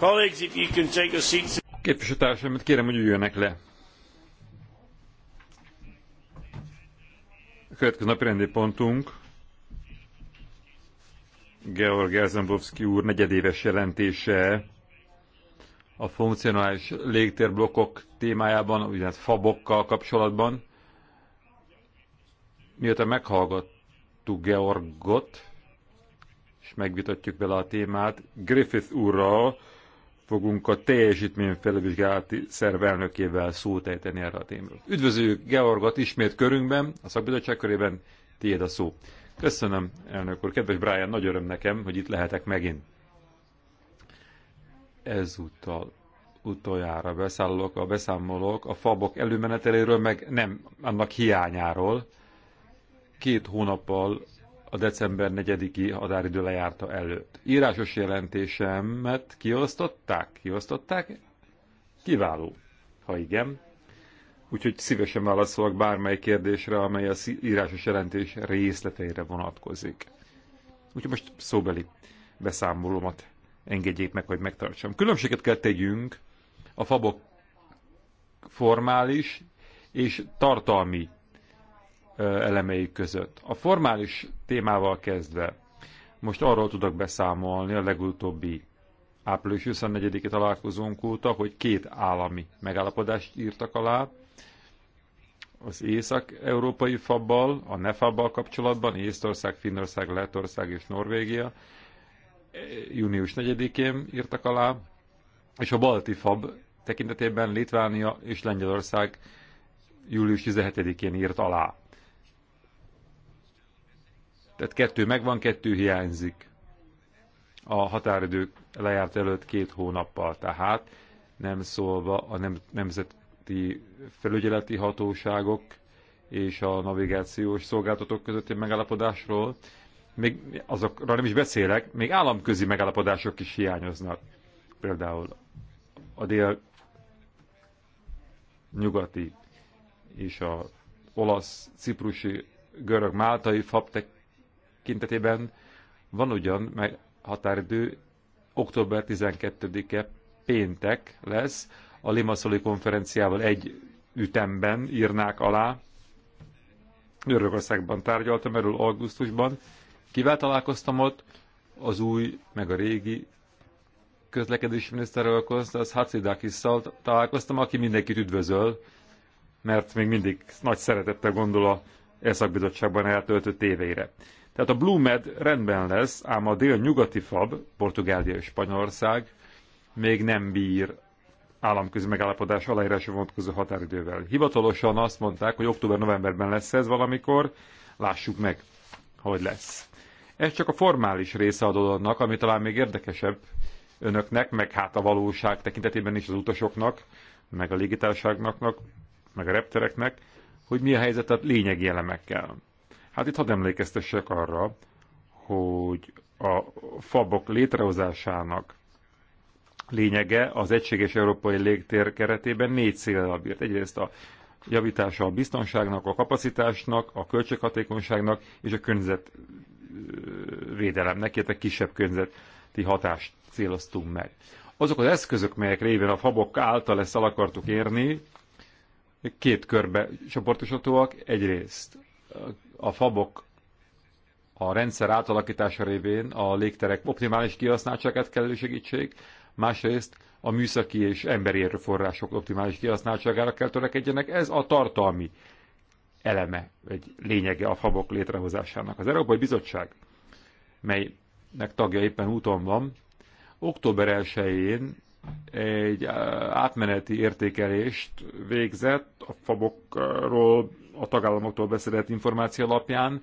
Colleagues, if you can take your seats. kérem, hogy üljönek le. A következő napi rendi pontunk Georg Elzenbovszki úr negyedéves jelentése a funkcionális légtérblokkok témájában, úgynevezett fabokkal kapcsolatban. Mióta meghallgattuk Georgot, és megvitatjuk vele a témát, Griffith úrral, fogunk a teljesítmény felvizsgálati szerv elnökével szót ejteni erre a témára. Üdvözlőjük Georgat ismét körünkben, a szakbizottság körében tiéd a szó. Köszönöm, elnök úr. Kedves Brian, nagy öröm nekem, hogy itt lehetek megint. Ezúttal utoljára beszállok, a beszámolok a fabok előmeneteléről, meg nem annak hiányáról. Két hónappal a december 4-i határidő lejárta előtt. Írásos jelentésemet kiosztották? Kiosztották? Kiváló, ha igen. Úgyhogy szívesen válaszolok bármely kérdésre, amely a írásos jelentés részleteire vonatkozik. Úgyhogy most szóbeli beszámolómat engedjék meg, hogy megtartsam. Különbséget kell tegyünk a fabok formális és tartalmi elemei között. A formális témával kezdve, most arról tudok beszámolni a legutóbbi április 24-i találkozónk óta, hogy két állami megállapodást írtak alá, az észak-európai fabbal, a nefabbal kapcsolatban, Észtország, Finnország, Lettország és Norvégia június 4-én írtak alá, és a balti fab tekintetében Litvánia és Lengyelország július 17-én írt alá. Tehát kettő megvan, kettő hiányzik. A határidő lejárt előtt két hónappal, tehát nem szólva a nem, nemzeti felügyeleti hatóságok és a navigációs szolgáltatók közötti megállapodásról, még azokra nem is beszélek, még államközi megállapodások is hiányoznak. Például a dél nyugati és a olasz, ciprusi, görög, máltai faptek tekintetében van ugyan, meg határidő október 12-e péntek lesz, a Limassoli konferenciával egy ütemben írnák alá. Örökországban tárgyaltam erről augusztusban. Kivel találkoztam ott? Az új, meg a régi közlekedési miniszterrel, az Hatsidakisszal találkoztam, aki mindenkit üdvözöl, mert még mindig nagy szeretettel gondol a Eszakbizottságban eltöltött éveire. Tehát a Blue Med rendben lesz, ám a dél-nyugati fab, Portugália és Spanyolország még nem bír államközi megállapodás aláírása vonatkozó határidővel. Hivatalosan azt mondták, hogy október-novemberben lesz ez valamikor, lássuk meg, hogy lesz. Ez csak a formális része a dolognak, ami talán még érdekesebb önöknek, meg hát a valóság tekintetében is az utasoknak, meg a légitárságnak, meg a reptereknek, hogy mi a helyzet a lényegi elemekkel. Hát itt hadd emlékeztessek arra, hogy a fabok létrehozásának lényege az egységes európai légtér keretében négy célra bírt. Egyrészt a javítása a biztonságnak, a kapacitásnak, a költséghatékonyságnak és a környezetvédelemnek, illetve kisebb környezeti hatást céloztunk meg. Azok az eszközök, melyek révén a fabok által ezt el akartuk érni, két körbe csoportosatóak. Egyrészt a fabok a rendszer átalakítása révén a légterek optimális kihasználtságát kell segítség, másrészt a műszaki és emberi erőforrások optimális kihasználtságára kell törekedjenek. Ez a tartalmi eleme, egy lényege a fabok létrehozásának. Az Európai Bizottság, melynek tagja éppen úton van, október 1-én egy átmeneti értékelést végzett a fabokról a tagállamoktól beszedett információ alapján.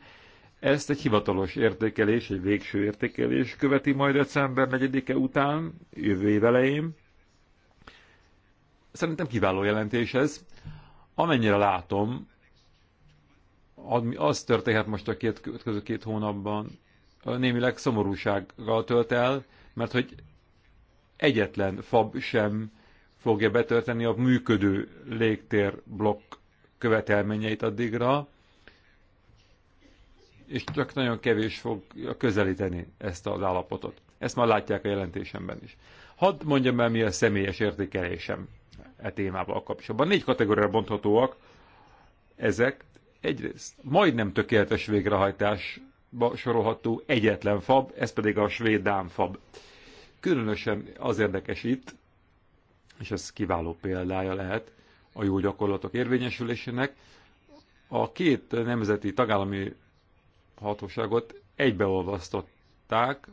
Ezt egy hivatalos értékelés, egy végső értékelés követi majd december 4-e után, jövő év elején. Szerintem kiváló jelentés ez. Amennyire látom, az történhet most a két, között két hónapban, némileg szomorúsággal tölt el, mert hogy egyetlen fab sem fogja betörteni a működő légtér blokk követelményeit addigra, és csak nagyon kevés fog közelíteni ezt az állapotot. Ezt már látják a jelentésemben is. Hadd mondjam el, mi a személyes értékelésem e témával kapcsolatban. Négy kategóriára bonthatóak ezek. Egyrészt majdnem tökéletes végrehajtásba sorolható egyetlen fab, ez pedig a svéd fab. Különösen az érdekes itt, és ez kiváló példája lehet, a jó gyakorlatok érvényesülésének. A két nemzeti tagállami hatóságot egybeolvasztották,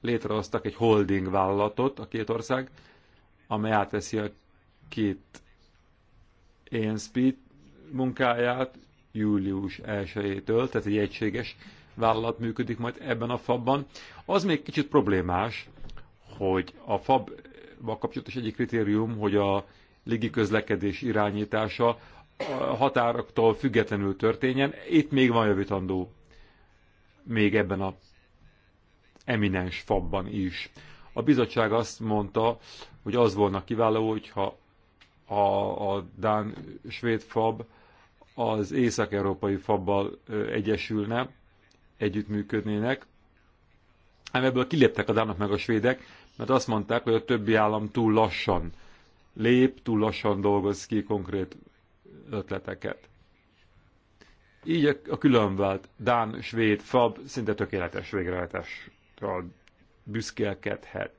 létrehoztak egy holding vállalatot a két ország, amely átveszi a két ENSP munkáját július 1-től, tehát egy egységes vállalat működik majd ebben a fabban. Az még kicsit problémás, hogy a fab kapcsolatos egyik kritérium, hogy a légiközlekedés irányítása határoktól függetlenül történjen. Itt még van javítandó, még ebben a eminens fabban is. A bizottság azt mondta, hogy az volna kiváló, hogyha a, a Dán-Svéd fab az észak-európai fabbal egyesülne, együttműködnének. Ám ebből kiléptek a dánok meg a svédek, mert azt mondták, hogy a többi állam túl lassan lép, túl lassan dolgoz ki konkrét ötleteket. Így a különvált Dán, Svéd, Fab szinte tökéletes végrehajtásra büszkélkedhet.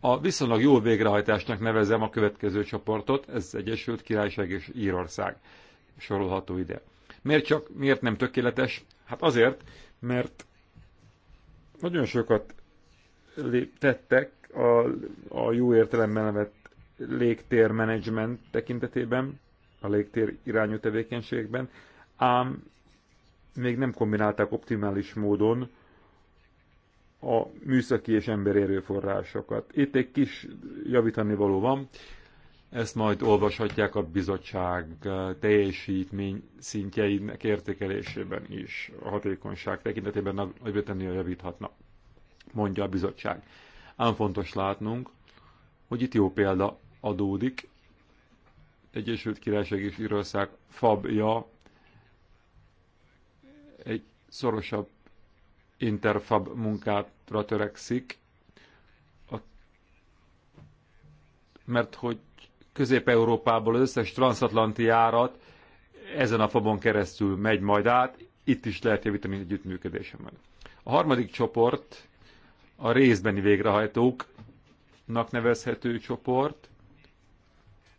A viszonylag jó végrehajtásnak nevezem a következő csoportot, ez Egyesült Királyság és Írország sorolható ide. Miért csak, miért nem tökéletes? Hát azért, mert nagyon sokat tettek, a, a jó értelemben nevet légtérmenedzsment tekintetében, a légtér irányú tevékenységben, ám még nem kombinálták optimális módon a műszaki és emberi erőforrásokat. Itt egy kis javítani való van, ezt majd olvashatják a bizottság teljesítmény szintjeinek értékelésében is, a hatékonyság tekintetében nagy a javíthatna, mondja a bizottság ám fontos látnunk, hogy itt jó példa adódik. Egyesült Királyság és Írország fabja egy szorosabb interfab munkátra törekszik, a, mert hogy Közép-Európából az összes transatlanti árat ezen a fabon keresztül megy majd át, itt is lehet javítani együttműködésen. A harmadik csoport a részbeni végrehajtóknak nevezhető csoport,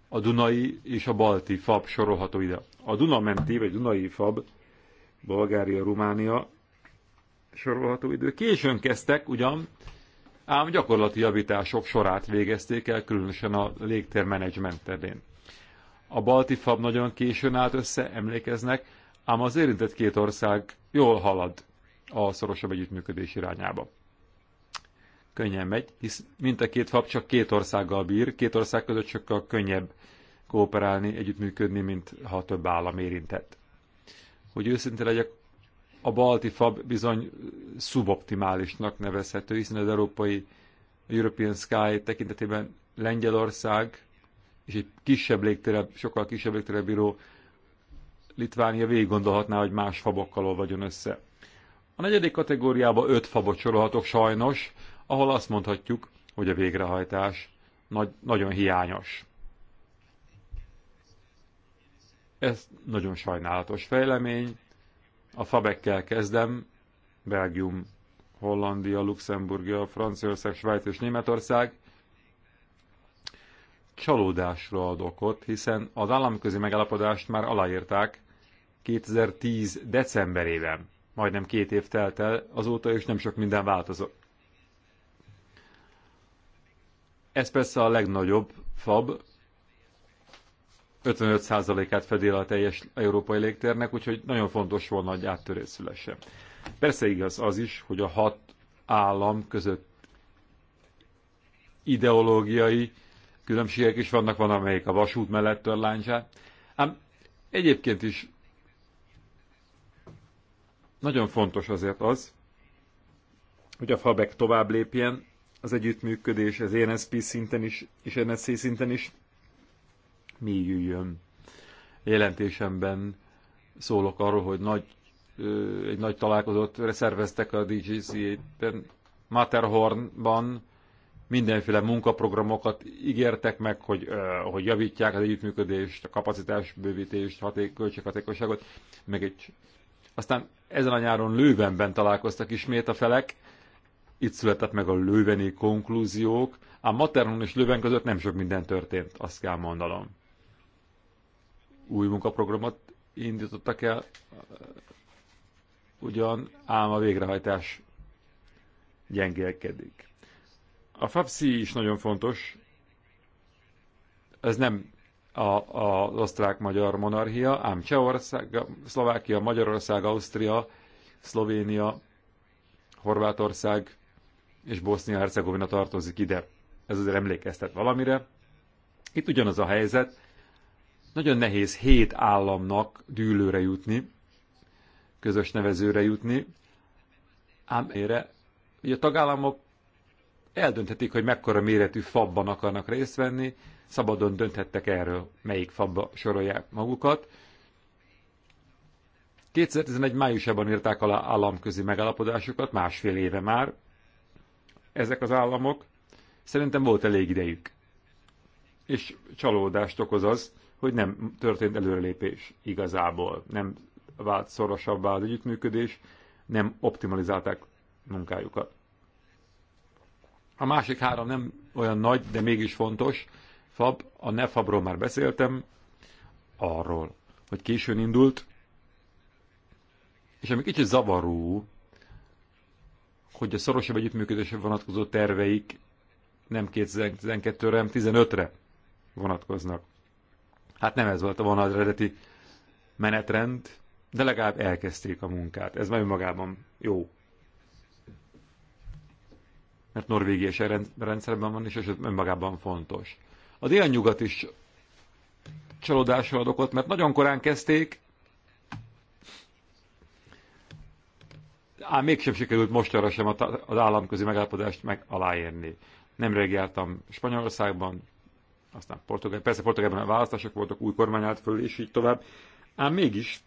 a Dunai és a Balti FAB sorolható ide. A Dunamenti vagy Dunai FAB, Bulgária, Románia sorolható idő. Későn kezdtek ugyan, ám gyakorlati javítások sorát végezték el, különösen a légtérmenedzsment terén. A Balti FAB nagyon későn állt össze, emlékeznek, ám az érintett két ország jól halad a szorosabb együttműködés irányába könnyen megy, hisz mind a két hab csak két országgal bír, két ország között sokkal könnyebb kooperálni, együttműködni, mint ha több állam érintett. Hogy őszinte legyek, a balti fab bizony szuboptimálisnak nevezhető, hiszen az európai European Sky tekintetében Lengyelország és egy kisebb légterebb, sokkal kisebb légterebb bíró Litvánia végig gondolhatná, hogy más fabokkal vagyon össze. A negyedik kategóriába öt fabot sorolhatok sajnos, ahol azt mondhatjuk, hogy a végrehajtás nagy, nagyon hiányos. Ez nagyon sajnálatos fejlemény. A Fabekkel kezdem, Belgium, Hollandia, Luxemburgia, Franciaország, Svájc és Németország. Csalódásra ad okot, hiszen az államközi megállapodást már aláírták 2010. decemberében. Majdnem két év telt el, azóta és nem sok minden változott. Ez persze a legnagyobb fab, 55%-át fedi a teljes európai légtérnek, úgyhogy nagyon fontos volna, hogy áttörés szülesse. Persze igaz az is, hogy a hat állam között ideológiai különbségek is vannak, van amelyik a vasút mellett törláncsát, ám egyébként is nagyon fontos azért az, hogy a Fabek tovább lépjen, az együttműködés az ENSP szinten is, és NSC szinten is mélyüljön. Jelentésemben szólok arról, hogy nagy, egy nagy találkozót szerveztek a DGC-ben, Matterhornban, mindenféle munkaprogramokat ígértek meg, hogy, hogy javítják az együttműködést, a kapacitásbővítést, haték, költséghatékonyságot, meg egy... Aztán ezen a nyáron Lővenben találkoztak ismét a felek, itt született meg a lőveni konklúziók, ám Maternon és Löven között nem sok minden történt, azt kell mondanom. Új munkaprogramot indítottak el, ugyan ám a végrehajtás gyengélkedik. A FAPSZI is nagyon fontos, ez nem a, a, az osztrák-magyar monarchia, ám Csehország, Szlovákia, Magyarország, Ausztria, Szlovénia, Horvátország és Bosznia-Hercegovina tartozik ide. Ez azért emlékeztet valamire. Itt ugyanaz a helyzet. Nagyon nehéz hét államnak dűlőre jutni, közös nevezőre jutni, ám ére, hogy a tagállamok eldönthetik, hogy mekkora méretű fabban akarnak részt venni, szabadon dönthettek erről, melyik fabba sorolják magukat. 2011 májusában írták alá államközi megállapodásokat, másfél éve már, ezek az államok, szerintem volt elég idejük. És csalódást okoz az, hogy nem történt előrelépés igazából, nem vált szorosabbá az együttműködés, nem optimalizálták munkájukat. A másik három nem olyan nagy, de mégis fontos. Fab, a Nefabról már beszéltem, arról, hogy későn indult, és ami kicsit zavaró, hogy a szorosabb együttműködésre vonatkozó terveik nem 2012-re, hanem 15-re vonatkoznak. Hát nem ez volt a vonal eredeti menetrend, de legalább elkezdték a munkát. Ez már önmagában jó. Mert Norvégia is rendszerben van, és ez önmagában fontos. A délnyugat is csalódásra ad okot, mert nagyon korán kezdték, ám mégsem sikerült mostanra sem az államközi megállapodást meg aláírni. Nemrég jártam Spanyolországban, aztán Portugál, persze Portugálban választások voltak, új kormány állt föl, és így tovább. Ám mégis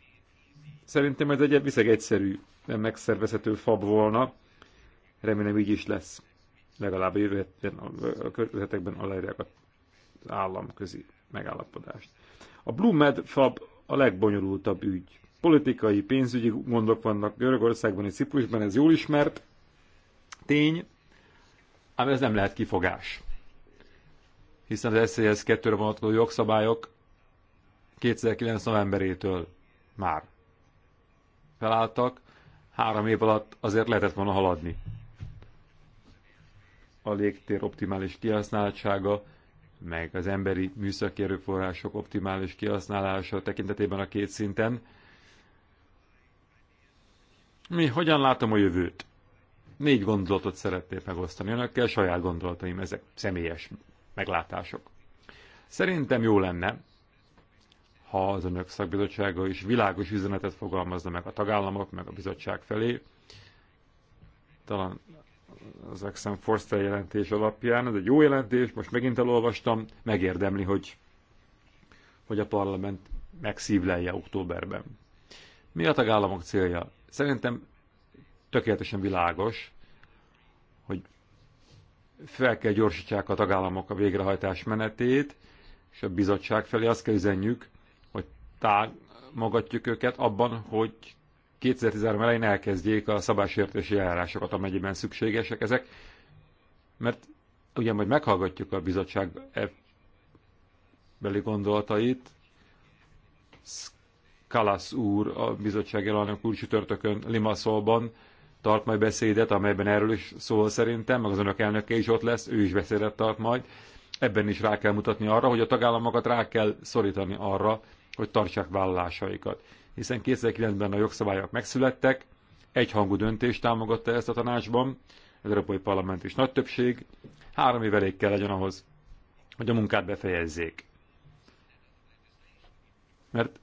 szerintem ez egy viszeg egyszerű, megszervezhető fab volna. Remélem így is lesz. Legalább a jövő hetekben aláírják az államközi megállapodást. A Blue Med fab a legbonyolultabb ügy. Politikai, pénzügyi gondok vannak Görögországban és Ciprusban, ez jól ismert tény, ám ez nem lehet kifogás. Hiszen az SZSZ 2-re vonatkozó jogszabályok 2009. novemberétől már felálltak, három év alatt azért lehetett volna haladni. A légtér optimális kihasználtsága, meg az emberi műszaki erőforrások optimális kihasználása tekintetében a két szinten mi hogyan látom a jövőt? Négy gondolatot szeretnék megosztani önökkel, saját gondolataim, ezek személyes meglátások. Szerintem jó lenne, ha az önök szakbizottsága is világos üzenetet fogalmazna meg a tagállamok, meg a bizottság felé. Talán az Exxon Forster jelentés alapján, ez egy jó jelentés, most megint elolvastam, megérdemli, hogy, hogy a parlament megszívlelje októberben. Mi a tagállamok célja? Szerintem tökéletesen világos, hogy fel kell gyorsítsák a tagállamok a végrehajtás menetét, és a bizottság felé azt kell üzenjük, hogy támogatjuk őket abban, hogy 2013 elején elkezdjék a szabásértési eljárásokat, amennyiben szükségesek ezek, mert ugye majd meghallgatjuk a bizottság e- beli gondolatait, Kalasz úr, a bizottság elnök úr csütörtökön Limaszolban tart majd beszédet, amelyben erről is szól szerintem, meg az önök elnöke is ott lesz, ő is beszédet tart majd. Ebben is rá kell mutatni arra, hogy a tagállamokat rá kell szorítani arra, hogy tartsák vállalásaikat. Hiszen 2009-ben a jogszabályok megszülettek, egyhangú döntés támogatta ezt a tanácsban, az Európai Parlament is nagy többség, három év elég kell legyen ahhoz, hogy a munkát befejezzék. Mert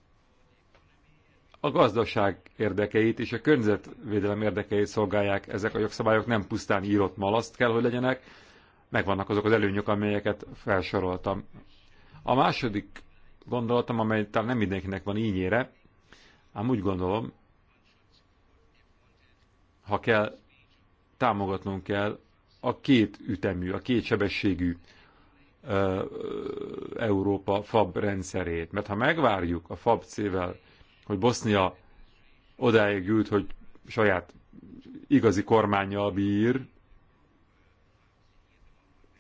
a gazdaság érdekeit és a környezetvédelem érdekeit szolgálják ezek a jogszabályok, nem pusztán írott malaszt kell, hogy legyenek, megvannak azok az előnyök, amelyeket felsoroltam. A második gondolatom, amely talán nem mindenkinek van ínyére, ám úgy gondolom, ha kell, támogatnunk kell a két ütemű, a két sebességű Európa FAB rendszerét. Mert ha megvárjuk a FAB C-vel hogy Bosznia odáig jut, hogy saját igazi kormányjal bír.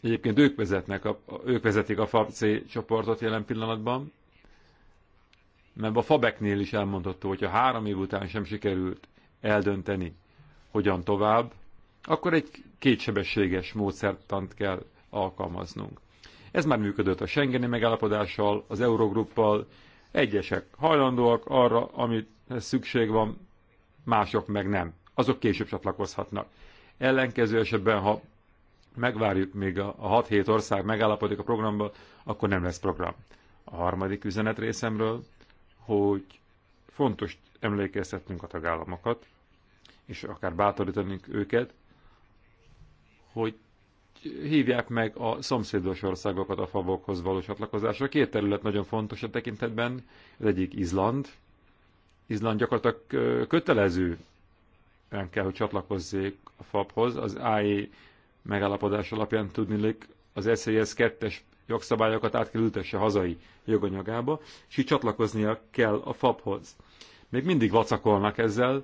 Egyébként ők, vezetnek, a, ők vezetik a FABC csoportot jelen pillanatban, mert a Fabeknél is elmondható, hogy ha három év után sem sikerült eldönteni, hogyan tovább, akkor egy kétsebességes módszertant kell alkalmaznunk. Ez már működött a Schengeni megállapodással, az Eurogruppal Egyesek hajlandóak arra, amit szükség van, mások meg nem. Azok később csatlakozhatnak. Ellenkező esetben, ha megvárjuk, még a, 6-7 ország megállapodik a programba, akkor nem lesz program. A harmadik üzenet részemről, hogy fontos emlékeztetnünk a tagállamokat, és akár bátorítanunk őket, hogy hívják meg a szomszédos országokat a favokhoz való csatlakozásra. Két terület nagyon fontos a tekintetben, az egyik Izland. Izland gyakorlatilag kötelező nem kell, hogy csatlakozzék a FAB-hoz. Az AI e megállapodás alapján tudni az SZSZ 2-es jogszabályokat át kell ültesse hazai joganyagába, és így csatlakoznia kell a FAB-hoz. Még mindig vacakolnak ezzel.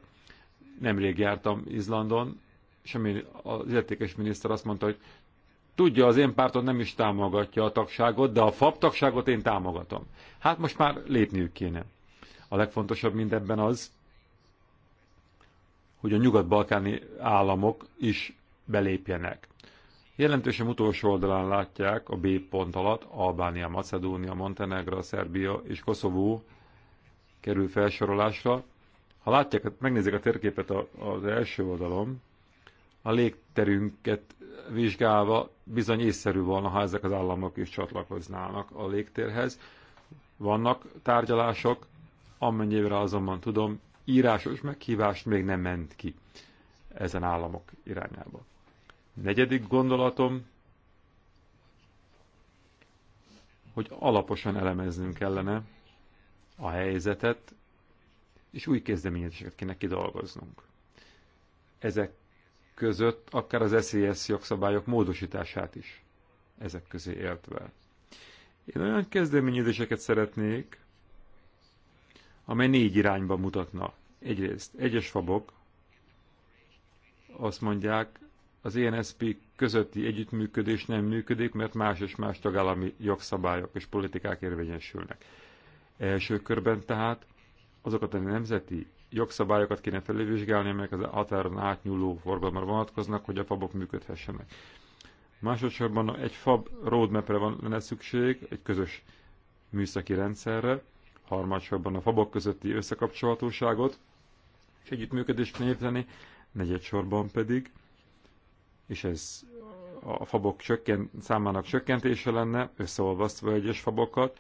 Nemrég jártam Izlandon, és az értékes miniszter azt mondta, hogy Tudja, az én pártom nem is támogatja a tagságot, de a FAB tagságot én támogatom. Hát most már lépniük kéne. A legfontosabb mindebben az, hogy a nyugat-balkáni államok is belépjenek. Jelentősen utolsó oldalán látják a B pont alatt Albánia, Macedónia, Montenegro, Szerbia és Koszovó kerül felsorolásra. Ha látják, hát megnézik a térképet az első oldalon, a légterünket vizsgálva bizony észszerű volna, ha ezek az államok is csatlakoznának a légtérhez. Vannak tárgyalások, amennyire azonban tudom, írásos meghívást még nem ment ki ezen államok irányába. Negyedik gondolatom, hogy alaposan elemeznünk kellene a helyzetet, és új kezdeményezéseket kéne kidolgoznunk. Ezek között akár az SZSZ e jogszabályok módosítását is ezek közé értve. Én olyan kezdeményezéseket szeretnék, amely négy irányba mutatna. Egyrészt egyes fabok azt mondják, az ENSP közötti együttműködés nem működik, mert más és más tagállami jogszabályok és politikák érvényesülnek. Első körben tehát azokat a nemzeti jogszabályokat kéne felülvizsgálni, amelyek az határon átnyúló forgalomra vonatkoznak, hogy a fabok működhessenek. Másodszorban egy fab roadmapre van lenne szükség, egy közös műszaki rendszerre, harmadsorban a fabok közötti összekapcsolhatóságot, és együttműködést népteni, negyedsorban pedig, és ez a fabok csökken, számának csökkentése lenne, összeolvasztva egyes fabokat,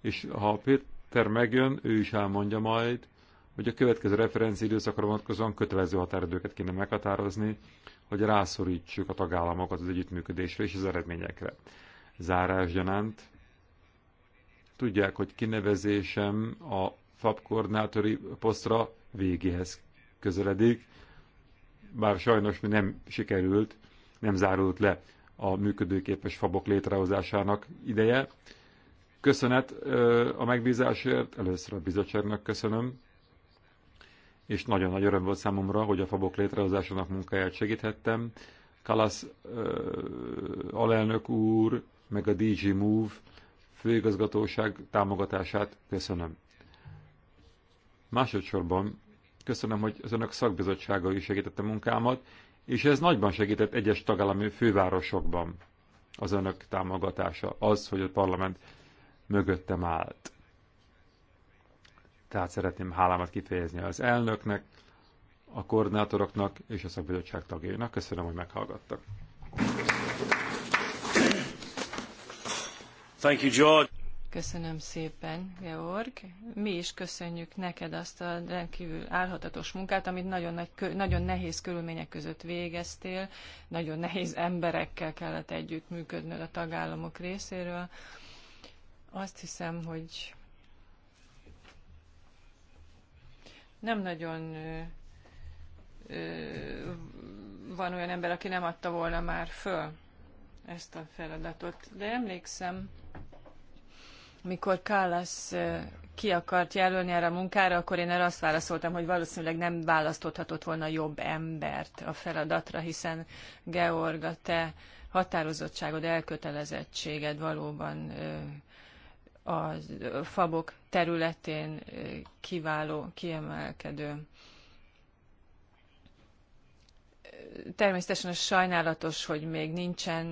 és ha Péter megjön, ő is elmondja majd, hogy a következő referenci időszakra vonatkozóan kötelező határidőket kéne meghatározni, hogy rászorítsuk a tagállamokat az együttműködésre és az eredményekre. Zárás gyanánt. Tudják, hogy kinevezésem a FAB koordinátori posztra végéhez közeledik, bár sajnos mi nem sikerült, nem zárult le a működőképes fabok létrehozásának ideje. Köszönet a megbízásért, először a bizottságnak köszönöm, és nagyon nagy öröm volt számomra, hogy a Fabok létrehozásának munkáját segíthettem. Kalasz uh, alelnök úr, meg a DG Move főigazgatóság támogatását köszönöm. Másodszorban köszönöm, hogy az önök szakbizottsága is segítette munkámat, és ez nagyban segített egyes tagállami fővárosokban az önök támogatása, az, hogy a parlament mögöttem állt. Tehát szeretném hálámat kifejezni az elnöknek, a koordinátoroknak és a szakbizottság tagjainak. Köszönöm, hogy meghallgattak. Thank you, George. Köszönöm szépen, Georg. Mi is köszönjük neked azt a rendkívül álhatatos munkát, amit nagyon, nagy, nagyon nehéz körülmények között végeztél, nagyon nehéz emberekkel kellett együttműködnöd a tagállamok részéről. Azt hiszem, hogy nem nagyon van olyan ember, aki nem adta volna már föl ezt a feladatot. De emlékszem, mikor Kálasz ki akart jelölni erre a munkára, akkor én erre azt válaszoltam, hogy valószínűleg nem választhatott volna jobb embert a feladatra, hiszen Georga, te határozottságod, elkötelezettséged valóban a fabok területén kiváló, kiemelkedő. Természetesen sajnálatos, hogy még nincsen,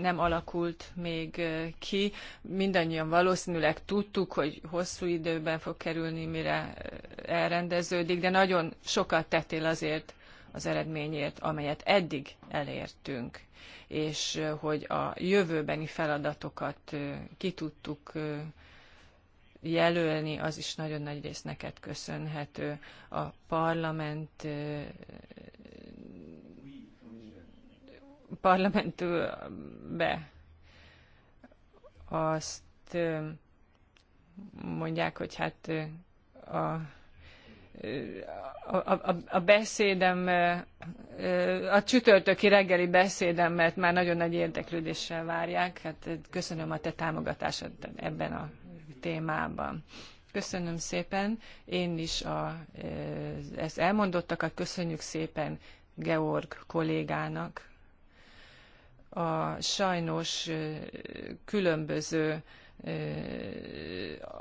nem alakult még ki. Mindannyian valószínűleg tudtuk, hogy hosszú időben fog kerülni, mire elrendeződik, de nagyon sokat tettél azért az eredményért, amelyet eddig elértünk és hogy a jövőbeni feladatokat ki tudtuk jelölni, az is nagyon nagy rész neked köszönhető. A parlament parlamentbe azt mondják, hogy hát a a, a, a beszédem, a csütörtöki reggeli beszédemet már nagyon nagy érdeklődéssel várják. Hát köszönöm a te támogatásod ebben a témában. Köszönöm szépen. Én is a, ezt elmondottakat köszönjük szépen Georg kollégának. A sajnos különböző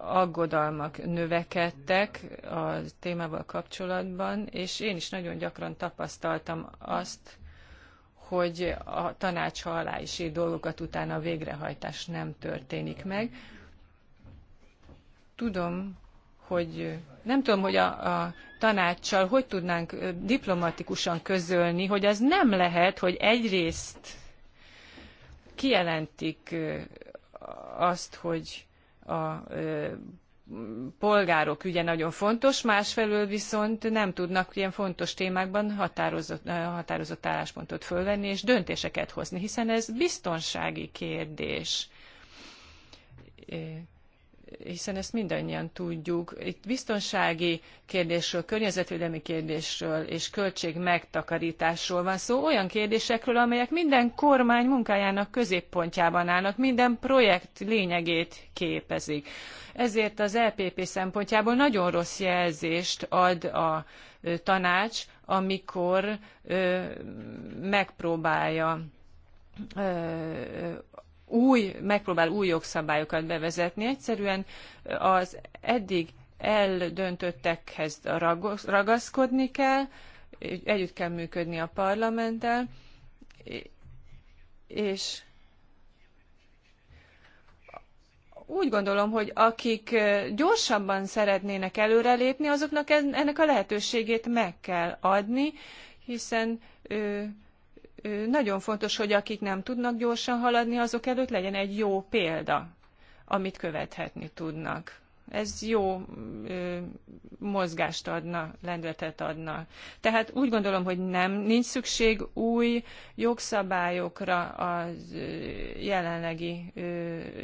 aggodalmak növekedtek a témával kapcsolatban, és én is nagyon gyakran tapasztaltam azt, hogy a tanács, halálisi dolgokat, utána a végrehajtás nem történik meg. Tudom, hogy nem tudom, hogy a, a tanácssal hogy tudnánk diplomatikusan közölni, hogy az nem lehet, hogy egyrészt kijelentik azt, hogy a polgárok ügye nagyon fontos, másfelől viszont nem tudnak ilyen fontos témákban határozott, határozott álláspontot fölvenni és döntéseket hozni, hiszen ez biztonsági kérdés hiszen ezt mindannyian tudjuk. Itt biztonsági kérdésről, környezetvédelmi kérdésről és költség megtakarításról van szó, olyan kérdésekről, amelyek minden kormány munkájának középpontjában állnak, minden projekt lényegét képezik. Ezért az LPP e szempontjából nagyon rossz jelzést ad a tanács, amikor megpróbálja új, megpróbál új jogszabályokat bevezetni. Egyszerűen az eddig eldöntöttekhez ragaszkodni kell, együtt kell működni a parlamenttel, és úgy gondolom, hogy akik gyorsabban szeretnének előrelépni, azoknak ennek a lehetőségét meg kell adni, hiszen nagyon fontos, hogy akik nem tudnak gyorsan haladni, azok előtt legyen egy jó példa, amit követhetni tudnak. Ez jó ö, mozgást adna, lendületet adna. Tehát úgy gondolom, hogy nem, nincs szükség új jogszabályokra, a jelenlegi ö,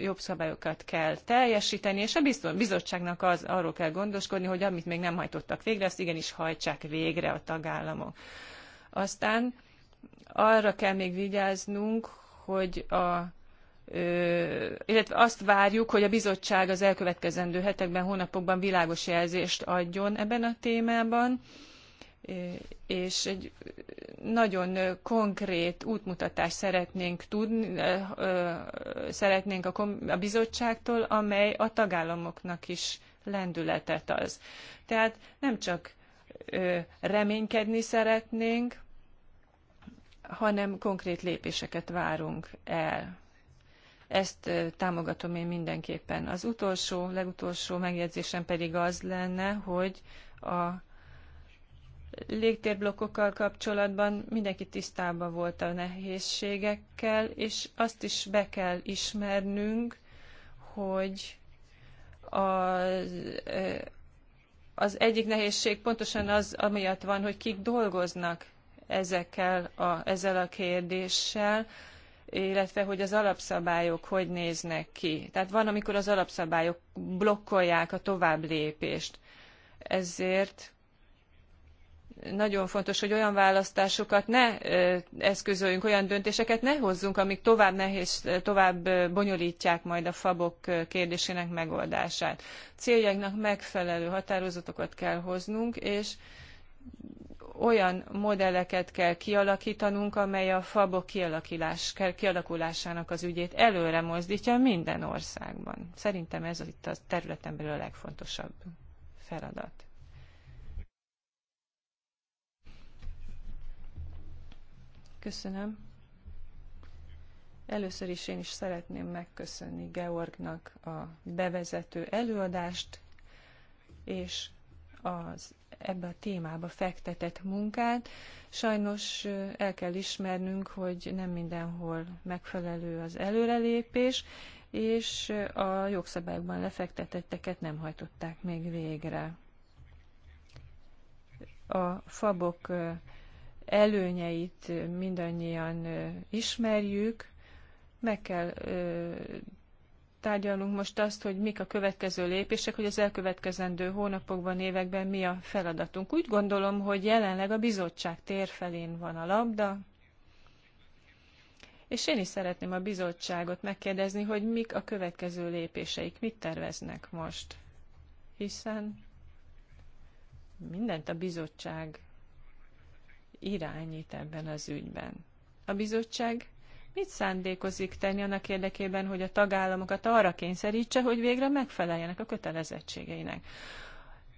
jogszabályokat kell teljesíteni, és a bizottságnak az, arról kell gondoskodni, hogy amit még nem hajtottak végre, azt igenis hajtsák végre a tagállamok. Aztán arra kell még vigyáznunk, hogy a illetve azt várjuk, hogy a bizottság az elkövetkezendő hetekben, hónapokban világos jelzést adjon ebben a témában, és egy nagyon konkrét útmutatást szeretnénk tudni, szeretnénk a, bizottságtól, amely a tagállamoknak is lendületet az. Tehát nem csak reménykedni szeretnénk, hanem konkrét lépéseket várunk el. Ezt támogatom én mindenképpen. Az utolsó, legutolsó megjegyzésem pedig az lenne, hogy a légtérblokkokkal kapcsolatban mindenki tisztában volt a nehézségekkel, és azt is be kell ismernünk, hogy az, az egyik nehézség pontosan az, amiatt van, hogy kik dolgoznak ezekkel a, ezzel a kérdéssel, illetve hogy az alapszabályok hogy néznek ki. Tehát van, amikor az alapszabályok blokkolják a tovább lépést. Ezért nagyon fontos, hogy olyan választásokat ne eszközöljünk, olyan döntéseket ne hozzunk, amik tovább nehéz, tovább bonyolítják majd a fabok kérdésének megoldását. Céljainknak megfelelő határozatokat kell hoznunk, és olyan modelleket kell kialakítanunk, amely a fabok kialakulásának az ügyét előre mozdítja minden országban. Szerintem ez itt a területen belül a legfontosabb feladat. Köszönöm. Először is én is szeretném megköszönni Georgnak a bevezető előadást, és az ebbe a témába fektetett munkát. Sajnos el kell ismernünk, hogy nem mindenhol megfelelő az előrelépés, és a jogszabályokban lefektetetteket nem hajtották még végre. A fabok előnyeit mindannyian ismerjük, meg kell tárgyalunk most azt, hogy mik a következő lépések, hogy az elkövetkezendő hónapokban, években mi a feladatunk. Úgy gondolom, hogy jelenleg a bizottság tér felén van a labda, és én is szeretném a bizottságot megkérdezni, hogy mik a következő lépéseik, mit terveznek most. Hiszen mindent a bizottság irányít ebben az ügyben. A bizottság Mit szándékozik tenni annak érdekében, hogy a tagállamokat arra kényszerítse, hogy végre megfeleljenek a kötelezettségeinek?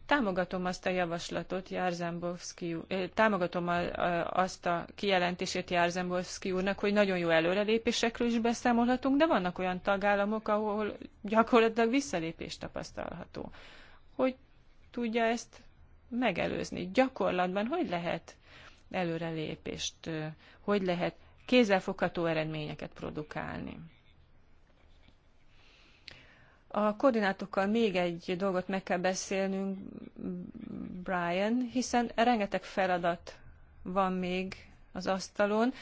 Támogatom azt a javaslatot, Jarzembowski, eh, támogatom a, a, azt a kijelentését Jarzembowski úrnak, hogy nagyon jó előrelépésekről is beszámolhatunk, de vannak olyan tagállamok, ahol gyakorlatilag visszalépés tapasztalható. Hogy tudja ezt megelőzni? Gyakorlatban hogy lehet előrelépést, eh, hogy lehet kézzelfogható eredményeket produkálni. A koordinátokkal még egy dolgot meg kell beszélnünk, Brian, hiszen rengeteg feladat van még az asztalon.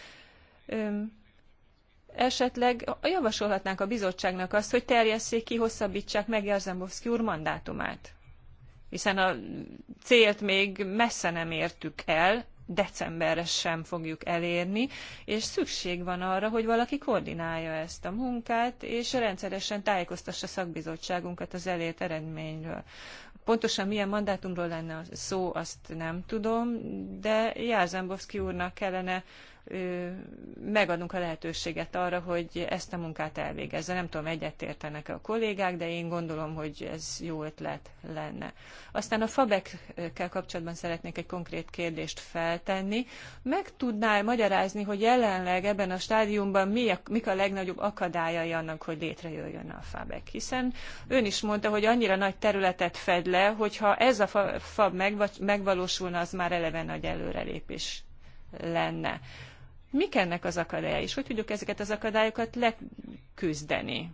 Esetleg javasolhatnánk a bizottságnak azt, hogy terjesszék ki, hosszabbítsák meg Jarzembowski úr mandátumát. Hiszen a célt még messze nem értük el, decemberre sem fogjuk elérni, és szükség van arra, hogy valaki koordinálja ezt a munkát, és rendszeresen tájékoztassa szakbizottságunkat az elért eredményről. Pontosan milyen mandátumról lenne szó, azt nem tudom, de Járzembowski úrnak kellene megadunk a lehetőséget arra, hogy ezt a munkát elvégezze. Nem tudom, egyetértenek a kollégák, de én gondolom, hogy ez jó ötlet lenne. Aztán a Fabekkel kapcsolatban szeretnék egy konkrét kérdést feltenni. Meg tudnál magyarázni, hogy jelenleg ebben a stádiumban mi a, mik a legnagyobb akadályai annak, hogy létrejöjjön a FABEK? Hiszen ön is mondta, hogy annyira nagy területet fed le, hogyha ez a FAB megvalósulna, az már eleve nagy előrelépés lenne. Mik ennek az akadályai, és hogy tudjuk ezeket az akadályokat leküzdeni?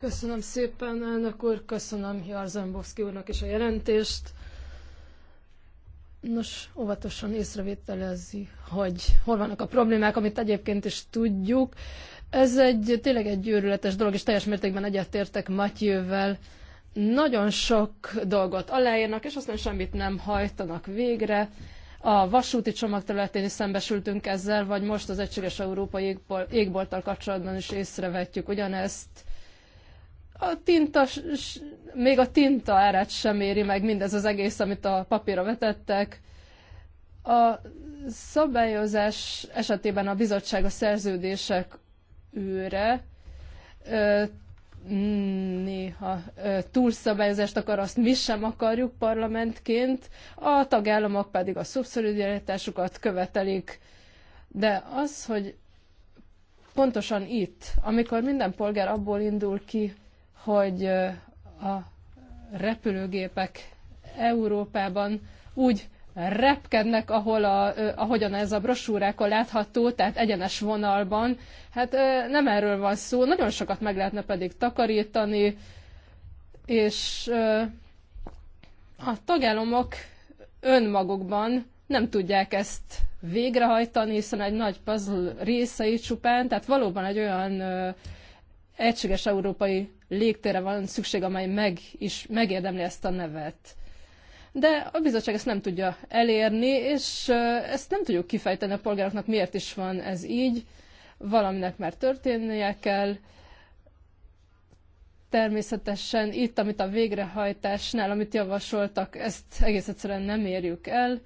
Köszönöm szépen, elnök úr, köszönöm Jarzembowski úrnak is a jelentést. Nos, óvatosan észrevételezi, hogy hol vannak a problémák, amit egyébként is tudjuk. Ez egy tényleg egy őrületes dolog, és teljes mértékben egyetértek Matyővel nagyon sok dolgot aláírnak, és aztán semmit nem hajtanak végre. A vasúti csomag területén is szembesültünk ezzel, vagy most az Egységes Európai Égbolttal kapcsolatban is észrevetjük ugyanezt. A tinta, még a tinta árát sem éri meg mindez az egész, amit a papírra vetettek. A szabályozás esetében a bizottság a szerződések őre, Mm, néha túlszabályozást akar, azt mi sem akarjuk parlamentként, a tagállamok pedig a szubszolidaritásukat követelik. De az, hogy pontosan itt, amikor minden polgár abból indul ki, hogy a repülőgépek Európában úgy repkednek, ahol a, ahogyan ez a brosúrákon látható, tehát egyenes vonalban. Hát nem erről van szó, nagyon sokat meg lehetne pedig takarítani, és a tagállamok önmagukban nem tudják ezt végrehajtani, hiszen egy nagy puzzle részei csupán, tehát valóban egy olyan egységes európai légtérre van szükség, amely meg is megérdemli ezt a nevet de a bizottság ezt nem tudja elérni, és ezt nem tudjuk kifejteni a polgároknak, miért is van ez így, valaminek már történnie kell. Természetesen itt, amit a végrehajtásnál, amit javasoltak, ezt egész egyszerűen nem érjük el.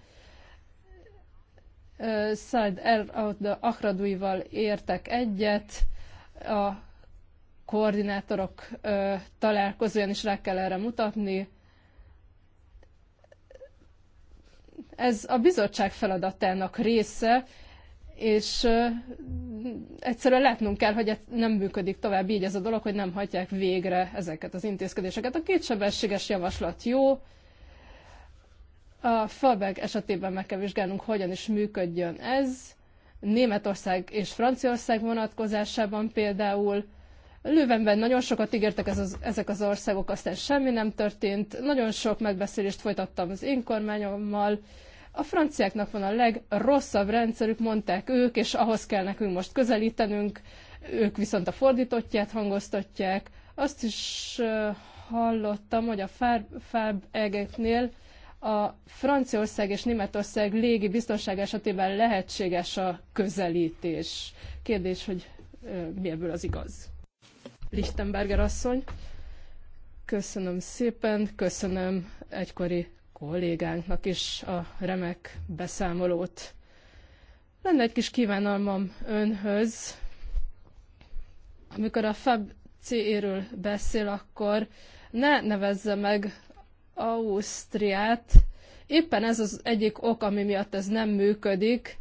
Szájd El Akraduival értek egyet, a koordinátorok találkozóján is rá kell erre mutatni, ez a bizottság feladatának része, és egyszerűen látnunk kell, hogy nem működik tovább így ez a dolog, hogy nem hagyják végre ezeket az intézkedéseket. A kétsebességes javaslat jó, a Fabeg esetében meg kell vizsgálnunk, hogyan is működjön ez. Németország és Franciaország vonatkozásában például Lővenben nagyon sokat ígértek ez az, ezek az országok, aztán semmi nem történt. Nagyon sok megbeszélést folytattam az én kormányommal. A franciáknak van a legrosszabb rendszerük, mondták ők, és ahhoz kell nekünk most közelítenünk. Ők viszont a fordítottját hangoztatják. Azt is hallottam, hogy a Fáb egeknél a Franciaország és Németország légi biztonság esetében lehetséges a közelítés. Kérdés, hogy mi ebből az igaz? Lichtenberger asszony. Köszönöm szépen, köszönöm egykori kollégánknak is a remek beszámolót. Lenne egy kis kívánalmam önhöz. Amikor a FAB CE-ről beszél, akkor ne nevezze meg Ausztriát. Éppen ez az egyik ok, ami miatt ez nem működik,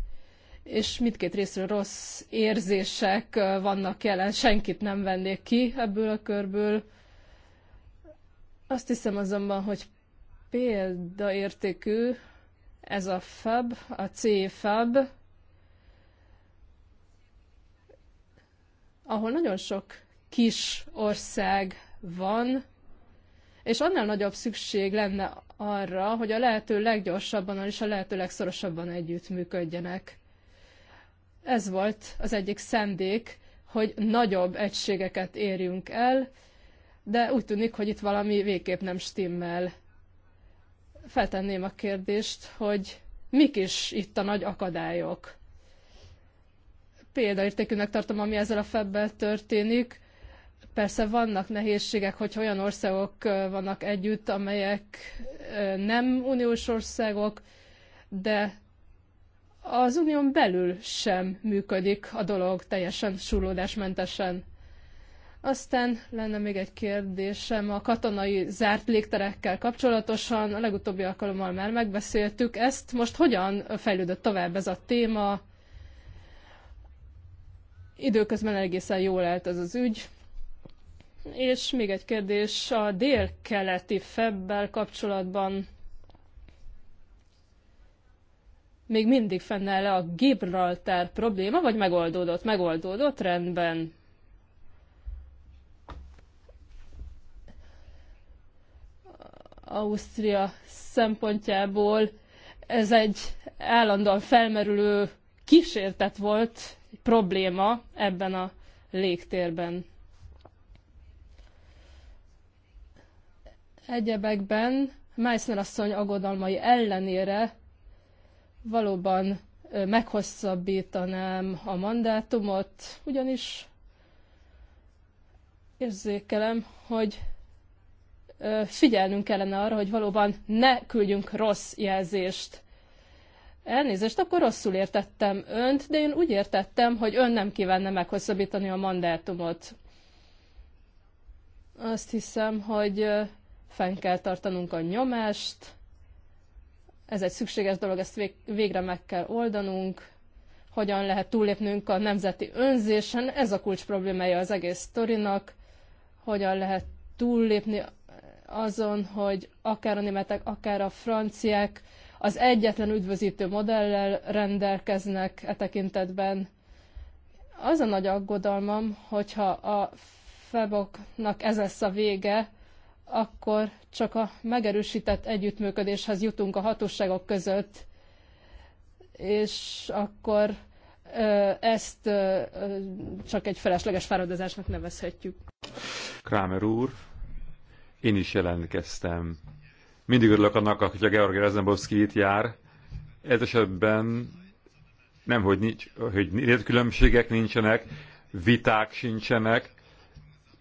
és mindkét részről rossz érzések vannak jelen, senkit nem vennék ki ebből a körből. Azt hiszem azonban, hogy példaértékű ez a FAB, a C-FAB, ahol nagyon sok kis ország van, és annál nagyobb szükség lenne arra, hogy a lehető leggyorsabban és a lehető legszorosabban együttműködjenek. Ez volt az egyik szendék, hogy nagyobb egységeket érjünk el, de úgy tűnik, hogy itt valami végképp nem stimmel. Feltenném a kérdést, hogy mik is itt a nagy akadályok. Példaértékűnek tartom, ami ezzel a febbel történik. Persze vannak nehézségek, hogy olyan országok vannak együtt, amelyek nem uniós országok, de az unión belül sem működik a dolog teljesen súrlódásmentesen. Aztán lenne még egy kérdésem a katonai zárt légterekkel kapcsolatosan. A legutóbbi alkalommal már megbeszéltük ezt. Most hogyan fejlődött tovább ez a téma? Időközben egészen jól állt ez az ügy. És még egy kérdés a dél-keleti febbel kapcsolatban még mindig fennáll a Gibraltár probléma, vagy megoldódott? Megoldódott, rendben. Ausztria szempontjából ez egy állandóan felmerülő kísértet volt, egy probléma ebben a légtérben. Egyebekben Meissner asszony aggodalmai ellenére valóban meghosszabbítanám a mandátumot, ugyanis érzékelem, hogy figyelnünk kellene arra, hogy valóban ne küldjünk rossz jelzést. Elnézést, akkor rosszul értettem önt, de én úgy értettem, hogy ön nem kívánna meghosszabbítani a mandátumot. Azt hiszem, hogy fenn kell tartanunk a nyomást, ez egy szükséges dolog, ezt végre meg kell oldanunk. Hogyan lehet túllépnünk a nemzeti önzésen? Ez a kulcs problémája az egész sztorinak. Hogyan lehet túllépni azon, hogy akár a németek, akár a franciák az egyetlen üdvözítő modellel rendelkeznek e tekintetben. Az a nagy aggodalmam, hogyha a feboknak ez lesz a vége, akkor csak a megerősített együttműködéshez jutunk a hatóságok között, és akkor ezt csak egy felesleges fáradozásnak nevezhetjük. Krámer úr, én is jelentkeztem. Mindig örülök annak, hogy a Georgi Reznabowski itt jár. Ez esetben nem, hogy, nincs, hogy különbségek nincsenek, viták sincsenek,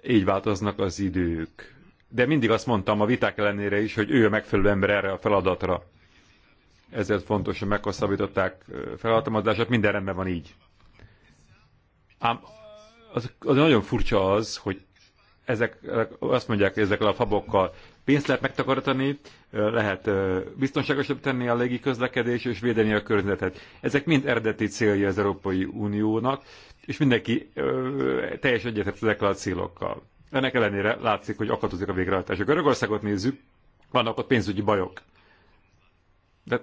így változnak az idők de mindig azt mondtam a viták ellenére is, hogy ő a megfelelő ember erre a feladatra. Ezért fontos, hogy meghosszabbították feladatomazását, minden rendben van így. Ám az, az nagyon furcsa az, hogy ezek, azt mondják, hogy ezekkel a fabokkal pénzt lehet megtakarítani, lehet biztonságosabb tenni a légi közlekedés és védeni a környezetet. Ezek mind eredeti célja az Európai Uniónak, és mindenki teljes teljesen ezekkel a célokkal. Ennek ellenére látszik, hogy akadozik a végrehajtás. A Görögországot nézzük, vannak ott pénzügyi bajok. De,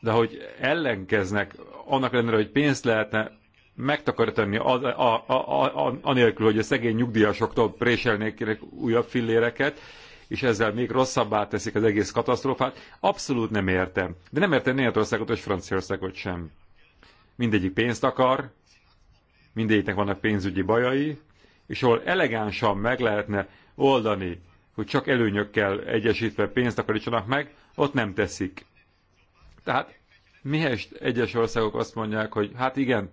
de hogy ellenkeznek, annak ellenére, hogy pénzt lehetne megtakarítani az, a, a, a, a, anélkül, hogy a szegény nyugdíjasoktól préselnék újabb filléreket, és ezzel még rosszabbá teszik az egész katasztrófát, abszolút nem értem. De nem értem Németországot és Franciaországot sem. Mindegyik pénzt akar, mindegyiknek vannak pénzügyi bajai, és ahol elegánsan meg lehetne oldani, hogy csak előnyökkel egyesítve pénzt akarítsanak meg, ott nem teszik. Tehát mihez egyes országok azt mondják, hogy hát igen,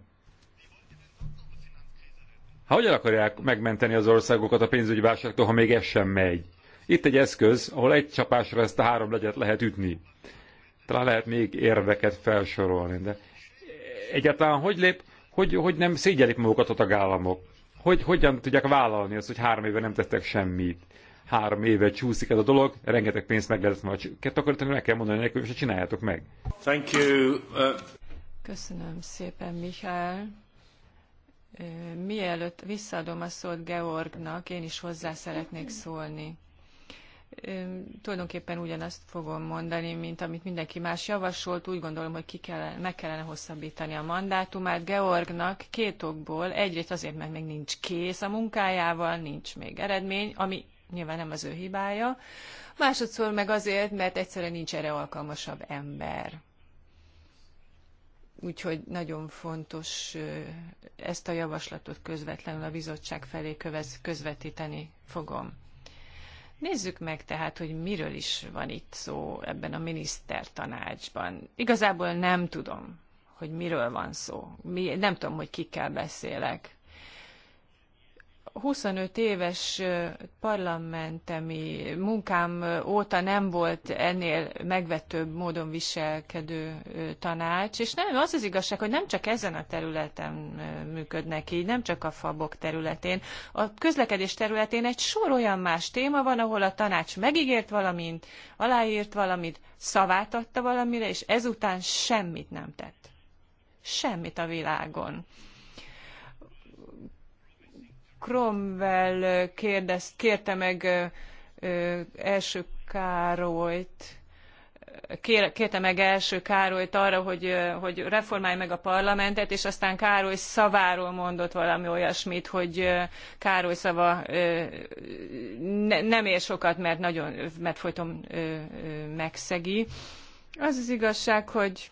ha hogyan akarják megmenteni az országokat a pénzügyi válságtól, ha még ez sem megy? Itt egy eszköz, ahol egy csapásra ezt a három legyet lehet ütni. Talán lehet még érveket felsorolni, de egyáltalán hogy lép, hogy, hogy nem szégyelik magukat a tagállamok? hogy hogyan tudják vállalni azt, hogy három éve nem tettek semmit. Három éve csúszik ez a dolog, rengeteg pénzt meg lehetett majd takarítani, meg kell mondani nekünk, és csináljátok meg. Thank you. Uh... Köszönöm szépen, Michael. Mielőtt visszaadom a szót Georgnak, én is hozzá szeretnék szólni tulajdonképpen ugyanazt fogom mondani, mint amit mindenki más javasolt. Úgy gondolom, hogy ki kellene, meg kellene hosszabbítani a mandátumát Georgnak két okból. Egyrészt azért, mert még nincs kész a munkájával, nincs még eredmény, ami nyilván nem az ő hibája. Másodszor meg azért, mert egyszerűen nincs erre alkalmasabb ember. Úgyhogy nagyon fontos ezt a javaslatot közvetlenül a bizottság felé közvetíteni fogom. Nézzük meg tehát, hogy miről is van itt szó ebben a minisztertanácsban. Igazából nem tudom, hogy miről van szó. Mi, nem tudom, hogy kikkel beszélek. 25 éves parlamentemi munkám óta nem volt ennél megvetőbb módon viselkedő tanács, és nem, az az igazság, hogy nem csak ezen a területen működnek így, nem csak a fabok területén. A közlekedés területén egy sor olyan más téma van, ahol a tanács megígért valamint, aláírt valamit, szavát adta valamire, és ezután semmit nem tett. Semmit a világon Cromwell kérdezt, kérte meg első Károlyt, kérte meg első Károlyt arra, hogy, hogy reformálj meg a parlamentet, és aztán Károly szaváról mondott valami olyasmit, hogy Károly szava ne, nem ér sokat, mert, nagyon, mert folyton megszegi. Az az igazság, hogy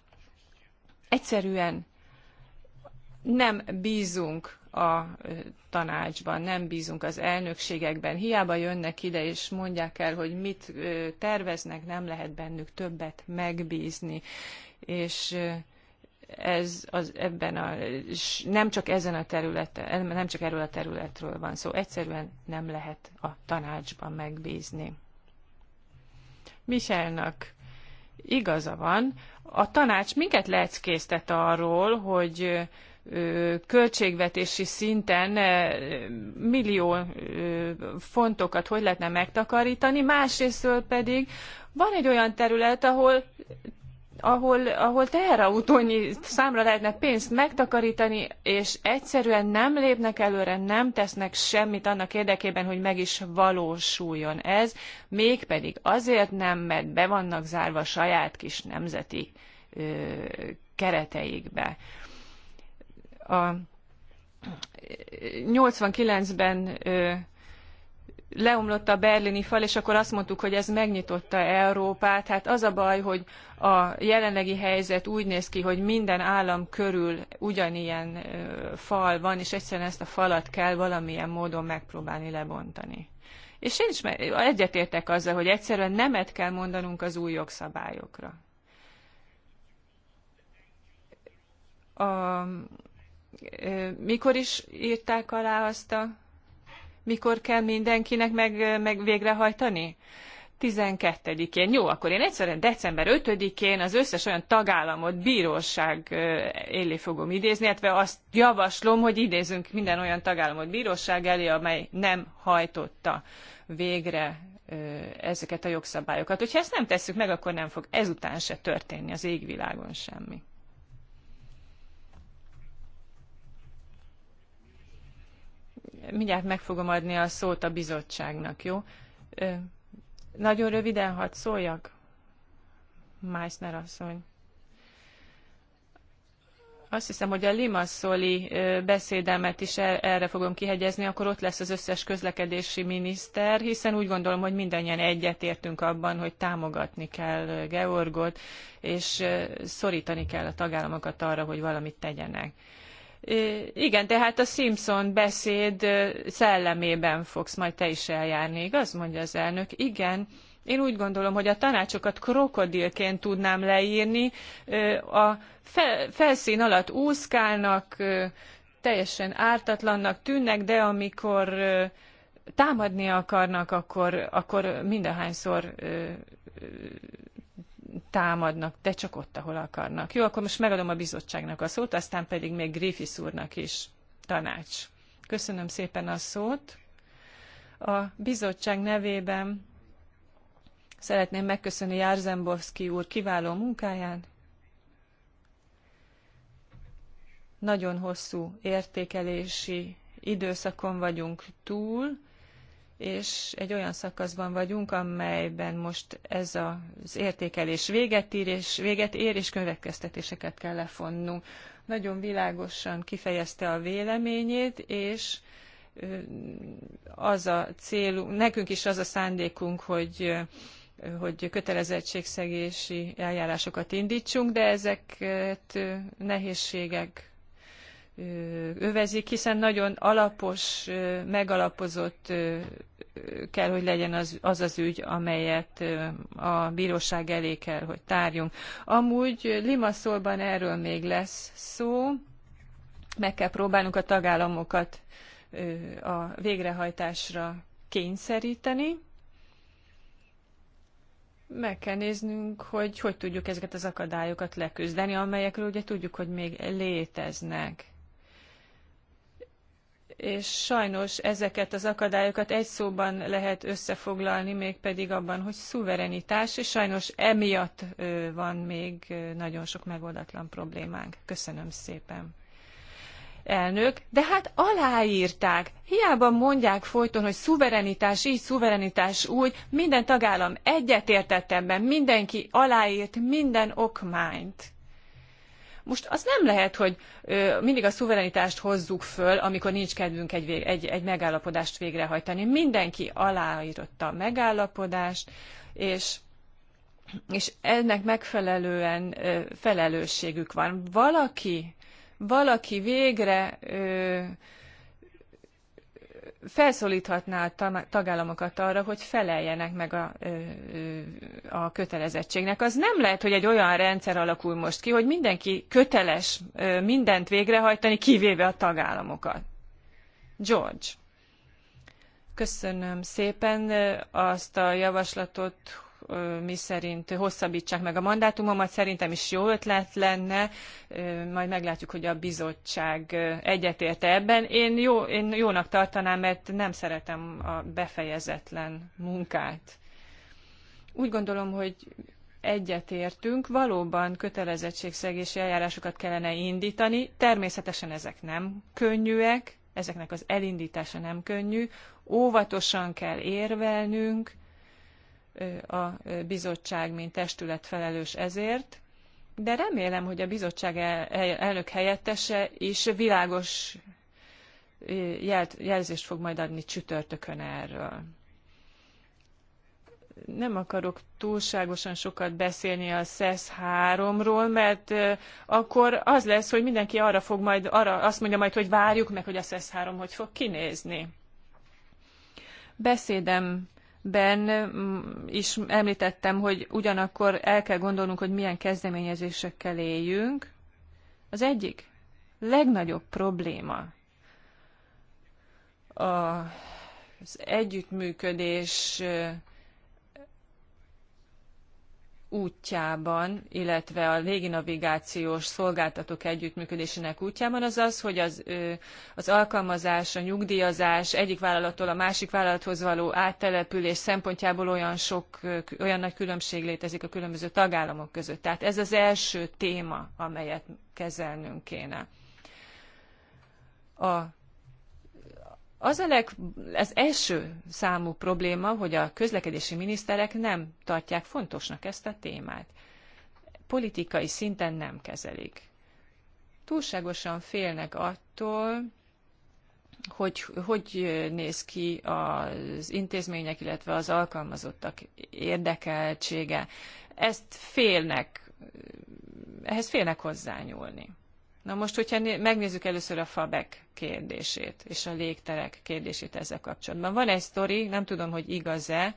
egyszerűen nem bízunk a tanácsban, nem bízunk az elnökségekben. Hiába jönnek ide és mondják el, hogy mit terveznek, nem lehet bennük többet megbízni. És ez az, ebben a, nem csak ezen a területen, nem csak erről a területről van szó, szóval egyszerűen nem lehet a tanácsban megbízni. Michelnak igaza van, a tanács minket leckésztet arról, hogy költségvetési szinten millió fontokat hogy lehetne megtakarítani, másrésztől pedig van egy olyan terület, ahol ahol, ahol teherautónyi számra lehetne pénzt megtakarítani, és egyszerűen nem lépnek előre, nem tesznek semmit annak érdekében, hogy meg is valósuljon ez, mégpedig azért nem, mert be vannak zárva saját kis nemzeti ö, kereteikbe. A 89-ben leomlott a berlini fal, és akkor azt mondtuk, hogy ez megnyitotta Európát. Hát az a baj, hogy a jelenlegi helyzet úgy néz ki, hogy minden állam körül ugyanilyen fal van, és egyszerűen ezt a falat kell valamilyen módon megpróbálni lebontani. És én is egyetértek azzal, hogy egyszerűen nemet kell mondanunk az új jogszabályokra. A, mikor is írták alá azt a, mikor kell mindenkinek meg, meg végrehajtani? 12-én. Jó, akkor én egyszerűen december 5-én az összes olyan tagállamot bíróság élé fogom idézni, illetve azt javaslom, hogy idézünk minden olyan tagállamot bíróság elé, amely nem hajtotta végre ezeket a jogszabályokat. Hogyha ezt nem tesszük meg, akkor nem fog ezután se történni az égvilágon semmi. mindjárt meg fogom adni a szót a bizottságnak, jó? Nagyon röviden hadd szóljak, Meissner asszony. Azt hiszem, hogy a Limasszoli beszédemet is e- erre fogom kihegyezni, akkor ott lesz az összes közlekedési miniszter, hiszen úgy gondolom, hogy mindannyian egyetértünk abban, hogy támogatni kell Georgot, és szorítani kell a tagállamokat arra, hogy valamit tegyenek igen, tehát a Simpson beszéd szellemében fogsz majd te is eljárni, igaz? Mondja az elnök. Igen. Én úgy gondolom, hogy a tanácsokat krokodilként tudnám leírni. A felszín alatt úszkálnak, teljesen ártatlannak tűnnek, de amikor támadni akarnak, akkor, akkor mindahányszor támadnak, de csak ott, ahol akarnak. Jó, akkor most megadom a bizottságnak a szót, aztán pedig még Griffiths úrnak is tanács. Köszönöm szépen a szót. A bizottság nevében szeretném megköszönni Járzembovszki úr kiváló munkáját. Nagyon hosszú értékelési időszakon vagyunk túl, és egy olyan szakaszban vagyunk, amelyben most ez az értékelés véget ír, és véget ér, és következtetéseket kell lefonnunk. Nagyon világosan kifejezte a véleményét, és az a célunk, nekünk is az a szándékunk, hogy hogy kötelezettségszegési eljárásokat indítsunk, de ezeket nehézségek övezik, hiszen nagyon alapos, megalapozott kell, hogy legyen az az, az ügy, amelyet a bíróság elé kell, hogy tárjunk. Amúgy Limaszolban erről még lesz szó, meg kell próbálnunk a tagállamokat a végrehajtásra kényszeríteni, meg kell néznünk, hogy hogy tudjuk ezeket az akadályokat leküzdeni, amelyekről ugye tudjuk, hogy még léteznek és sajnos ezeket az akadályokat egy szóban lehet összefoglalni, mégpedig abban, hogy szuverenitás, és sajnos emiatt van még nagyon sok megoldatlan problémánk. Köszönöm szépen. Elnök, de hát aláírták. Hiába mondják folyton, hogy szuverenitás így, szuverenitás úgy, minden tagállam egyetértett ebben, mindenki aláírt minden okmányt most az nem lehet, hogy mindig a szuverenitást hozzuk föl, amikor nincs kedvünk egy, egy, egy megállapodást végrehajtani. Mindenki aláírta a megállapodást, és és ennek megfelelően felelősségük van. Valaki, valaki végre felszólíthatná a tagállamokat arra, hogy feleljenek meg a, a kötelezettségnek. Az nem lehet, hogy egy olyan rendszer alakul most ki, hogy mindenki köteles mindent végrehajtani, kivéve a tagállamokat. George. Köszönöm szépen azt a javaslatot, miszerint hosszabbítsák meg a mandátumomat, szerintem is jó ötlet lenne, majd meglátjuk, hogy a bizottság egyetérte ebben. Én, jó, én jónak tartanám, mert nem szeretem a befejezetlen munkát. Úgy gondolom, hogy egyetértünk, valóban kötelezettségszegési eljárásokat kellene indítani. Természetesen ezek nem könnyűek, ezeknek az elindítása nem könnyű. Óvatosan kell érvelnünk, a bizottság, mint testület felelős ezért, de remélem, hogy a bizottság elnök helyettese is világos jelzést fog majd adni csütörtökön erről. Nem akarok túlságosan sokat beszélni a SES 3-ról, mert akkor az lesz, hogy mindenki arra fog majd, arra azt mondja majd, hogy várjuk meg, hogy a SES 3 hogy fog kinézni. Beszédem ben mm, is említettem, hogy ugyanakkor el kell gondolnunk, hogy milyen kezdeményezésekkel éljünk. Az egyik legnagyobb probléma az együttműködés útjában, illetve a léginavigációs szolgáltatók együttműködésének útjában az az, hogy az, az alkalmazás, a nyugdíjazás egyik vállalattól a másik vállalathoz való áttelepülés szempontjából olyan sok, olyan nagy különbség létezik a különböző tagállamok között. Tehát ez az első téma, amelyet kezelnünk kéne. A az a leg, az első számú probléma, hogy a közlekedési miniszterek nem tartják fontosnak ezt a témát. Politikai szinten nem kezelik. Túlságosan félnek attól, hogy hogy néz ki az intézmények, illetve az alkalmazottak érdekeltsége. Ezt félnek, ehhez félnek hozzányúlni. Na most, hogyha megnézzük először a fabek kérdését és a légterek kérdését ezzel kapcsolatban. Van egy sztori, nem tudom, hogy igaz-e,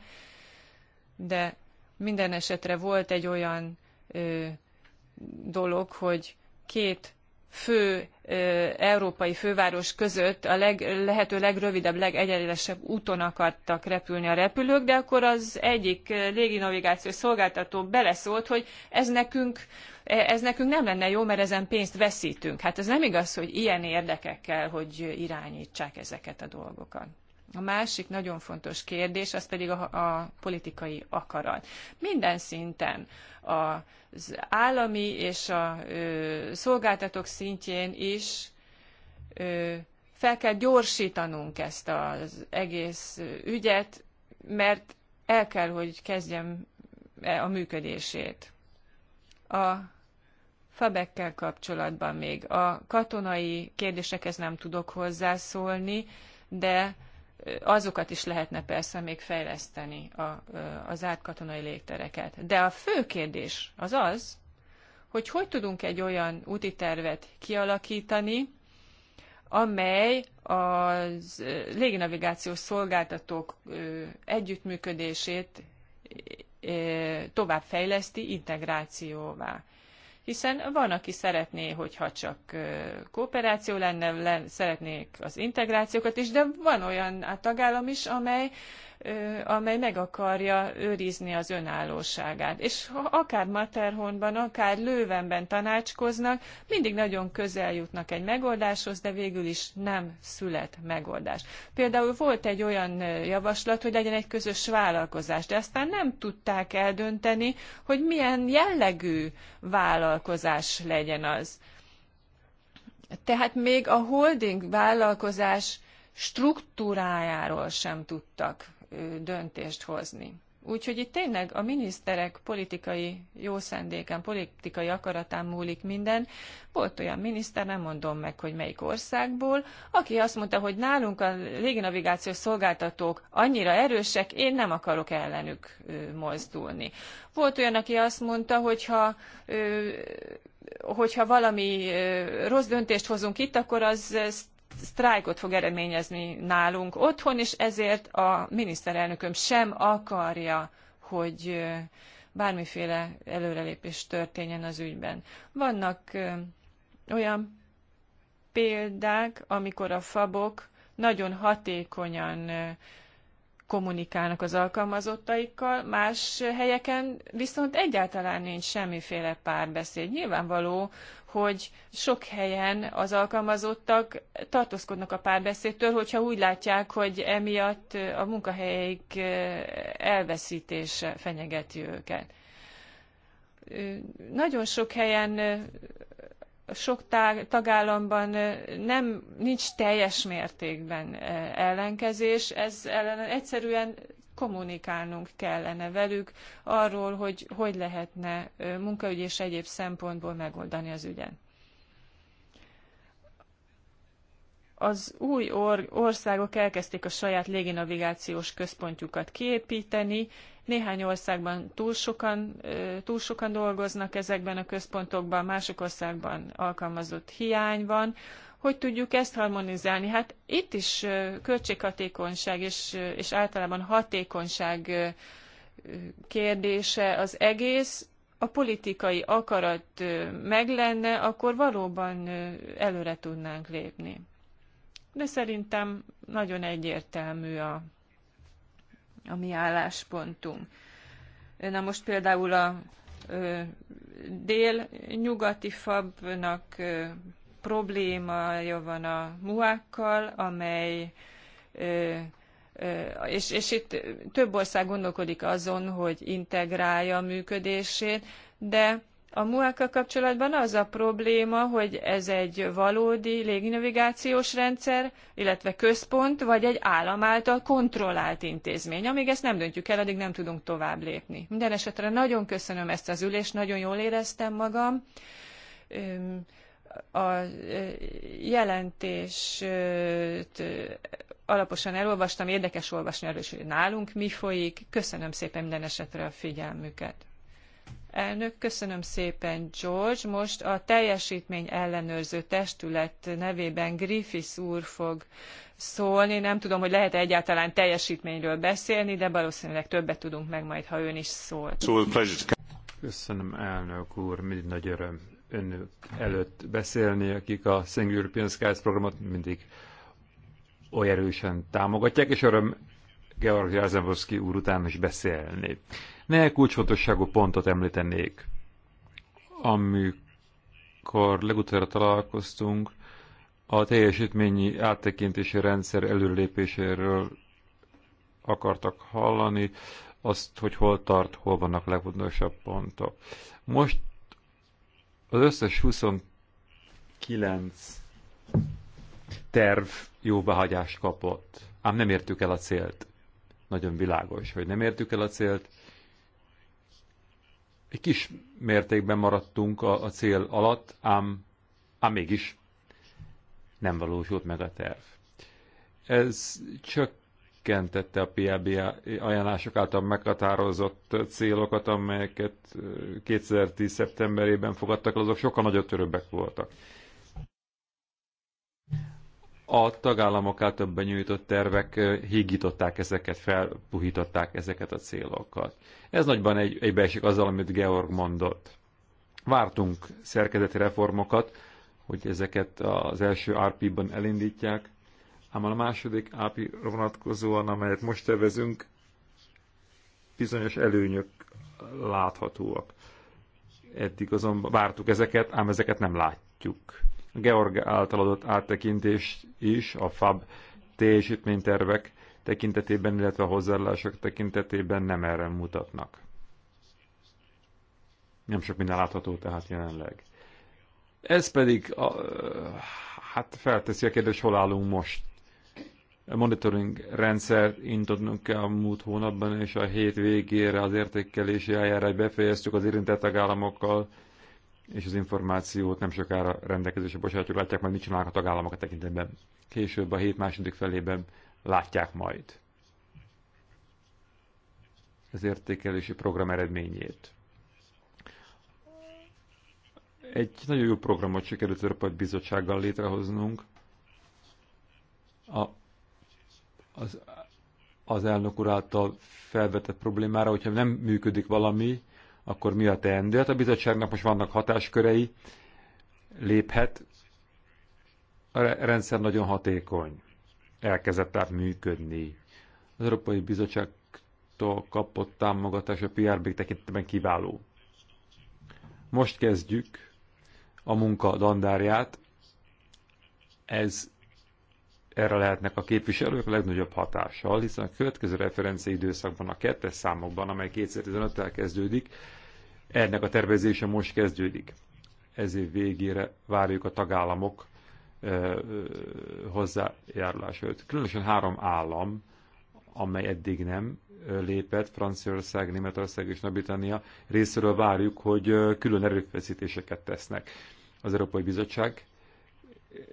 de minden esetre volt egy olyan ö, dolog, hogy két fő európai főváros között a leg, lehető legrövidebb, legegyenesebb úton akartak repülni a repülők, de akkor az egyik léginavigációs szolgáltató beleszólt, hogy ez nekünk, e, ez nekünk nem lenne jó, mert ezen pénzt veszítünk. Hát ez nem igaz, hogy ilyen érdekekkel, hogy irányítsák ezeket a dolgokat. A másik nagyon fontos kérdés, az pedig a, a politikai akarat. Minden szinten, az állami és a ö, szolgáltatók szintjén is ö, fel kell gyorsítanunk ezt az egész ügyet, mert el kell, hogy kezdjem e a működését. A Fabekkel kapcsolatban még a katonai kérdésekhez nem tudok hozzászólni, de azokat is lehetne persze még fejleszteni a, az átkatonai légtereket. De a fő kérdés az az, hogy hogy tudunk egy olyan úti tervet kialakítani, amely a léginavigációs szolgáltatók együttműködését továbbfejleszti integrációvá hiszen van, aki szeretné, hogyha csak kooperáció lenne, szeretnék az integrációkat is, de van olyan hát tagállam is, amely amely meg akarja őrizni az önállóságát. És ha akár Materhonban, akár Lővenben tanácskoznak, mindig nagyon közel jutnak egy megoldáshoz, de végül is nem szület megoldás. Például volt egy olyan javaslat, hogy legyen egy közös vállalkozás, de aztán nem tudták eldönteni, hogy milyen jellegű vállalkozás legyen az. Tehát még a holding vállalkozás struktúrájáról sem tudtak döntést hozni. Úgyhogy itt tényleg a miniszterek politikai jó politikai akaratán múlik minden. Volt olyan miniszter, nem mondom meg, hogy melyik országból, aki azt mondta, hogy nálunk a léginavigációs szolgáltatók annyira erősek, én nem akarok ellenük mozdulni. Volt olyan, aki azt mondta, hogyha hogyha valami rossz döntést hozunk itt, akkor az sztrájkot fog eredményezni nálunk otthon, és ezért a miniszterelnököm sem akarja, hogy bármiféle előrelépés történjen az ügyben. Vannak olyan példák, amikor a fabok nagyon hatékonyan kommunikálnak az alkalmazottaikkal, más helyeken viszont egyáltalán nincs semmiféle párbeszéd. Nyilvánvaló, hogy sok helyen az alkalmazottak tartózkodnak a párbeszédtől, hogyha úgy látják, hogy emiatt a munkahelyeik elveszítése fenyegeti őket. Nagyon sok helyen sok tagállamban nem nincs teljes mértékben ellenkezés, ez ellen egyszerűen kommunikálnunk kellene velük arról, hogy hogy lehetne munkaügyi és egyéb szempontból megoldani az ügyet. az új or- országok elkezdték a saját léginavigációs központjukat kiépíteni. Néhány országban túl sokan, túl sokan dolgoznak ezekben a központokban, mások országban alkalmazott hiány van. Hogy tudjuk ezt harmonizálni? Hát itt is költséghatékonyság és, és általában hatékonyság kérdése az egész, a politikai akarat meglenne, akkor valóban előre tudnánk lépni de szerintem nagyon egyértelmű a, a mi álláspontunk. Na most például a dél-nyugati fabnak ö, problémája van a muákkal, amely ö, és, és itt több ország gondolkodik azon, hogy integrálja a működését, de a muákkal kapcsolatban az a probléma, hogy ez egy valódi léginavigációs rendszer, illetve központ, vagy egy állam által kontrollált intézmény. Amíg ezt nem döntjük el, addig nem tudunk tovább lépni. Minden esetre nagyon köszönöm ezt az ülést, nagyon jól éreztem magam a jelentést alaposan elolvastam, érdekes olvasni erről, hogy nálunk mi folyik. Köszönöm szépen minden esetre a figyelmüket. Elnök, köszönöm szépen, George. Most a teljesítmény ellenőrző testület nevében Griffiths úr fog szólni. Nem tudom, hogy lehet -e egyáltalán teljesítményről beszélni, de valószínűleg többet tudunk meg majd, ha ön is szól. Köszönöm, elnök úr, mindig nagy öröm önök előtt beszélni, akik a Single European Skies programot mindig oly erősen támogatják, és öröm Georg Jazenboszki úr után is beszélni. Ne kulcsfontosságú pontot említenék. Amikor legutóbb találkoztunk, a teljesítményi áttekintési rendszer előlépéséről akartak hallani, azt, hogy hol tart, hol vannak legfontosabb pontok. Most az összes 29 terv jóváhagyást kapott, ám nem értük el a célt. Nagyon világos, hogy nem értük el a célt, egy kis mértékben maradtunk a, a cél alatt, ám, ám mégis nem valósult meg a terv. Ez csökkentette a PLB ajánlások által meghatározott célokat, amelyeket 2010. szeptemberében fogadtak, azok sokkal nagyobb törőbbek voltak a tagállamok által benyújtott tervek hígították ezeket, felpuhították ezeket a célokat. Ez nagyban egy, egybeesik azzal, amit Georg mondott. Vártunk szerkezeti reformokat, hogy ezeket az első RP-ban elindítják, ám a második RP vonatkozóan, amelyet most tervezünk, bizonyos előnyök láthatóak. Eddig azonban vártuk ezeket, ám ezeket nem látjuk Georg által adott áttekintést is, a FAB teljesítménytervek tekintetében, illetve a hozzáállások tekintetében nem erre mutatnak. Nem sok minden látható tehát jelenleg. Ez pedig a, hát felteszi a kérdést, hol állunk most. A monitoring rendszer intodnunk kell a múlt hónapban, és a hét végére az értékelési eljárás befejeztük az érintett tagállamokkal, és az információt nem sokára rendelkezésre bocsátjuk, látják majd, mit csinálnak a tagállamok a tekintetben. Később a hét második felében látják majd az értékelési program eredményét. Egy nagyon jó programot sikerült az Európai Bizottsággal létrehoznunk. A, az, az elnök úr által felvetett problémára, hogyha nem működik valami, akkor mi a teendő? Hát a bizottságnak most vannak hatáskörei, léphet. A rendszer nagyon hatékony. Elkezdett tehát működni. Az Európai Bizottságtól kapott támogatás a PRB tekintetben kiváló. Most kezdjük a munka dandárját. Ez erre lehetnek a képviselők a legnagyobb hatással, hiszen a következő referencia időszakban, a kettes számokban, amely 2015-tel kezdődik, ennek a tervezése most kezdődik. Ez év végére várjuk a tagállamok hozzájárulásait. Különösen három állam, amely eddig nem lépett, Franciaország, Németország és Nagy-Britannia részéről várjuk, hogy külön erőfeszítéseket tesznek. Az Európai Bizottság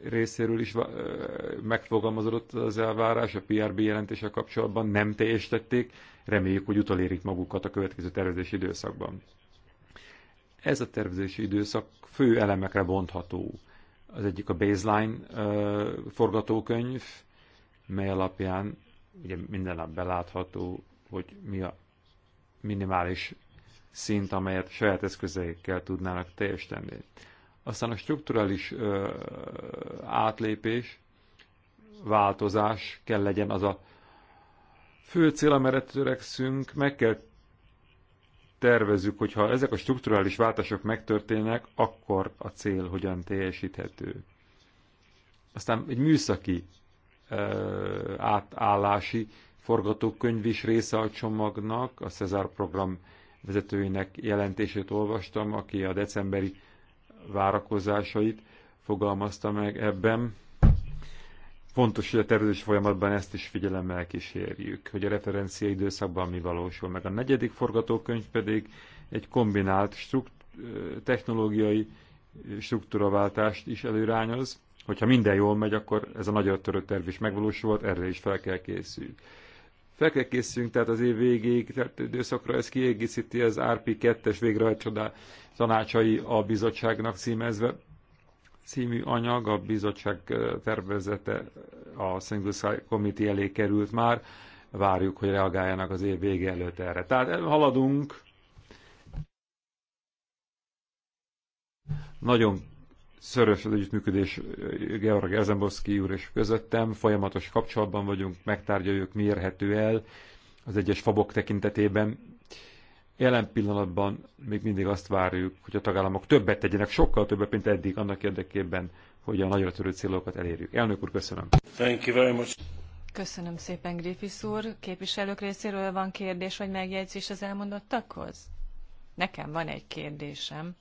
részéről is megfogalmazódott az elvárás, a PRB jelentése kapcsolatban nem teljesítették, reméljük, hogy utalérik magukat a következő tervezési időszakban. Ez a tervezési időszak fő elemekre bontható. Az egyik a baseline uh, forgatókönyv, mely alapján ugye minden nap belátható, hogy mi a minimális szint, amelyet saját eszközeikkel tudnának teljesíteni. Aztán a strukturális ö, átlépés, változás kell legyen az a fő cél, amire törekszünk, meg kell tervezzük, hogyha ezek a strukturális váltások megtörténnek, akkor a cél hogyan teljesíthető. Aztán egy műszaki ö, átállási forgatókönyv is része a csomagnak, a Cezár program vezetőinek jelentését olvastam, aki a decemberi várakozásait fogalmazta meg ebben. Fontos, hogy a tervezés folyamatban ezt is figyelemmel kísérjük, hogy a referencia időszakban mi valósul meg. A negyedik forgatókönyv pedig egy kombinált strukt technológiai struktúraváltást is előrányoz. Hogyha minden jól megy, akkor ez a nagy törő terv is megvalósulhat, erre is fel kell készülni. Fel kell készülnünk, tehát az év végéig, tehát időszakra ez kiegészíti az RP2-es végrehajtsodá tanácsai a bizottságnak címezve című anyag, a bizottság eh, tervezete a Single Side Committee elé került már, várjuk, hogy reagáljanak az év vége előtt erre. Tehát haladunk, nagyon szörös az együttműködés Georg Erzembowski úr és közöttem, folyamatos kapcsolatban vagyunk, megtárgyaljuk, mi érhető el az egyes fabok tekintetében. Jelen pillanatban még mindig azt várjuk, hogy a tagállamok többet tegyenek, sokkal többet, mint eddig, annak érdekében, hogy a nagyra törő célokat elérjük. Elnök úr, köszönöm. Thank you very much. Köszönöm szépen, Griffiths úr. Képviselők részéről van kérdés vagy megjegyzés az elmondottakhoz? Nekem van egy kérdésem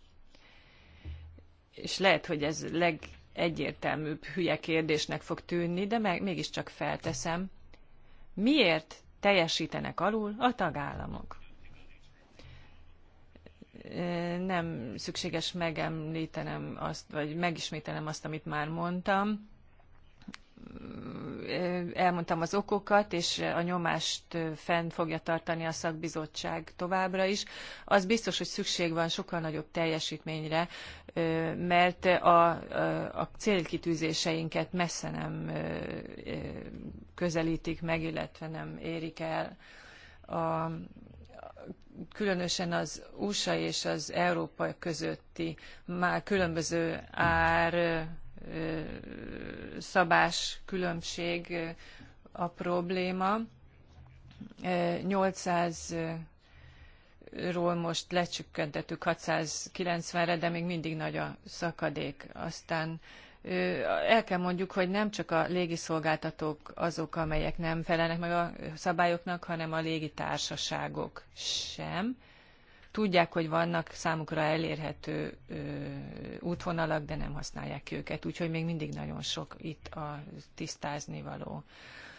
és lehet, hogy ez legegyértelműbb hülye kérdésnek fog tűnni, de meg, mégiscsak felteszem, miért teljesítenek alul a tagállamok? Nem szükséges megemlítenem azt, vagy megismételem azt, amit már mondtam elmondtam az okokat, és a nyomást fenn fogja tartani a szakbizottság továbbra is. Az biztos, hogy szükség van sokkal nagyobb teljesítményre, mert a, a célkitűzéseinket messze nem közelítik meg, illetve nem érik el. A, különösen az USA és az Európa közötti már különböző ár szabás különbség a probléma. 800 ról most lecsükkentettük 690-re, de még mindig nagy a szakadék. Aztán el kell mondjuk, hogy nem csak a légiszolgáltatók azok, amelyek nem felelnek meg a szabályoknak, hanem a légitársaságok sem tudják, hogy vannak számukra elérhető ö, útvonalak, de nem használják őket. Úgyhogy még mindig nagyon sok itt a tisztázni való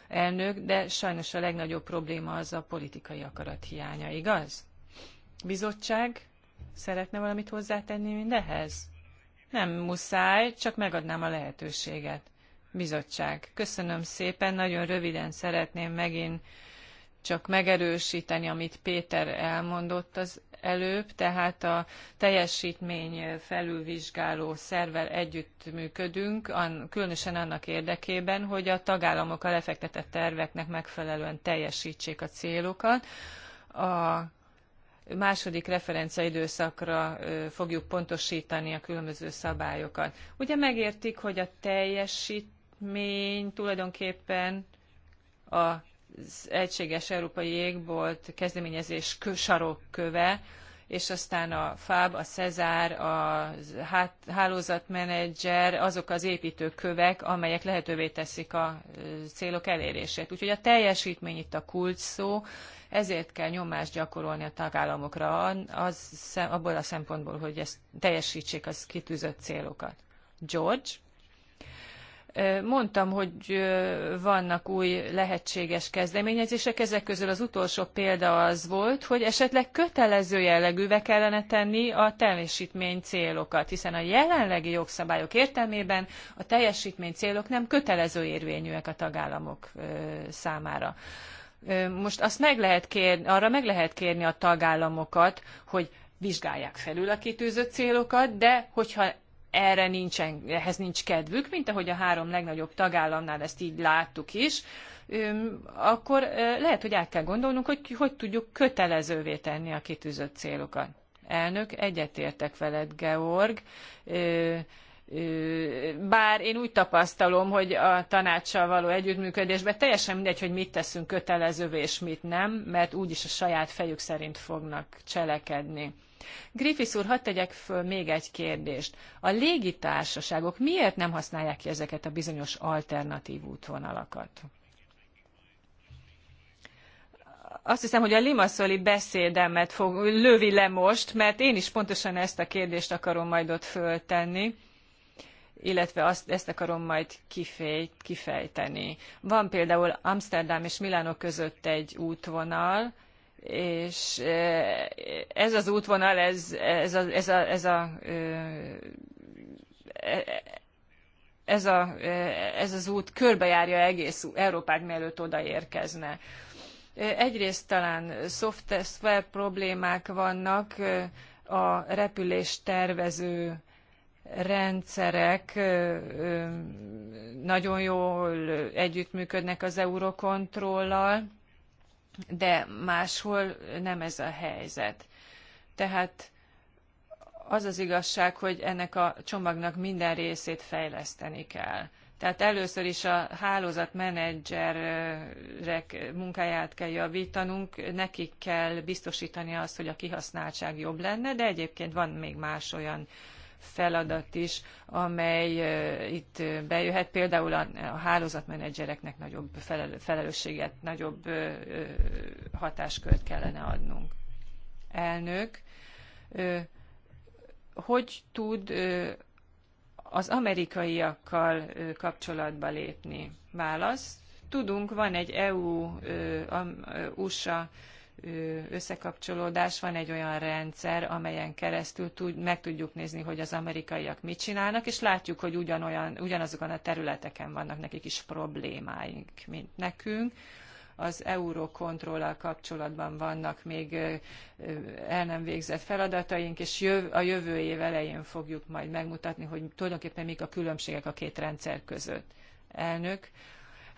elnök, de sajnos a legnagyobb probléma az a politikai akarat hiánya, igaz? Bizottság szeretne valamit hozzátenni mindehez? Nem muszáj, csak megadnám a lehetőséget. Bizottság, köszönöm szépen, nagyon röviden szeretném megint csak megerősíteni, amit Péter elmondott, az előbb, tehát a teljesítmény felülvizsgáló szervvel együttműködünk, különösen annak érdekében, hogy a tagállamok a lefektetett terveknek megfelelően teljesítsék a célokat. A második időszakra fogjuk pontosítani a különböző szabályokat. Ugye megértik, hogy a teljesítmény tulajdonképpen a egységes európai jégbolt kezdeményezés sarokköve, és aztán a FAB, a Cezár, a hát- hálózatmenedzser, azok az építőkövek, amelyek lehetővé teszik a célok elérését. Úgyhogy a teljesítmény itt a kulcs szó, ezért kell nyomást gyakorolni a tagállamokra az, abból a szempontból, hogy ezt teljesítsék az kitűzött célokat. George? Mondtam, hogy vannak új lehetséges kezdeményezések, ezek közül az utolsó példa az volt, hogy esetleg kötelező jellegűve kellene tenni a teljesítmény célokat, hiszen a jelenlegi jogszabályok értelmében a teljesítmény célok nem kötelező érvényűek a tagállamok számára. Most azt meg lehet kérni, arra meg lehet kérni a tagállamokat, hogy vizsgálják felül a kitűzött célokat, de hogyha erre nincsen, ehhez nincs kedvük, mint ahogy a három legnagyobb tagállamnál ezt így láttuk is, akkor lehet, hogy át kell gondolnunk, hogy hogy tudjuk kötelezővé tenni a kitűzött célokat. Elnök, egyetértek veled, Georg bár én úgy tapasztalom, hogy a tanácssal való együttműködésben teljesen mindegy, hogy mit teszünk kötelezővé és mit nem, mert úgyis a saját fejük szerint fognak cselekedni. Griffiths úr, hadd tegyek föl még egy kérdést. A légitársaságok miért nem használják ki ezeket a bizonyos alternatív útvonalakat? azt hiszem, hogy a limaszoli beszédemet fog, lövi le most, mert én is pontosan ezt a kérdést akarom majd ott föltenni, illetve azt, ezt akarom majd kifej, kifejteni. Van például Amsterdam és Milánok között egy útvonal, és e, ez az útvonal, ez, ez a, ez a, ez a e, ez, a, e, ez az út körbejárja egész Európát, mielőtt odaérkezne. Egyrészt talán software problémák vannak, a repülés tervező rendszerek nagyon jól együttműködnek az Eurokontrollal, de máshol nem ez a helyzet. Tehát az az igazság, hogy ennek a csomagnak minden részét fejleszteni kell. Tehát először is a hálózatmenedzserek munkáját kell javítanunk, nekik kell biztosítani azt, hogy a kihasználtság jobb lenne, de egyébként van még más olyan feladat is, amely itt bejöhet. Például a, a hálózatmenedzsereknek nagyobb felelősséget, nagyobb hatáskört kellene adnunk. Elnök, hogy tud az amerikaiakkal kapcsolatba lépni? Válasz. Tudunk, van egy EU-USA összekapcsolódás, van egy olyan rendszer, amelyen keresztül tud, meg tudjuk nézni, hogy az amerikaiak mit csinálnak, és látjuk, hogy ugyanolyan, ugyanazokon a területeken vannak nekik is problémáink, mint nekünk. Az eurokontrollal kapcsolatban vannak még el nem végzett feladataink, és a jövő év elején fogjuk majd megmutatni, hogy tulajdonképpen mik a különbségek a két rendszer között. Elnök,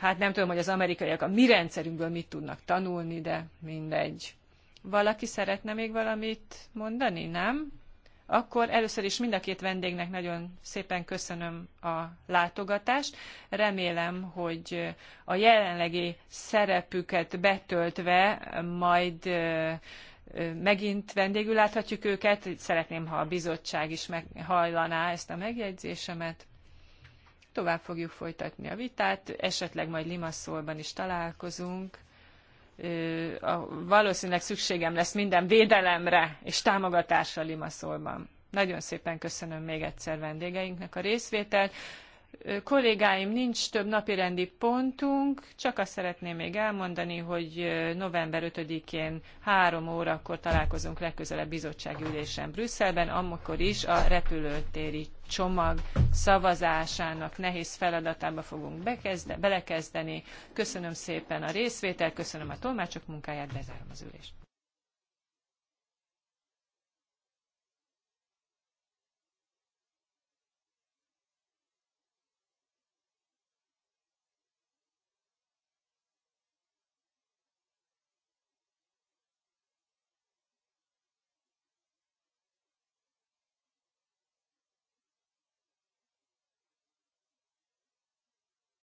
Hát nem tudom, hogy az amerikaiak a mi rendszerünkből mit tudnak tanulni, de mindegy. Valaki szeretne még valamit mondani, nem? Akkor először is mind a két vendégnek nagyon szépen köszönöm a látogatást. Remélem, hogy a jelenlegi szerepüket betöltve majd megint vendégül láthatjuk őket. Szeretném, ha a bizottság is meghajlaná ezt a megjegyzésemet. Tovább fogjuk folytatni a vitát, esetleg majd Limasszolban is találkozunk. Valószínűleg szükségem lesz minden védelemre és támogatásra Limasszolban. Nagyon szépen köszönöm még egyszer vendégeinknek a részvételt. Kollégáim, nincs több napirendi pontunk, csak azt szeretném még elmondani, hogy november 5-én 3 órakor találkozunk legközelebb bizottsági ülésen Brüsszelben, amikor is a repülőtéri csomag szavazásának nehéz feladatába fogunk belekezdeni. Köszönöm szépen a részvételt, köszönöm a tolmácsok munkáját, bezárom az ülést.